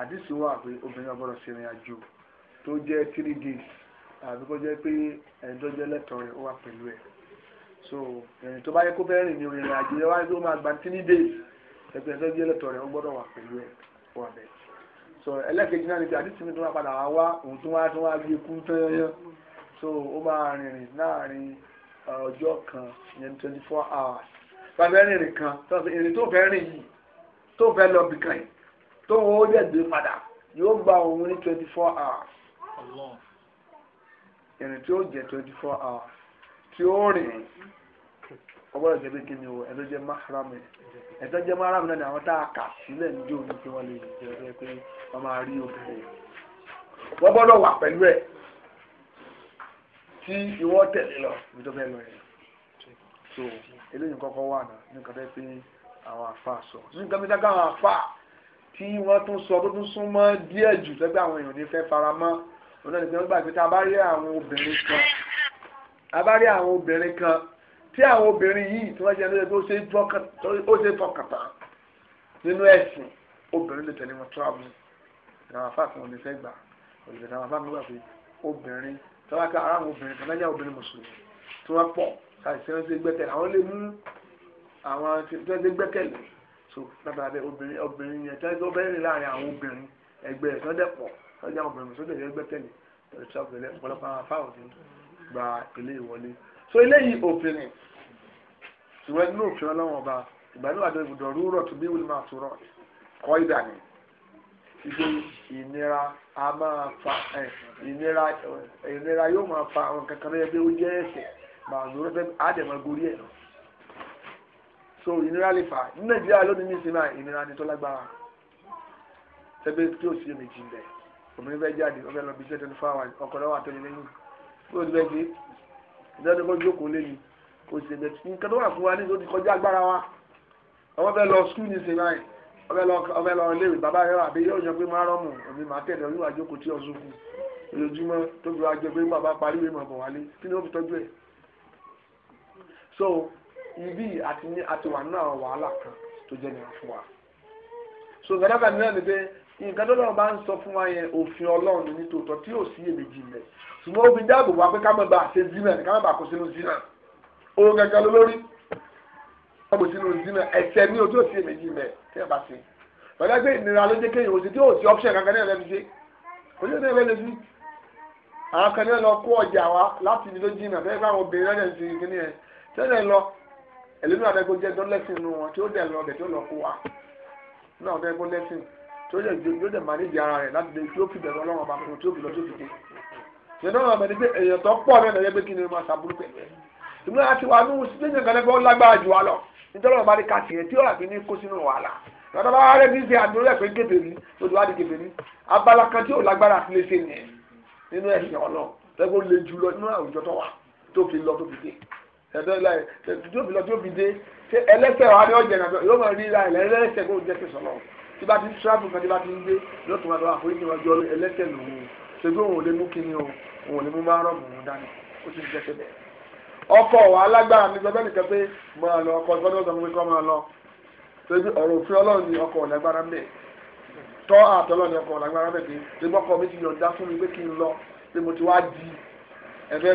àdìsí wà pé obìnrin ọgbọ́dọ̀ ṣèrìn àjò tó jẹ́ three days àbí kó jẹ́ pé ẹni tó jẹ́ lẹ́tọ̀ọ́ rẹ̀ ó wà pẹ̀lú ẹ̀ so ẹni tó bá yẹ kó fẹ́ rìn ní orin àjò yẹn wá ló máa gba tíní days ẹgbẹ́ ẹni tó jẹ́ lẹ́tọ̀ọ́ rẹ̀ ó gbọ́dọ̀ wà pẹ̀lú ẹ̀ ó wà bẹ́ẹ̀ so ẹlẹ́kejì náà ni pé àdìsí mi tó máa padà wá wá òun tó wá tó wá gbé kú tẹ́yẹ́yẹ́ so ó máa rìnrìn láàrin ọjọ́ kan yẹn twenty four hours bàbá rìnrìn kan tó fi ìrìn tó fẹ́ rìn yìí tó fẹ́ lọ bìkan yìí tó ń ó dẹ̀ gbé padà yóò gba òun ní twenty four hours ìrìn tí ó jẹ́ twenty four hours tí ó rìn ọgbọ́dọ̀ jẹ́ pé kí ni o ẹ̀ ló jẹ́ mahram ẹ̀ ẹ̀ tó jẹ́ mahram náà ni àwọn tá a kà sílẹ̀ ní jòun pé wọ́n lè jẹ́ ẹ pé wọ́n máa rí obìnrin wọ́n gbọ́dọ̀ wà pẹ̀lú ẹ̀ tí ìwọ tẹ̀lé lọ ibi tó fẹ́ lọ yẹn so eléyìí kọ́kọ́ wà náà ní nǹkan tẹ́ pé àwọn àfa sọ ní nǹkan bí dáká àwọn àfa tí wọ́n tún sọ tó tún súnmọ́ díẹ̀ jù tẹ́gbẹ́ àwọn èèyàn ní fẹ́ faramọ́ onáni pé wọ́n gbà pé tá a bá rí àwọn obìnrin kan a bá rí àwọn obìnrin kan tí àwọn obìnrin yìí tí wọ́n jẹ́ ẹni tó ṣe fọkàn tán nínú ẹ̀sìn obìnrin lè tẹ̀lé wọn travel ìrànwọ́ afáàfin wọn lè fẹ́ gbà òṣèlú ìrànwọ́ afáàfin gbà pé obìnrin tọ́wọ́ ká aráàlú obìnrin kan lẹ́yìn obìnrin mùsùlùmí tí wọ́n pọ̀ àìsí wọn ṣe gbẹ́kẹ̀lé àwọn lè mú àwọn tí wọ́n ṣe gbẹ́kẹ̀lé so lábàbẹ̀ obìnrin obìnrin yẹn tẹ́lẹ̀ tó bẹ́ẹ̀ láàrin àwọn obìnrin ẹgbẹ́ ẹ̀ tọ́jẹ́ pọ̀ ọjà àwọn ọmọbìnrin sódò yẹn gbẹ́kẹ̀lé pẹ̀lú tíráfẹ̀lẹ́ ọ̀pọ̀lọpọ̀ àwọn afáwọn ti gba ilé ìwọlé so eléyìí òfin ṣùgbọ́n inú òfin ọlọ́wọ́n ọba ìgbàlú àdó ibùdó rúrọ̀ tó bí wíwọ́n máa tó rọ̀ kọ́ ìdà ni ìgbé ìnira a máa fa ìnira ìnira yóò máa fa àwọn kankan lóye pé ó jẹ́ ẹ̀sẹ̀ màá lóró fẹ́ àdèmọ̀ gorí ẹ̀ lọ so ìnira lè fà ní nàìjíríà lónìí ní ìsinmi ìnira ni tó lágbára tẹ́gbẹ́ tí ó sì méjì bẹ́ẹ̀ obìnrin fẹ́ jáde ọbẹ̀ lọ bí iṣẹ́ twenty four hours ọkọ̀ lọ́wọ́ àtọ́jú lẹ́yìn ti fẹ́ ṣe ìdájọ́ kó jókòó lẹ́yìn kò sì bẹ̀ tí nǹkan tó wà fún wa ní ìṣó ti agbára wa ọmọ fẹ́ lọ skul ní ìsìn báyìí ọbẹ̀ lọ léèrè bàbá rẹ àbí yóò yan pé má rọ́ọ̀mù òní má tẹ̀lé oníwà jókòó tí ọ̀sùn kù ojoojúmọ́ tó fi jẹ pé bàbá parí ìwé mọ̀bọ̀ wálé kí so ibi àti wà nínú àwọn wàhálà kan tó jẹ́ nìyà so gbàdágbà nínú ẹ̀ ni nǹkan tó lọ́wọ́ bá ń sọ fún wa yẹn òfin ọlọ́run ní tòótọ́ tí ò sí èméjì mẹ́ ṣùgbọ́n ó fi dáàbò wá pé ká má bàa ṣe zina ká má bàa kó sínú zina owó gẹ́gẹ́ lórí ká bò sínú zina ẹ̀ṣẹ̀ ní o tí ò sí èméjì mẹ́ tí ẹ bá ṣe pẹ̀lú pé ìnira ló jẹ́ kéèyàn oṣù tí ò sí option kankan ní ẹ̀rẹ́ fi ṣe kò ní ẹ̀rẹ́ lè fi àwọn kan ní ẹ lọ kó ọjà wa láti ibi tó jìnnà bẹ́ẹ̀ bá àwọn obìnrin náà ṣe kíní ẹ̀ tẹ́lẹ̀ lọ ẹ̀lẹ́nu àdẹ́gbọ́jẹ́ dọ́lẹ́sìn nù wọn tí ó dẹ̀ lọ bẹ̀ tí ó lọ kó wa náà ọ̀dẹ́gbọ́lẹ́sìn tó lè gbé yóò lè máa níbi ara rẹ̀ láti lè tí ó fi bẹ̀rù ọlọ́run ọba fún un tí ó fi lọ tó fi dé ṣètò ọ̀rọ̀ ọ̀bẹ ni pé èèyàn tó pọ̀ náà lẹ́yìn pé kí ni wọ́n máa ṣàbúrú pẹ̀lú ẹ̀ ìmú àti wà ní sídéjì kan lẹ́gbẹ́ ó lágbára jù wá lọ nítorí ọ̀rọ̀ bá ní ká tiẹ̀ tí ó rà bí ní kó sínú wàhálà lọ́dọ̀ bá rẹ̀ ní ṣe àdúrà pé gèbèrè tó ti wá di gèbèrè abala kan tí ò lágbára ti lè ṣe nìyẹn nínú ẹ̀sìn ọlọ́run tí bá ti ń travel kan tí bá ti ń gbé lọ́tún wa lọ́wọ́ àforíjì wọn jọ ẹlẹ́tẹ̀ lòun ṣègbè òun ò lè mú kíni o òun ò lè mú bá rọ̀ mọ̀ dání ó ti jẹ́ sẹ́bẹ̀. ọkọ wa alágbára mi sọfẹ́ nìkan pé máa lọ ọkọ sọdọ́ sọ fún mi kọ́ máa lọ ṣègbè ọ̀rọ̀ òfin ọlọ́run ni ọkọ ọ̀lágbára mẹ́ tọ́ àtọ́lọ́ ni ọkọ ọ̀lágbára mẹ́ pé ṣègbè ọkọ mi ti yọ̀ǹda fún mi pé kí n lọ pé mo ti wá di ẹgbẹ́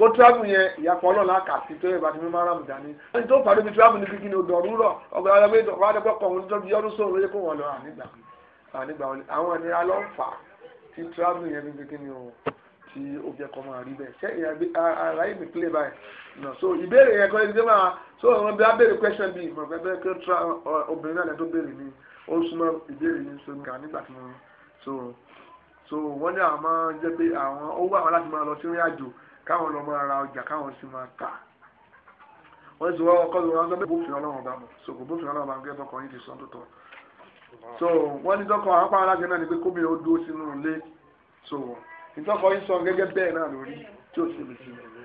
kó tíráàbù yẹn ìyàpọ̀ ọlọ́run àkàtì tó yẹba tí mímọ́ aráàmù dání ẹni tó pàdé bí tíráàbù ní kíkí ni òdòrú rọ ọgbà ọlọ́gbà ìdọ̀kọ̀ adẹ́pẹ́kọ̀ òun tó bí ọdún sóòrò yẹ kó wọ́n lọ ànígbà ànígbà wọn àwọn ìnira ló ń fà á tí tíráàbù yẹn ní kíkí ni o tí ó jẹ́ kọ́ máa rí bẹ́ẹ̀ ṣé ara yìí mi kílẹ̀ báyìí nà so ìbéèrè yẹn kọ́ ẹni tó máa so wọn bí abéèrè question bíi mo fẹ́ bẹ́ẹ̀ kí obìnrin náà tó béèrè ni ó súnmọ́ ìbéèrè yìí so nǹkan nígbà tí mo so so wọ́n ní àwọn máa ń jẹ́ pé àwọn ó wà wọn máa lọ sí ìrìn àjò káwọn lọ máa ra ọjà káwọn sì máa tà wọ́n sì wá ọkọ́ lóra ọjọ́ bó fi ọlọ́run bá mọ̀ so kò bó fi ọlọ́run bá ń gẹ́ tọkọ yín ti sọ tòótọ́ so wọ́n ní tọkọ apá aláṣẹ náà ni pé kómi ó dúró sínú ilé so ìtọkọ yín sọ gẹ́gẹ́ bẹ́ẹ̀ náà lórí tí ó sì lè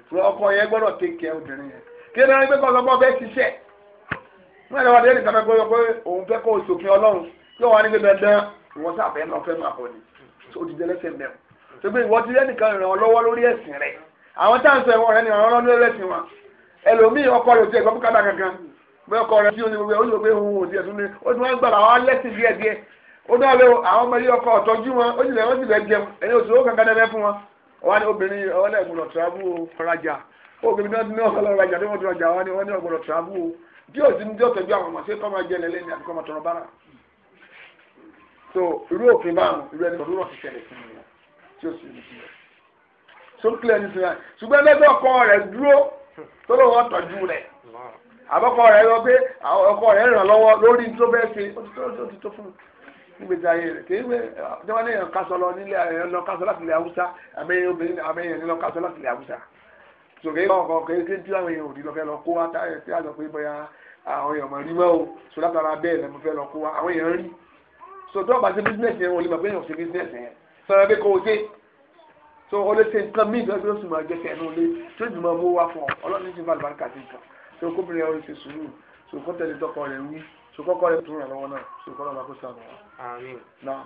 sí ọkọ yẹn gbọ́dọ̀ kékeré obìnrin yẹn kí ẹ náà ní pé kọ́ ọ̀sán bọ́ọ̀ bẹ́ẹ̀ ṣiṣẹ́ wọ́n yẹ wá dé ẹnìkan pé òun fẹ́ kó o sòfin ọlọ́run yóò wá ní pé dandan ìwọ sábẹ́ náà fẹ́ máa bọ̀ ni ó ti jẹ́ lẹ́sẹ̀ mẹ́rin ṣùgbọ́n ìwọ ti rẹ́nìkan ràn ọ́ lọ́wọ́ lórí ẹ̀sìn rẹ̀ àwọn táǹsì ẹ̀wọ̀n rẹ ni àwọn ọlọ́dún ẹlẹ́sìn wọn ẹlòmíì ọkọ rẹ ò tiẹ̀ gbọ́ bùkátà kankan bẹ́ẹ̀ ọkọ rẹ tí ó ní gbogbo ó ní gbogbo ohun òdì ẹ̀sùn ni ó ti wọ́n gbàgbà àwọn lẹ́sìn díẹ̀ díẹ̀ ó dọ́ lé àwọn ọmọ yìí ọkọ ọ̀tọ́jú wọn ó sì lẹ́ wọ́n sì lẹ́ jẹun ẹni oṣù ó kankan dẹ́fẹ́ fún wọn wọn ni obìnrin ọlẹ́ náà ní ọ̀sán lọ́wọ́ rajà ni o bí sókèlè ní sinmi ṣùgbọ́n lọ́dọ̀ ọkọ rẹ̀ dúró tó lọ́wọ́ tọ́jú rẹ̀ àbọ̀kọ rẹ̀ yọ pé ọkọ rẹ̀ ràn lọ́wọ́ lórí tó bẹ́ẹ̀ ṣe ó ti tó fún nígbèsè ayé rẹ̀ kì í wé jọba ní èèyàn kásọ lọ nílé èèyàn lọ kásọ láti ilẹ̀ haúsá àbẹ́yẹn obìnrin àbẹ́yẹn ní lọ kásọ láti ilẹ̀ haúsá sòkè ọkọ kékeré tí àwọn èèyàn ò ní lọ fẹ́ lọ kó wá táyà tí a lọ pé bóyá àwọn èèyàn mọ̀ rí o sọ látara bẹ́ẹ̀ lẹ́mu fẹ́ lọ kó wá àwọn èèyàn rí sọ tó ọba ṣe bísínẹ̀sì yẹn wọlé mọ̀ èèyàn ṣe bísínẹ̀sì yẹn sọ so o lè ṣe nǹkan míì gbẹ́gbẹ́ oṣù máa jẹ́ kẹ́nu lé tó ìdùnnú ọmọ wa fún ọ ọlọ́run ti ń bá àlùbáríkà ti kàn so kóbìnrin ọ̀rẹ́ ti sùúrù so kó tẹ̀lé tọkọ rẹ̀ wí so kọ́kọ́ rẹ̀ tún ràn lọ́wọ́ náà so kọ́ lọ́ba kó sàmù wa. àmín. náà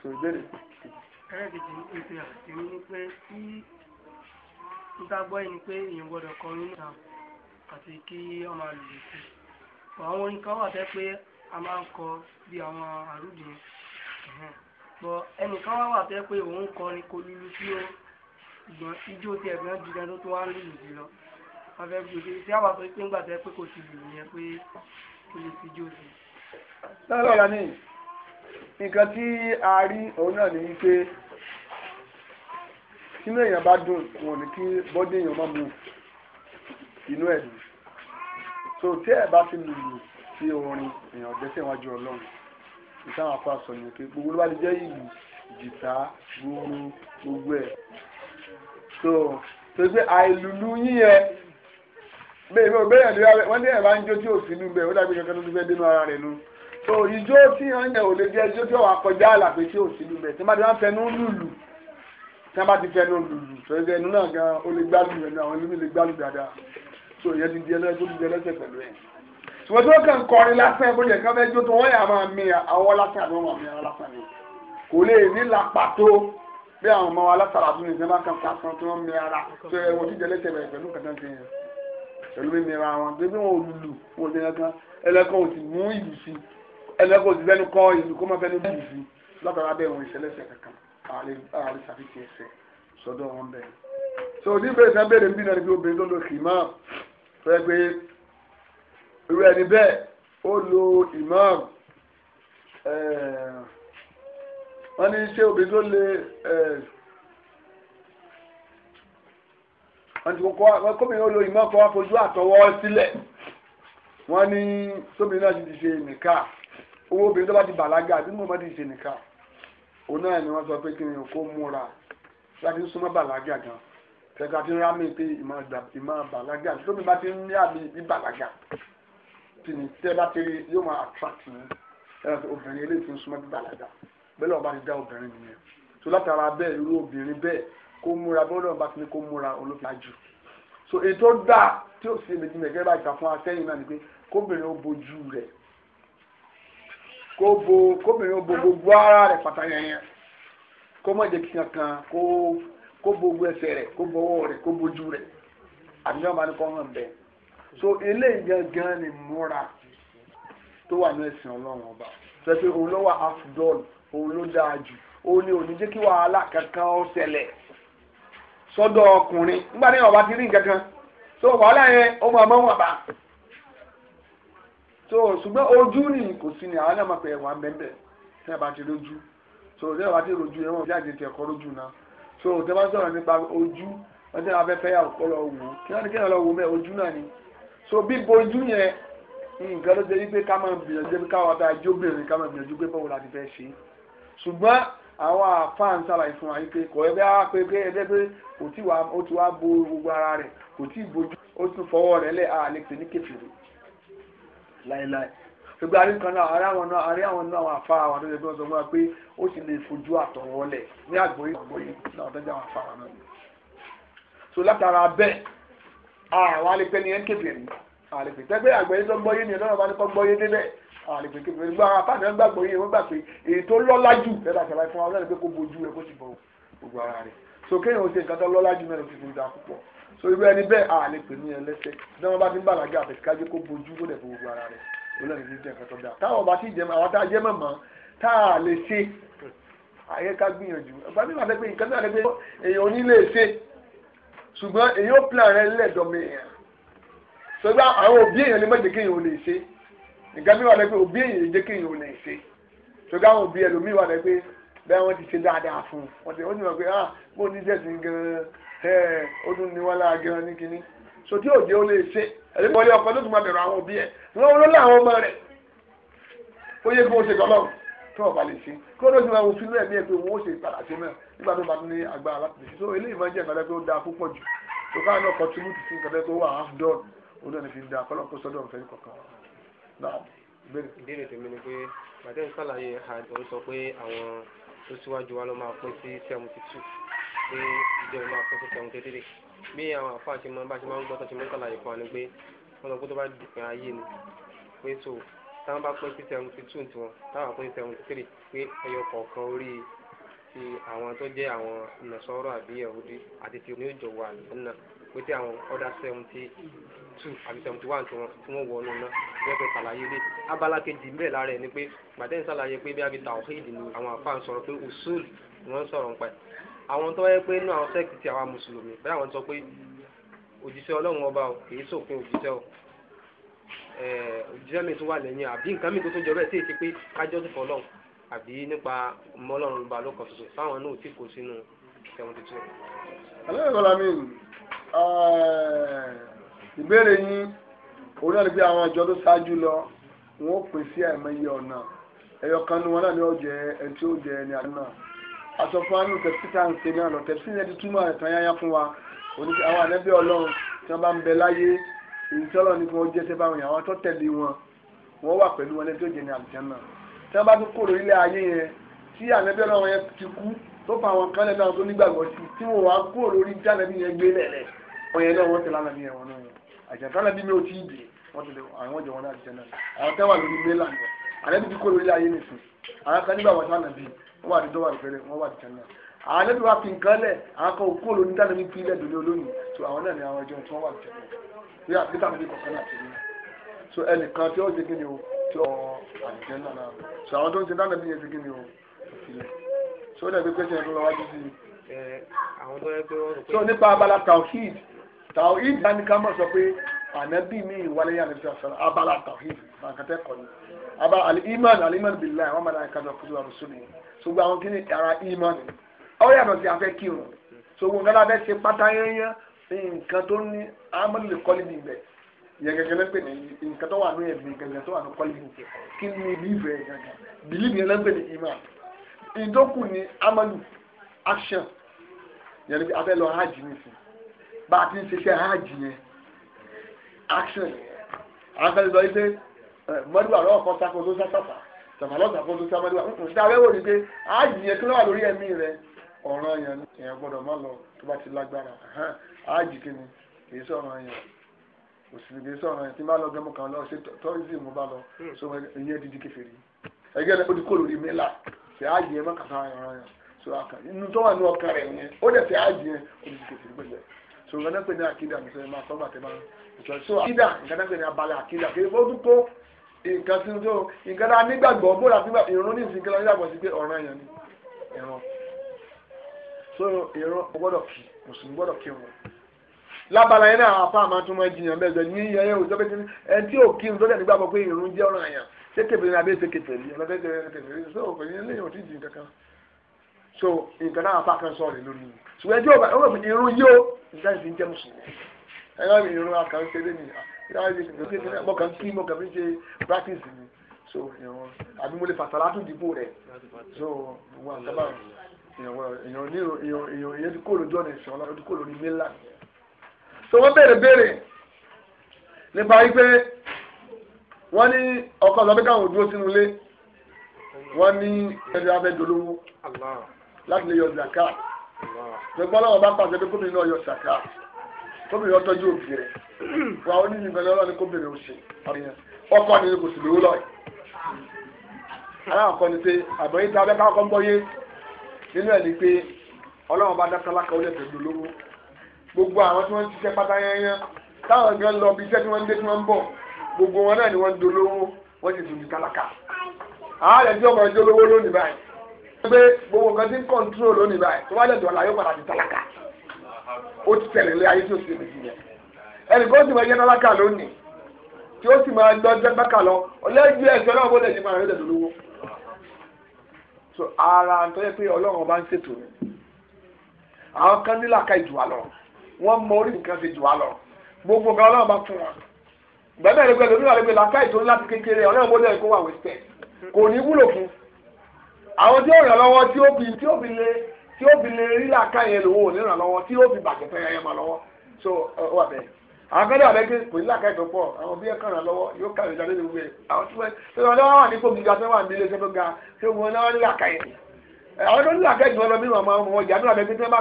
so ìbéèrè. ẹlẹ́dìdì ìpè àti ní pé tí ìgbàgbọ́ yìí ni pé èèyàn gbọ́dọ̀ kọ orin náà àti kí ọmọ àlùyè sí àwọn orin kan wà tẹ́ pé a máa ń kọ bí àwọn àrùdìn bọ ẹnìkan wá wà tẹ́ pé òun kọrin kò lulu sí o ṣùgbọ́n ijó tiẹ̀ gan ju gan tó tún wá ń lùlù sí lọ wọn fẹ́ bí oṣù a wà sọ pé ńgbà tẹ́ pé kò ti lù yẹn pé kò lè fi jó sí. lọ́rọ̀ la ní nǹkan tí a rí òun náà ní wípé sínú èèyàn bá dùn wọn ní kí bọ́dé èèyàn má mú inú ẹ̀ dùn so tí ẹ bá ti lùlù sí orin èèyàn dẹ́sẹ̀ wájú ọlọ́run ìtàn àpá sọ̀yìn pé gbogbo ló bá ti jẹ́ ìlú jìtá gbogbo gbogbo ẹ̀ so tó gbé àìlùlù yíyẹn bẹ́ẹ̀ bẹ́ẹ̀ bẹ́ẹ̀ lè rárẹ̀ wọ́n ní ẹ̀rọ ń jó tí ò sí bẹ́ẹ̀ ó dàbí kankan tó fẹ́ dénú ara rẹ̀ nu so ìjó tí wọ́n yàn ò lè jẹ́ ìjó tí wọ́n akọjá àlàpé tí ò sí bẹ́ẹ̀ tí wọ́n bá ti wọ́n fẹnu lùlù tí wọ́n bá ti fẹnu lùlù tó ẹgbẹ́ inú náà gan ó lè gbálù rẹ̀ náà àwọn lè gbálù dáadáa so ìyẹn ti di ẹlẹ́sẹ̀ tó ti di ẹlẹ́sẹ̀ pẹ̀lú ẹ̀ ṣùgbọ́n tí wọ́n kàn kọrin lásán ẹ̀ bóyá kan fẹ́ jó tó wọ́n yà máa mi àwọn lásán àbí wọ́n máa mi àwọn lásán ni kò lè ní la pàtó bí àwọn ọmọ wa lásán àbí nìkan bá kan sásán tí wọ́n mi ara tó ẹ wọ́n jíjẹ lẹ́sẹ̀ bẹ̀rẹ̀ pẹ̀lú kàtà ti yẹn pẹ̀lú mímí ara wọn pé bí wọ́n lù wọ́n ti yẹn kan ẹlẹ́kọ̀ ò ti mú ìlú sí ẹlẹ́kọ̀ ò ti fẹ́nu kọ́ ìlú kó má fẹ́nu bù sí látara bẹ́ẹ̀ wọn ìṣẹ̀lẹ̀sẹ̀ kankan àlè sàfihàn ẹsẹ̀ sọ́dọ̀ wọn bẹ́ẹ̀. so oníbẹ̀rẹ̀ sábẹ̀rẹ̀ ń bí náà ni bí obìnrin máa fẹ́ irú ẹni bẹ́ẹ̀ ó lo imam eh, wọ́n ní ṣé obìnrin ló lè eh, wọ́n ti kọ́kọ́ kóbìnrin ó lo imam kọ́ fojú àtọwọ́ sílẹ̀ wọ́n ní sóbìnrin náà ti ṣe nìka owó obìnrin tó bá ti bàlágà àbí mo máa ti ṣe nìka òun náà ni wọ́n sọ pé kí ni kó múra láti súnmọ́ bàlágà gan-an tẹ̀ka ti rámi pé ìmọ̀ bàlágà tóbi bá ti ń ní àmì ìbàlágà tí ní bá ti yóò máa attract ní ẹ̀rọ obìnrin eléyìí ti súnmọ́ bíbàlágà bẹ́ẹ̀ lọ́wọ́ ti dá obìnrin nìyẹn tó látara bẹ́ẹ̀ irú obìnrin bẹ́ẹ̀ kó múra bẹ́ẹ̀ lọ́wọ́ bá ti ní kó múra olófin àjù so ètò dá tí ó sì méjì mẹ́gẹ́ bá ìta fún akẹ́yìn náà ni pé kóbìnrin ó bojú rẹ̀ kóbìnrin ó bo gbogbo ara rẹ̀ pàtàkì yẹn kó má kankan kó bo gbogbo ẹsẹ̀ rẹ̀ kó bọwọ́ rẹ̀ kó bojú rẹ̀ àbí náà so eléyìí gangan ni múra tó wà ní ẹ̀sìn ọlọ́run ọba sẹ́sẹ́ òun ló wà afdol òun ló dáa jù òun ni òní jẹ́ kí wàhálà kankan ó ṣẹlẹ̀ sọ́dọ̀ ọkùnrin nígbà tí ọba ti rí nǹkan kan so wàhálà yẹn ó máa mọ́ wọn bá so ṣùgbọ́n ojú ni kò sí ni àwọn náà máa pẹ̀ wà mẹ́mẹ́ tí wọ́n ti lójú so tí wọ́n bá ti lójú yẹn wọ́n fi àjẹtì ẹ̀kọ́ lójú náà so tí wọ́n bá sọ̀rọ̀ nípa ojú wọ́n ti rà fẹ́fẹ́ yà ọ̀pọ̀lọ̀ wò kí wọ́n ní kí wọ́n lọ wò mẹ́ ojú náà ni so bíbojú yẹn nǹkan ló ṣe wípé ká máa gbìyànjú pé káwọn ọ̀tá ajóbìnrin ká máa gbìyànjú pé bọ́wọ́ láti fẹ́ ṣe ṣùgbọ́n àwọn àfáàn ṣàlàyé fún wa wípé kò ẹgbẹ́ wa pé pé ẹgbẹ́ pé kò tí wàá ó ti wá bo gbogbo ara rẹ̀ kò tí ì bojú ó tún fọwọ́ rẹ̀ lẹ̀ àlè pé ní kẹfìrì láéláé gbogbo àrí kan náà àrí àwọn náà àrí àwọn náà àwọn àfa àwọn àtọ́jú ẹgbẹ́ ọ̀sán wọn pé ó sì lè fojú àtọ̀wọ́lẹ̀ ní àgbóyè àgbóyè náà ọ̀tọ́jú àwọn àfa náà. so látara bẹ́ẹ̀ Ah, àwọn alẹ́pẹ́ ni ẹ̀ ń kéfèé ni ah, àlèpè tẹ́gbẹ́ àgbẹ̀yé tó gbọ́yé ni ọlọ́run bá ní kọ́ gbọ́yé débẹ̀ ah, àlèpè kékeré gbọ́ àwọn apáàdé wọn gbàgbọ́ yé wọn gbà pé èyí tó lọ́lá jù lẹ́dà sábà fún wa lẹ́nu pé kó bojú rẹ kó sì bọ̀ gbogbo ara rẹ̀ so kéèyàn ó ṣe nǹkan tó lọ́lá jù mẹ́rin fífi da púpọ̀ so irú ẹni bẹ́ẹ̀ àlèpè ní ẹlẹ́sẹ̀ tí wọ́n bá ti ń bàlágà àfẹ̀síkájé kó bojú kó dẹ̀ fún gbogbo ara rẹ̀ olórin ní jẹ́ nǹkan tó dáa táwọn bá ti jẹ àwọn tá a jẹ mọ̀mọ́ tá a lè ṣe àyẹ́ká gbìyànjú ìgbà mi máa fẹ́ pé nǹkan náà lè pé èèyàn ò ní lè ṣe ṣùgbọ́n èyí ó plan rẹ lẹ́dọ̀mí èèyàn sọgbà àwọn òbí èèyàn lè má jẹ́ kéèyàn ò lè ṣe nǹkan mi wà lẹ́ pé òbí èèyàn lè jẹ́ kéèyàn ò lè ṣe sọgbà àwọn òbí ẹlòmíì wà lẹ́ pé bẹ́ẹ̀ wọ́n ti ṣe dáadáa fún un wọ́n ti mọ̀ pé ah bó ní jẹ̀sìn gan-an ẹ̀ ó dún ní wọ́n lára gan-an ní kinní so tí òde ó lè ṣe ẹ̀lẹ́gbọ̀lẹ́ ọkọ ló tún máa bẹ̀rù àwọn òbí ẹ̀ wọ́n ló láwọn ọmọ rẹ̀ ó yẹ kí wọ́n ṣe tọ́lọ́run tí wọ́n bá lè ṣe kí wọ́n tó ti máa wo fílẹ̀ ní ẹgbẹ́ owó ṣe padà ṣe náà nígbà tó bá ní agbára láti lè ṣe so eléyìí máa ń jẹ́ ìgbàlẹ́ pé ó dáa púpọ̀ jù tó káà náà contribute sí ìgbàlẹ́ pé ó wà half done òun náà ní fi dáa kọ́lọ́ kó sọ́dọ̀ ọ̀fẹ́ kọ̀ọ̀kan náà bẹ́ẹ̀. ìbéèrè tèmi ni pé màdé ń sàlàyé àwọn sọ pé àwọn tó síwájú wa ló máa pín sí seventy two pé ìjọba máa pín sí seventy three bí àwọn àfáà ṣe máa bá ṣe ń gbọ́ tó ṣe mú sàlàyé fún wa ni pé wọ́n sọ pé tó bá dìpín ayé ni pé so táwọn bá pín sí seventy two tiwọn táwọn pín seventy three pé ẹyọ kọ̀ọ̀kan orí ti àwọn tó jẹ́ àwọn nàṣọ́rọ̀ àbí yahudi àti ti ní òjò wà nínú pé tí àwọn ọ̀dà seventy two àbí seventy one tiwọn tí wọ́n wọ ọ́nù náà jẹ́ pé ṣàlàyé lé abala kejì mbẹ́ lára ẹ̀ ni pé gbàdẹ́n ṣàlàyé pé bí abita ọ̀hídì ni àwọn àfa ń sọ̀rọ̀ pé usul ni wọ́n ń sọ̀rọ̀ nípa ẹ̀ àwọn tó yẹ pé inú àwọn sẹ́ẹ̀kì ti àwọn mùsùlùmí bẹ́ẹ̀ àwọn sọ pé òjíṣẹ́ ọlọ́run ọba ò kì í ṣòfin òjíṣẹ́ ò òjíṣẹ́ eh, mi tó wà lẹ́yìn àbí nǹkan mi tó tún jọ bẹ́ẹ̀ tí èsì pé kájọ́ ti fọ́ lọ́hùn àbí nípa mọ́lọ́run ba lọ́kàn tuntun fáwọn náà tí kò sínú seventy two. alẹ́kọ̀ọ́lá mi eh, ìbéèrè yín òun náà ni pé àwọn àjọ tó ṣáájú lọ wọn ó pèsè àìmọye ọ̀nà ẹyọ kan ní wọn náà ni ó ẹni tí ó jẹ ẹni àná aṣọ fún wa ní tẹ̀sí tá à ń ṣe náà lọ tẹ̀sí yẹn ti túmọ̀ ẹ̀tàn yáyá fún wa òní àwọn ànẹ́bí ọlọ́run tí wọ́n bá ń bẹ láyé ìtọ́lọ́ ní kí wọ́n jẹ́ sẹ́fà wọn àwọn tó tẹ̀lé wọn wọ́n wà pẹ̀lú wọn lẹ́tọ́ jẹ́ ní àlùjánnà tí wọ́n bá tún kóró ilé ayé yẹn tí ànábẹ́ náà yẹn ti kú tó fa àwọn kan lẹ́nu àwọn tó nígbàgbọ́ sí tí wọ́n wá kúrò lórí jánàbí yẹn gbé lẹ̀lẹ̀ wọ́n yẹn náà wọ́n tẹ̀lé ànábì yẹn wọn náà àjàkálàbí mi ò tí ì bì wọ́n tẹ̀lé àwọn jọ wọn náà àlùjánnà àwọn tẹ́wà lórí mẹ́là ni ànábì ti kóró ilé ayé nìsín àwọn kan nígbàgbọ́ sí ànábì wọ́n wà ní dọ́wà ìfẹ́lẹ́ wọ́n wà ní jánà àwọn ànábì wa fi nǹkan lẹ̀ àwọn kan òkú olórí jánàbí fi ilẹ̀ dòní olóyìn tó àwọn náà ni àwọn ẹjọ́ tí wọ́n wà ní bí àbíkà mi ní kọ̀ọ̀kan náà ti rí so ẹnìkan tí ó ṣe kí ni o tí ó àdìjẹ́ náà náà so àwọn tó ń ṣe dáná bí yẹn ṣe kí ni o ìfilẹ̀ so ó dàbí pẹ́sẹ̀ tó lọ wájú sí i. so nípa abala tawhid tawhid dání sọ pé ànábì mi ìwálé yà nípa sọ̀rọ̀ abala tawhid bàǹkàtẹ́ kọ́ ni aba aliman aliman bilayi wọn mọ̀nà ìkàtọ̀ kutu wa musu so gbogbo àwọn kí ni ara iman ni ọ̀ yàtọ̀ sí afẹ́ kírun so gbogbo nǹkan lábẹ́ nǹkan tó ní amúlẹ̀ kọ́líbì bẹ̀ yẹ gẹ́gẹ́ lẹ́pẹ̀ ní nǹkan tó wà ní ẹ̀mí gẹ́gẹ́ tó wà ní kọ́líbì kí ni bíbẹ̀ gẹ́gẹ́ bìlíbì yẹn lẹ́pẹ̀ ní ìmọ̀ ìdókù ní amúlù action yẹn ni abẹ́ lọ hajj nìsín bá a ti ń ṣiṣẹ́ hajj yẹn action yẹn àgbẹ̀lẹ̀ lọ ilé mọ́dúwà lọ́wọ́ kan sáko tó sásàfà tàbí alọ́sà kan tó sá mọ́dúwà ń ta wẹ́wò ni pé hajj yẹn kí ló wà lórí ẹ̀mí rẹ ọ̀ràn yẹn gbọ́dọ̀ má lọ tó bá ti lágbára ájì kìíní kìí sọ̀rọ̀ yẹn òsìlè kìí sọ̀rọ̀ yẹn tí n bá lọ gẹ́mú kan lọ ṣe tọ́rìsì mo bá lọ hmm. so ìyẹn dídí kèfèrí ẹgbẹ́ rẹ ó di kóòlù rí mẹ́là ṣe ájì yẹn mọ́kàtà ọ̀rọ̀ yẹn so àkàn inú tó wà ní ọkàn rẹ̀ yẹn ó dẹ̀ ṣe ájì yẹn ó di kèfèrí pẹ̀lú ẹ̀ so nǹkan náà pè ní àkídà nìṣẹ́ máa sọ́gbà tẹ́ máa ń so àkídà nǹkan náà pè ní abalẹ̀ àkídà kí lábala yẹn náà àwọn afá máa tún máa jiyàn bẹ́ẹ̀ sọ ní ẹyẹ òjọ́ bẹ́ẹ̀ sẹ́ni ẹni tí ò kí n sọ́jà nígbàgbọ́ pé ìrun jẹ́ ọ̀ràn àyàn ṣé kèfèrí abẹ́ ṣe kèfèrí ọlọ́dẹ́ ṣe kèfèrí so kò yẹn lẹ́yìn òtí jìn kankan so nǹkan náà afá kan sọ̀rọ̀ lórí mi ṣùgbọ́n ẹjọ́ ọba ọmọ ìpínlẹ̀ irun yóò nígbà tí ń jẹ́ mùsùlùmí ẹ̀rọ mi irun akàn ṣeré ni mo kàn kí mo kàn fi ṣe practice mi so àbí mo lè fàtàlá tún dìbò rẹ̀ so wọn àtàbà èèyàn ní èèyàn ti kó lójú ọ̀nà ìṣọ̀lá ó ti kó lórí mílíọ̀nù so wọ́n béèrè béèrè nípa wípé wọ́n ní ọkọ̀ ọ̀sán pé káwọn ò dúró sínú ilé wọ́n ní ẹni abẹ́ dolówó láti lè yọ zaka gbẹgbọ́n lọ́wọ́ bá pàṣẹ pé gómìnà náà yọ zaka gómìnà ọtọ́jú òbí rẹ̀ wà ó ní ìgbà lọ́wọ́ ní gómìnà òsè ọkọ̀ ni kò sì lówó lọ́ọ̀ aláwọ̀ kan ni pé àbẹ̀yìn tí abẹ́ káwọn kan gbọ́ yé nínú ẹ̀ ni pé ọlọ́wọ́ bá dá gbogbo àwọn tí wọ́n ń ṣiṣẹ́ pátá yányán táwọn gan lọ bí iṣẹ́ tí wọ́n ń dé tí wọ́n ń bọ̀ gbogbo wọn náà ni wọ́n ń dolówó wọ́n ti dùn kálákà ààrẹ tí ọmọ ẹjọ́ lówó lónìí báyìí pé gbogbo nǹkan ti ń kọ́ńtúrò lónìí báyìí tó bá dẹ̀ dọ̀la yóò padà di tálákà ó ti tẹ̀lé lé ayé tí ó ti tẹ̀lé yẹn ẹnì kan ti máa yẹ tálákà lónìí tí ó sì máa lọ jẹ́gbẹ́kà lọ ọlẹ́jú ẹ̀jọ́ náà bọ́lẹ̀ ní so ara tó yẹ pé ọlọ́run ọba ń ṣètò rẹ̀ àwọn kan nílà ká ìjù wa lọ́rùn wọ́n mọ orí nǹkan ṣe jù wá lọ gbogbo nǹkan ọlọ́run bá fún wọn gbẹ́bẹ́ rẹ gbẹ́bẹ́ lórí àlejò làákàyè tó láti kékeré ọlọ́run bó lẹ́yìn kó wà wẹ́sítẹ̀ kò ní wúlò fún àwọn tí ó ràn lọ́wọ́ tí ó fi tí ó fi lè tí ó fi lè rí làákàyè lòun ò ní ràn lọ́wọ́ tí ó fi bàjẹ́ fẹ́ yẹn mọ́ lọ́wọ́ so wà bẹ́ẹ̀ àwọn akẹ́lẹ́ àbẹ́gẹ́ kò ní làákàyè tó pọ̀ àwọn bí ẹ̀kan ràn lọ́wọ́ yóò kàwé jáde lórí ẹ̀ àwọn tí wọ́n wà ní kò gíga tí wọ́n wà ní ilé iṣẹ́ tó ga tí wọ́n náà ní làákàyè àwọn tó nílò akẹ́jù wọn lọ nínú àwọn ọmọ ọjà nínú àbẹ̀gbẹ́ tí wọ́n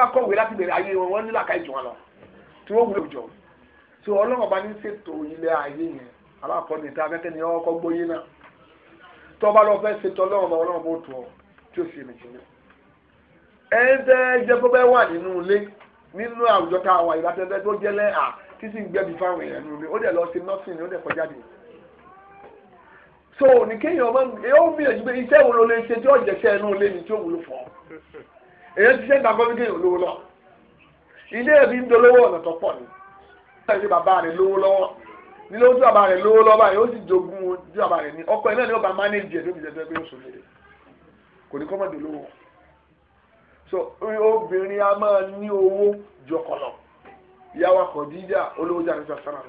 bá kọ̀wé láti bẹ̀rẹ̀ ayé wọn wọ́n nílò akẹ́jù wọn lọ tí wọ́n wúlò jọ tí ọlọ́run bá ní ṣètò ilé ayé yẹn alákọ̀ọ́ ní ta akẹ́kẹ́ ni ọkọ̀ gbóyé náà tó bá lọ fẹ́ ṣètò ọlọ́run bá ọlọ́run bó tó ọ tí ó sì mí jìnnà. ẹ ń tẹ́ jẹ́ pé bẹ́ẹ̀ wà nínú ilé nínú àwùjọ tá a wà ìlàtẹ́tẹ́ tó jẹ́ lẹ́ so ní kéèyàn ọmọ yóò gbìyànjú pé iṣẹ́ wo ló lè ṣe tí ó jẹ́ṣẹ́ inú ilé ni tí ó wúlò fún ọ èyí ti ṣe ń dàgbọ́ bí kéèyàn lówó lọ ilé ẹ̀bí ń dolówó ọ̀nà tó pọ̀ ni ṣáà ṣe bàbá rẹ̀ lówó lọ́wọ́ nílé ojú bàbá rẹ̀ lówó lọ́wọ́ báyìí ó sì jogún ojú bàbá rẹ̀ ní ọkọ ẹ̀ náà ni ó bá mánéjì ẹ̀ tó fi jẹ́ pé ó sòlè kò ní kọ́mọ̀dé lówó so obìnrin a máa ní owó jọkọlọ ìyàwó akọ̀díjà olówó jà ní sàkàrà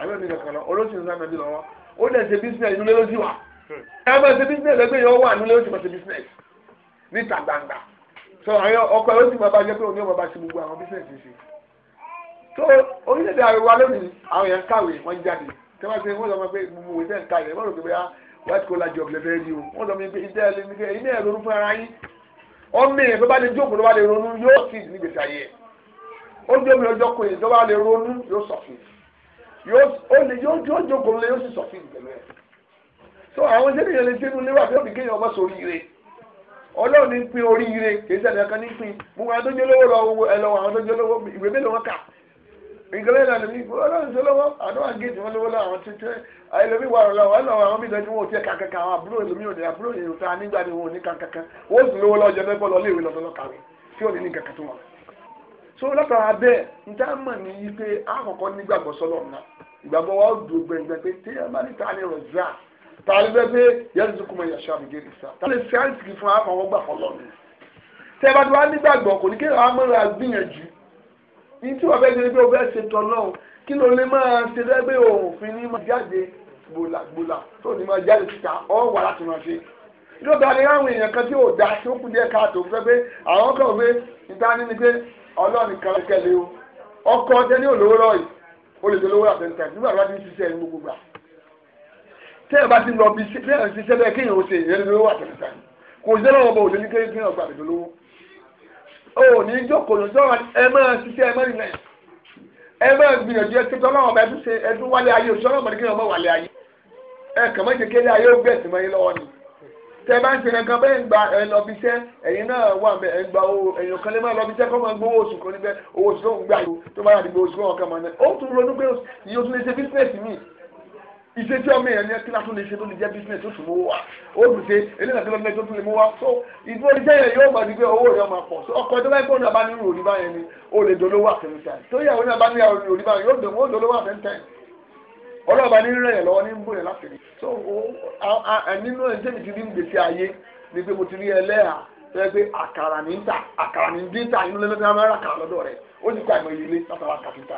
àbẹ́ẹ̀ mi kàkàrà olóṣèlú sàkàrà ó dẹ̀ ṣe business inú lélójú wa ẹ máa ṣe business ẹgbẹ́ yẹn ó wà inú lélójú máa ṣe business níta gbangba so àwọn ọkọ ẹ ó sì máa bá jẹ́ pé òní ọmọ bá ṣe gbogbo àwọn business ṣe so orílẹ̀-èdè àríwá lónìí àwọn èèyàn kàwé wọ́n jáde tí wọ́n ṣe wọ́n lọ́mọ pé gbogbo ìṣe ń kàwé wọ́n rò pé bóyá white collar job lẹ́fẹ́ rí o wọ́n lọ́mọ pé ìṣe ẹlẹ́nìkẹ́ ilé ẹ̀rọ fún ara yín ọmọ èèyàn tó bá lè jókòó tó bá lè ronú yóò sì nígbèsè ayé ẹ̀ ó jómi ọjọ́ kò yìí tó bá lè ronú yóò sọ̀kùn yóò jókòó lé yóò sì sọ fíìmù pẹ̀lú ẹ̀ so àwọn sẹ́ni yẹn lè sínú níwà bí òbí kéèyàn ọmọ sórí ire ọlọ́run ní pín oríire kì í ṣẹlẹ̀ kan ní pín gbogbo àwọn tó jẹ́ lówó lọ owó ẹ lọ́wọ́ àwọn tó jẹ́ ìwé mélòó wọn kà ìgbẹ́lẹ́ ìlànà mi ọlọ́run tó wọn àwọn títí ẹlòmí wà àwọn wọn ò àwọn àbúrò ìgbàgbọ́ wa ó dùn gbẹ̀ngbẹ̀ pé tí ẹ máa ní ta ni rọ̀jà ta ni bẹ́ẹ̀ pé yẹ́nì tó kún mọ́ yàtọ̀ àbíké ní sá ta ni ṣe àìsíkì fún àfọwọ́ gbà fọlọ́ ni tẹ́ ẹ bá ti wá nígbàgbọ́ kò ní kí àwọn amọ̀ra gbìyànjú ní tí wọ́n fẹ́ẹ́ ṣe pé o fẹ́ ṣe tọ́lọ́ kí ló lè máa ṣe lẹ́gbẹ́ òun fi ní máa jáde gbòlàgbòlà tó ní máa jáde síta ọ̀ wà láti máa ṣe yóò bá ní àwọn èèyàn kan tí ò da tí ó díẹ̀ káàtó fẹ́ pé àwọn kan ò pé ìta ní ni pé ọlọ́ọ̀nì kan kẹlẹ́ o ọkọ tẹ́lẹ̀ olówó lọ́yìí ó lè dolówó àtẹnukà nígbà tó bá ti ń ṣiṣẹ́ ní gbogbo gbà tẹ́yà bá ti lọ bí tẹ́yà ń ṣiṣẹ́ bẹ́ẹ̀ kéèyàn ó ṣe ìyẹn dolówó àtẹnukà kò sí lọ́wọ́ bọ̀ òde ní kéèyàn gbà dolówó o ní jókòó ní sọ́wọ́n ẹ máa ṣiṣẹ́ ẹ máa rìn náà ẹ máa gbìyànjú ẹ tẹ́tọ́ lọ́wọ́ ẹ tún ṣe ẹ tún wálé ayé òṣìṣẹ́ ọlọ́mọdé kéèyàn má wálé ayé ẹ kàn kéèyàn ayé ó gbẹ̀sìn tẹ bá ń ṣe kankan bẹ́ẹ̀ ń gba ẹ lọ fi iṣẹ́ ẹ̀yin náà wà mẹ́ ẹ̀ ń gba owó ẹ̀yìn kan lè máa lọ fi iṣẹ́ kọ́ máa gbowó oṣù kan níbẹ̀ owó oṣù tó ń gbà yìí tó máa dìgbò oṣù kan máa ń ó tún ronú pé ìyẹn o tún lè ṣe bísíǹnẹ̀sì mi iṣẹ́ tí ọmọ èèyàn ní kí lásán lè ṣe tó lè jẹ́ bísíǹnẹ̀sì oṣù mọ́ wa ó tún ṣe eléyàtí lọ́dún mẹ́tò tún lè mú wa so ìdúró iṣẹ́ yẹn yóò máa di pé owó yẹn máa pọ̀ so ọkọ̀ ẹjọ́ báyìí fóònù abánirò orí báyẹn ni ó lè dolówó àtẹnusàn tó yàwó ní abánirò orí báyẹn yóò dolówó àtẹnusàn ọlọ́ọ̀bá ní rẹ̀ lọ́wọ́ ní ń bò yẹn láti rí so nínú ẹ̀ tẹ́mi ti rí gbèsè ayé ni pé mo ti rí ẹlẹ́à tẹ́ pé àkàrà ní ta àkàrà ní dín ta inú lẹ́nu tí wọ́n máa ń ra àkàrà lọ́dọ̀ rẹ̀ ó ti kọ́ àìmọye ilé látara kàfíńtà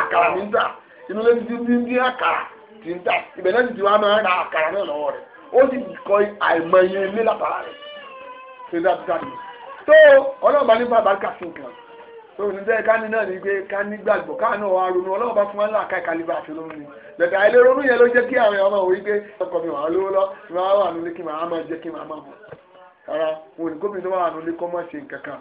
àkàrà ní ta inú lẹ́nu tí wọ́n dín àkàrà ti ń ta ibẹ̀ lẹ́nu tí wọ́n máa ń ra àkàrà náà lọ́wọ́ rẹ̀ ó ti kọ́ àìmọye ilé látara rẹ̀ ṣe dáadáa ni tó òun jẹ́ kání náà ní pé ká nígbàgbọ́ káànù wa ronú ọlọ́run bá fún wa ńlá ká ìkàlíbà àti olóhùn ni bẹ̀tẹ̀ àìlè ronú yẹn ló jẹ́ kí àwọn ọmọ òwe gbé ọkọ̀ mi wà lówó lọ tí wọ́n wà nílé kí màá máa jẹ́ kí màá máa mọ̀ ara wọn ní gómìnà wà nílé kọ́ máa ṣe nǹkan kan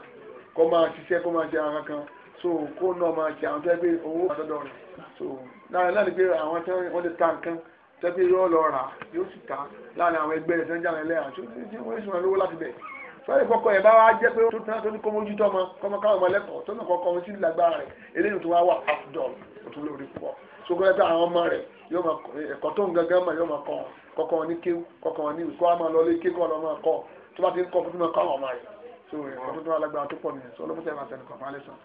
kọ́ máa ṣiṣẹ́ kọ́ máa ṣe ara kan so kó náà máa ṣe àwọn tó yẹ pé owó àtọ́dọ̀ rẹ̀ so láàrin pé àwọn tí wọ́n lè ta nǹkan tó yẹ pé yóò lọ rà yóò sì ta láàrin àwọn ẹgbẹ́ sọ́ọ́lì kọ́kọ́ ẹ̀ bá wá jẹ́ pé tó tán tó ní kó mójútó ọmọ kọ́mọ káwọn ọmọ lẹ́kọ̀ọ́ tó náà kọ́kọ́ sí lágbára rẹ̀ eléyìí tó wá wà afdol òtún lórí pọ̀ sókòrò tó àwọn ọmọ rẹ̀ ẹ̀kọ́ tó ń gangan mọ̀ yóò máa kọ́ kọ́kọ́ ní kéwú kọ́kọ́ ní ìkọ́ àmọ́ lọ lé kékọ́ lọ máa kọ́ tó bá ti ń kọ́ fún mi káwọn ọmọ rẹ̀ so ẹ̀kọ́ tó wà lágbára tó pọ̀ nìyẹn sọ lọ́mọ́tẹ́ máa tẹnu kọ̀ọ̀kan alẹ́ sàn.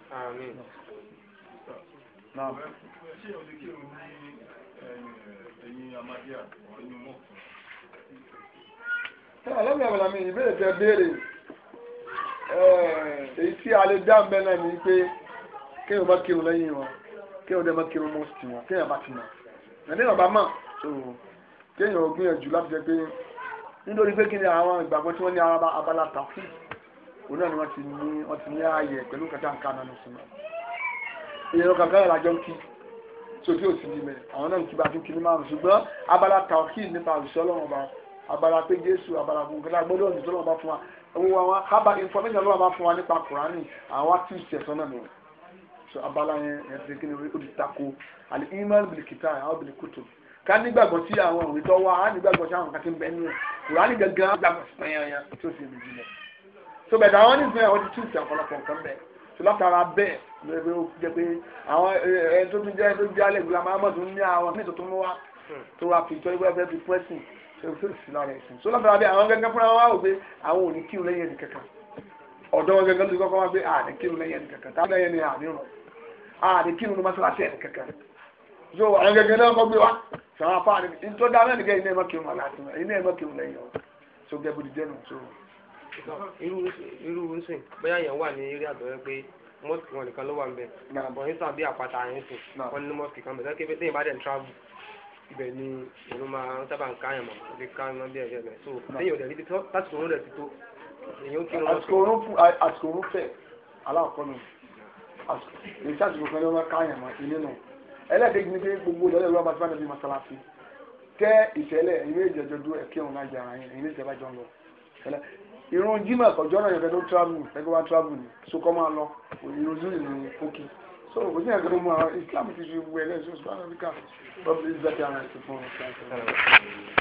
Tẹ́lẹ̀ lọ́gbẹ̀ẹ́ wọ̀lá mi ìbéèrè tẹ béèrè èyí tí a lè dá mbẹ náà ni pé kéèyàn bá kírun lẹ́yìn wọn kéèyàn dẹ́ bá kírun mọ́ sí wọn kéèyàn bá ti mọ̀ ẹ̀dẹ́ yàn bá mọ̀ so kéèyàn gbìyànjú láti jẹ́ pé nítorí pé kí ni àwọn ìgbàgbọ́ tí wọ́n ní abala tàfí òun náà ni wọ́n ti ní wọ́n ti ní ààyè pẹ̀lú kàtà nǹkan náà lọ́sùn náà èèyàn kankan yàrá jọ ń kí sókè òsì ní mẹ àwọn náà ń kí bá tún kí ní márùn ṣùgbọ́n abala tàfí nípa àrùsọ ọlọ́run ọba abala pé jésù abala gbogbo gbọ́dọ̀ ní tọ́lọ́run ọba fún wa wo àwọn haba information ló wà máa fún wa nípa Kùránì àwọn activities ẹ̀sán náà nìyẹn so abala yẹn ẹ̀sìn kí ni o ti tako àti iman bilikita àwọn bilikutu ká nígbàgbọ́ sí àwọn òwe tó wá á nígbàgbọ́ sí àwọn kàtí ń bẹ nínú ẹ̀ Kùránì gangan gbàgbọ́ sí pẹ́yàn yẹn tó sì lùjì lẹ̀ so bẹ̀dẹ̀ àwọn onífẹ́ àwọn ti tún ìsìn ọ̀pọ̀lọpọ̀ nǹkan bẹ̀ so látara bẹ́ẹ̀ lóye ṣòfin ìsìnà rẹ̀ sùn sọlá fẹ́ràn bí àwọn gẹ́gẹ́ fúnra wa wò pé àwọn ò ní kírun lẹ́yìn ẹnì kankan ọ̀dọ́ wọn gẹ́gẹ́ ló ti kọ́kọ́ wá pé àní kírun lẹ́yìn ẹnì kankan táwọn lẹ́yìn ẹnì àní rọ̀ àní kírun ló mọ́sálásí ẹnì kankan so àwọn gẹ́gẹ́ náà kọ́ gbé wa sọ̀rọ̀ apá àní tó dá mẹ́rin gẹ́ iná ẹ̀ má kírun wà láti mọ̀ iná ẹ̀ má kírun lẹ́yìn ọ̀ so gẹ́ bó di jẹ́ nù so. irú nsìn bóyá yẹn wà ní eré àtọ̀ pé mọ́sìkì wọn nìkan ló wà ń bẹ̀ àbọ̀ yín sàn bí àpáta yẹn sìn wọn ní mọ́sìkì kan bẹ̀ sẹ́kẹ́ pé téèyàn bá dẹ̀ ń travel ibẹ̀ ni ìrún máa ń sábà ń káyàn mọ̀ lè ká iná bí ẹ̀yẹ rẹ̀ so lẹ́yìn òdẹ̀ níbi tásìkò òun rẹ̀ ti tó èyàn kí wọn. àsìkò òun fẹ̀ aláàkọ́ nù èyí sásìkò kan ló máa káyàn mọ̀ ilé nù ẹlẹ́ẹ̀kejì ni pé gbogbo ìdọ́lẹ̀ ìwé abájúmọ́ níbi mọ́sálásí tẹ́ ìtẹ́lẹ̀ ìwé ìjẹ́jọ́ dúró ẹ̀kí òun lájà ara yẹn ìwé ìjẹ́bá jọ ń lọ irun jimá kọjọ́ náà yẹn fẹ́ tó travel fẹ́ tó wá travel ni so kọ́ máa lọ irun zulu ni ó so kò sí ẹ̀gbọ́n mu àwọn Islam ti fi gbẹ̀lẹ́ sọ́sọ́ àwọn Africa public zakat àti fún ọ̀sán.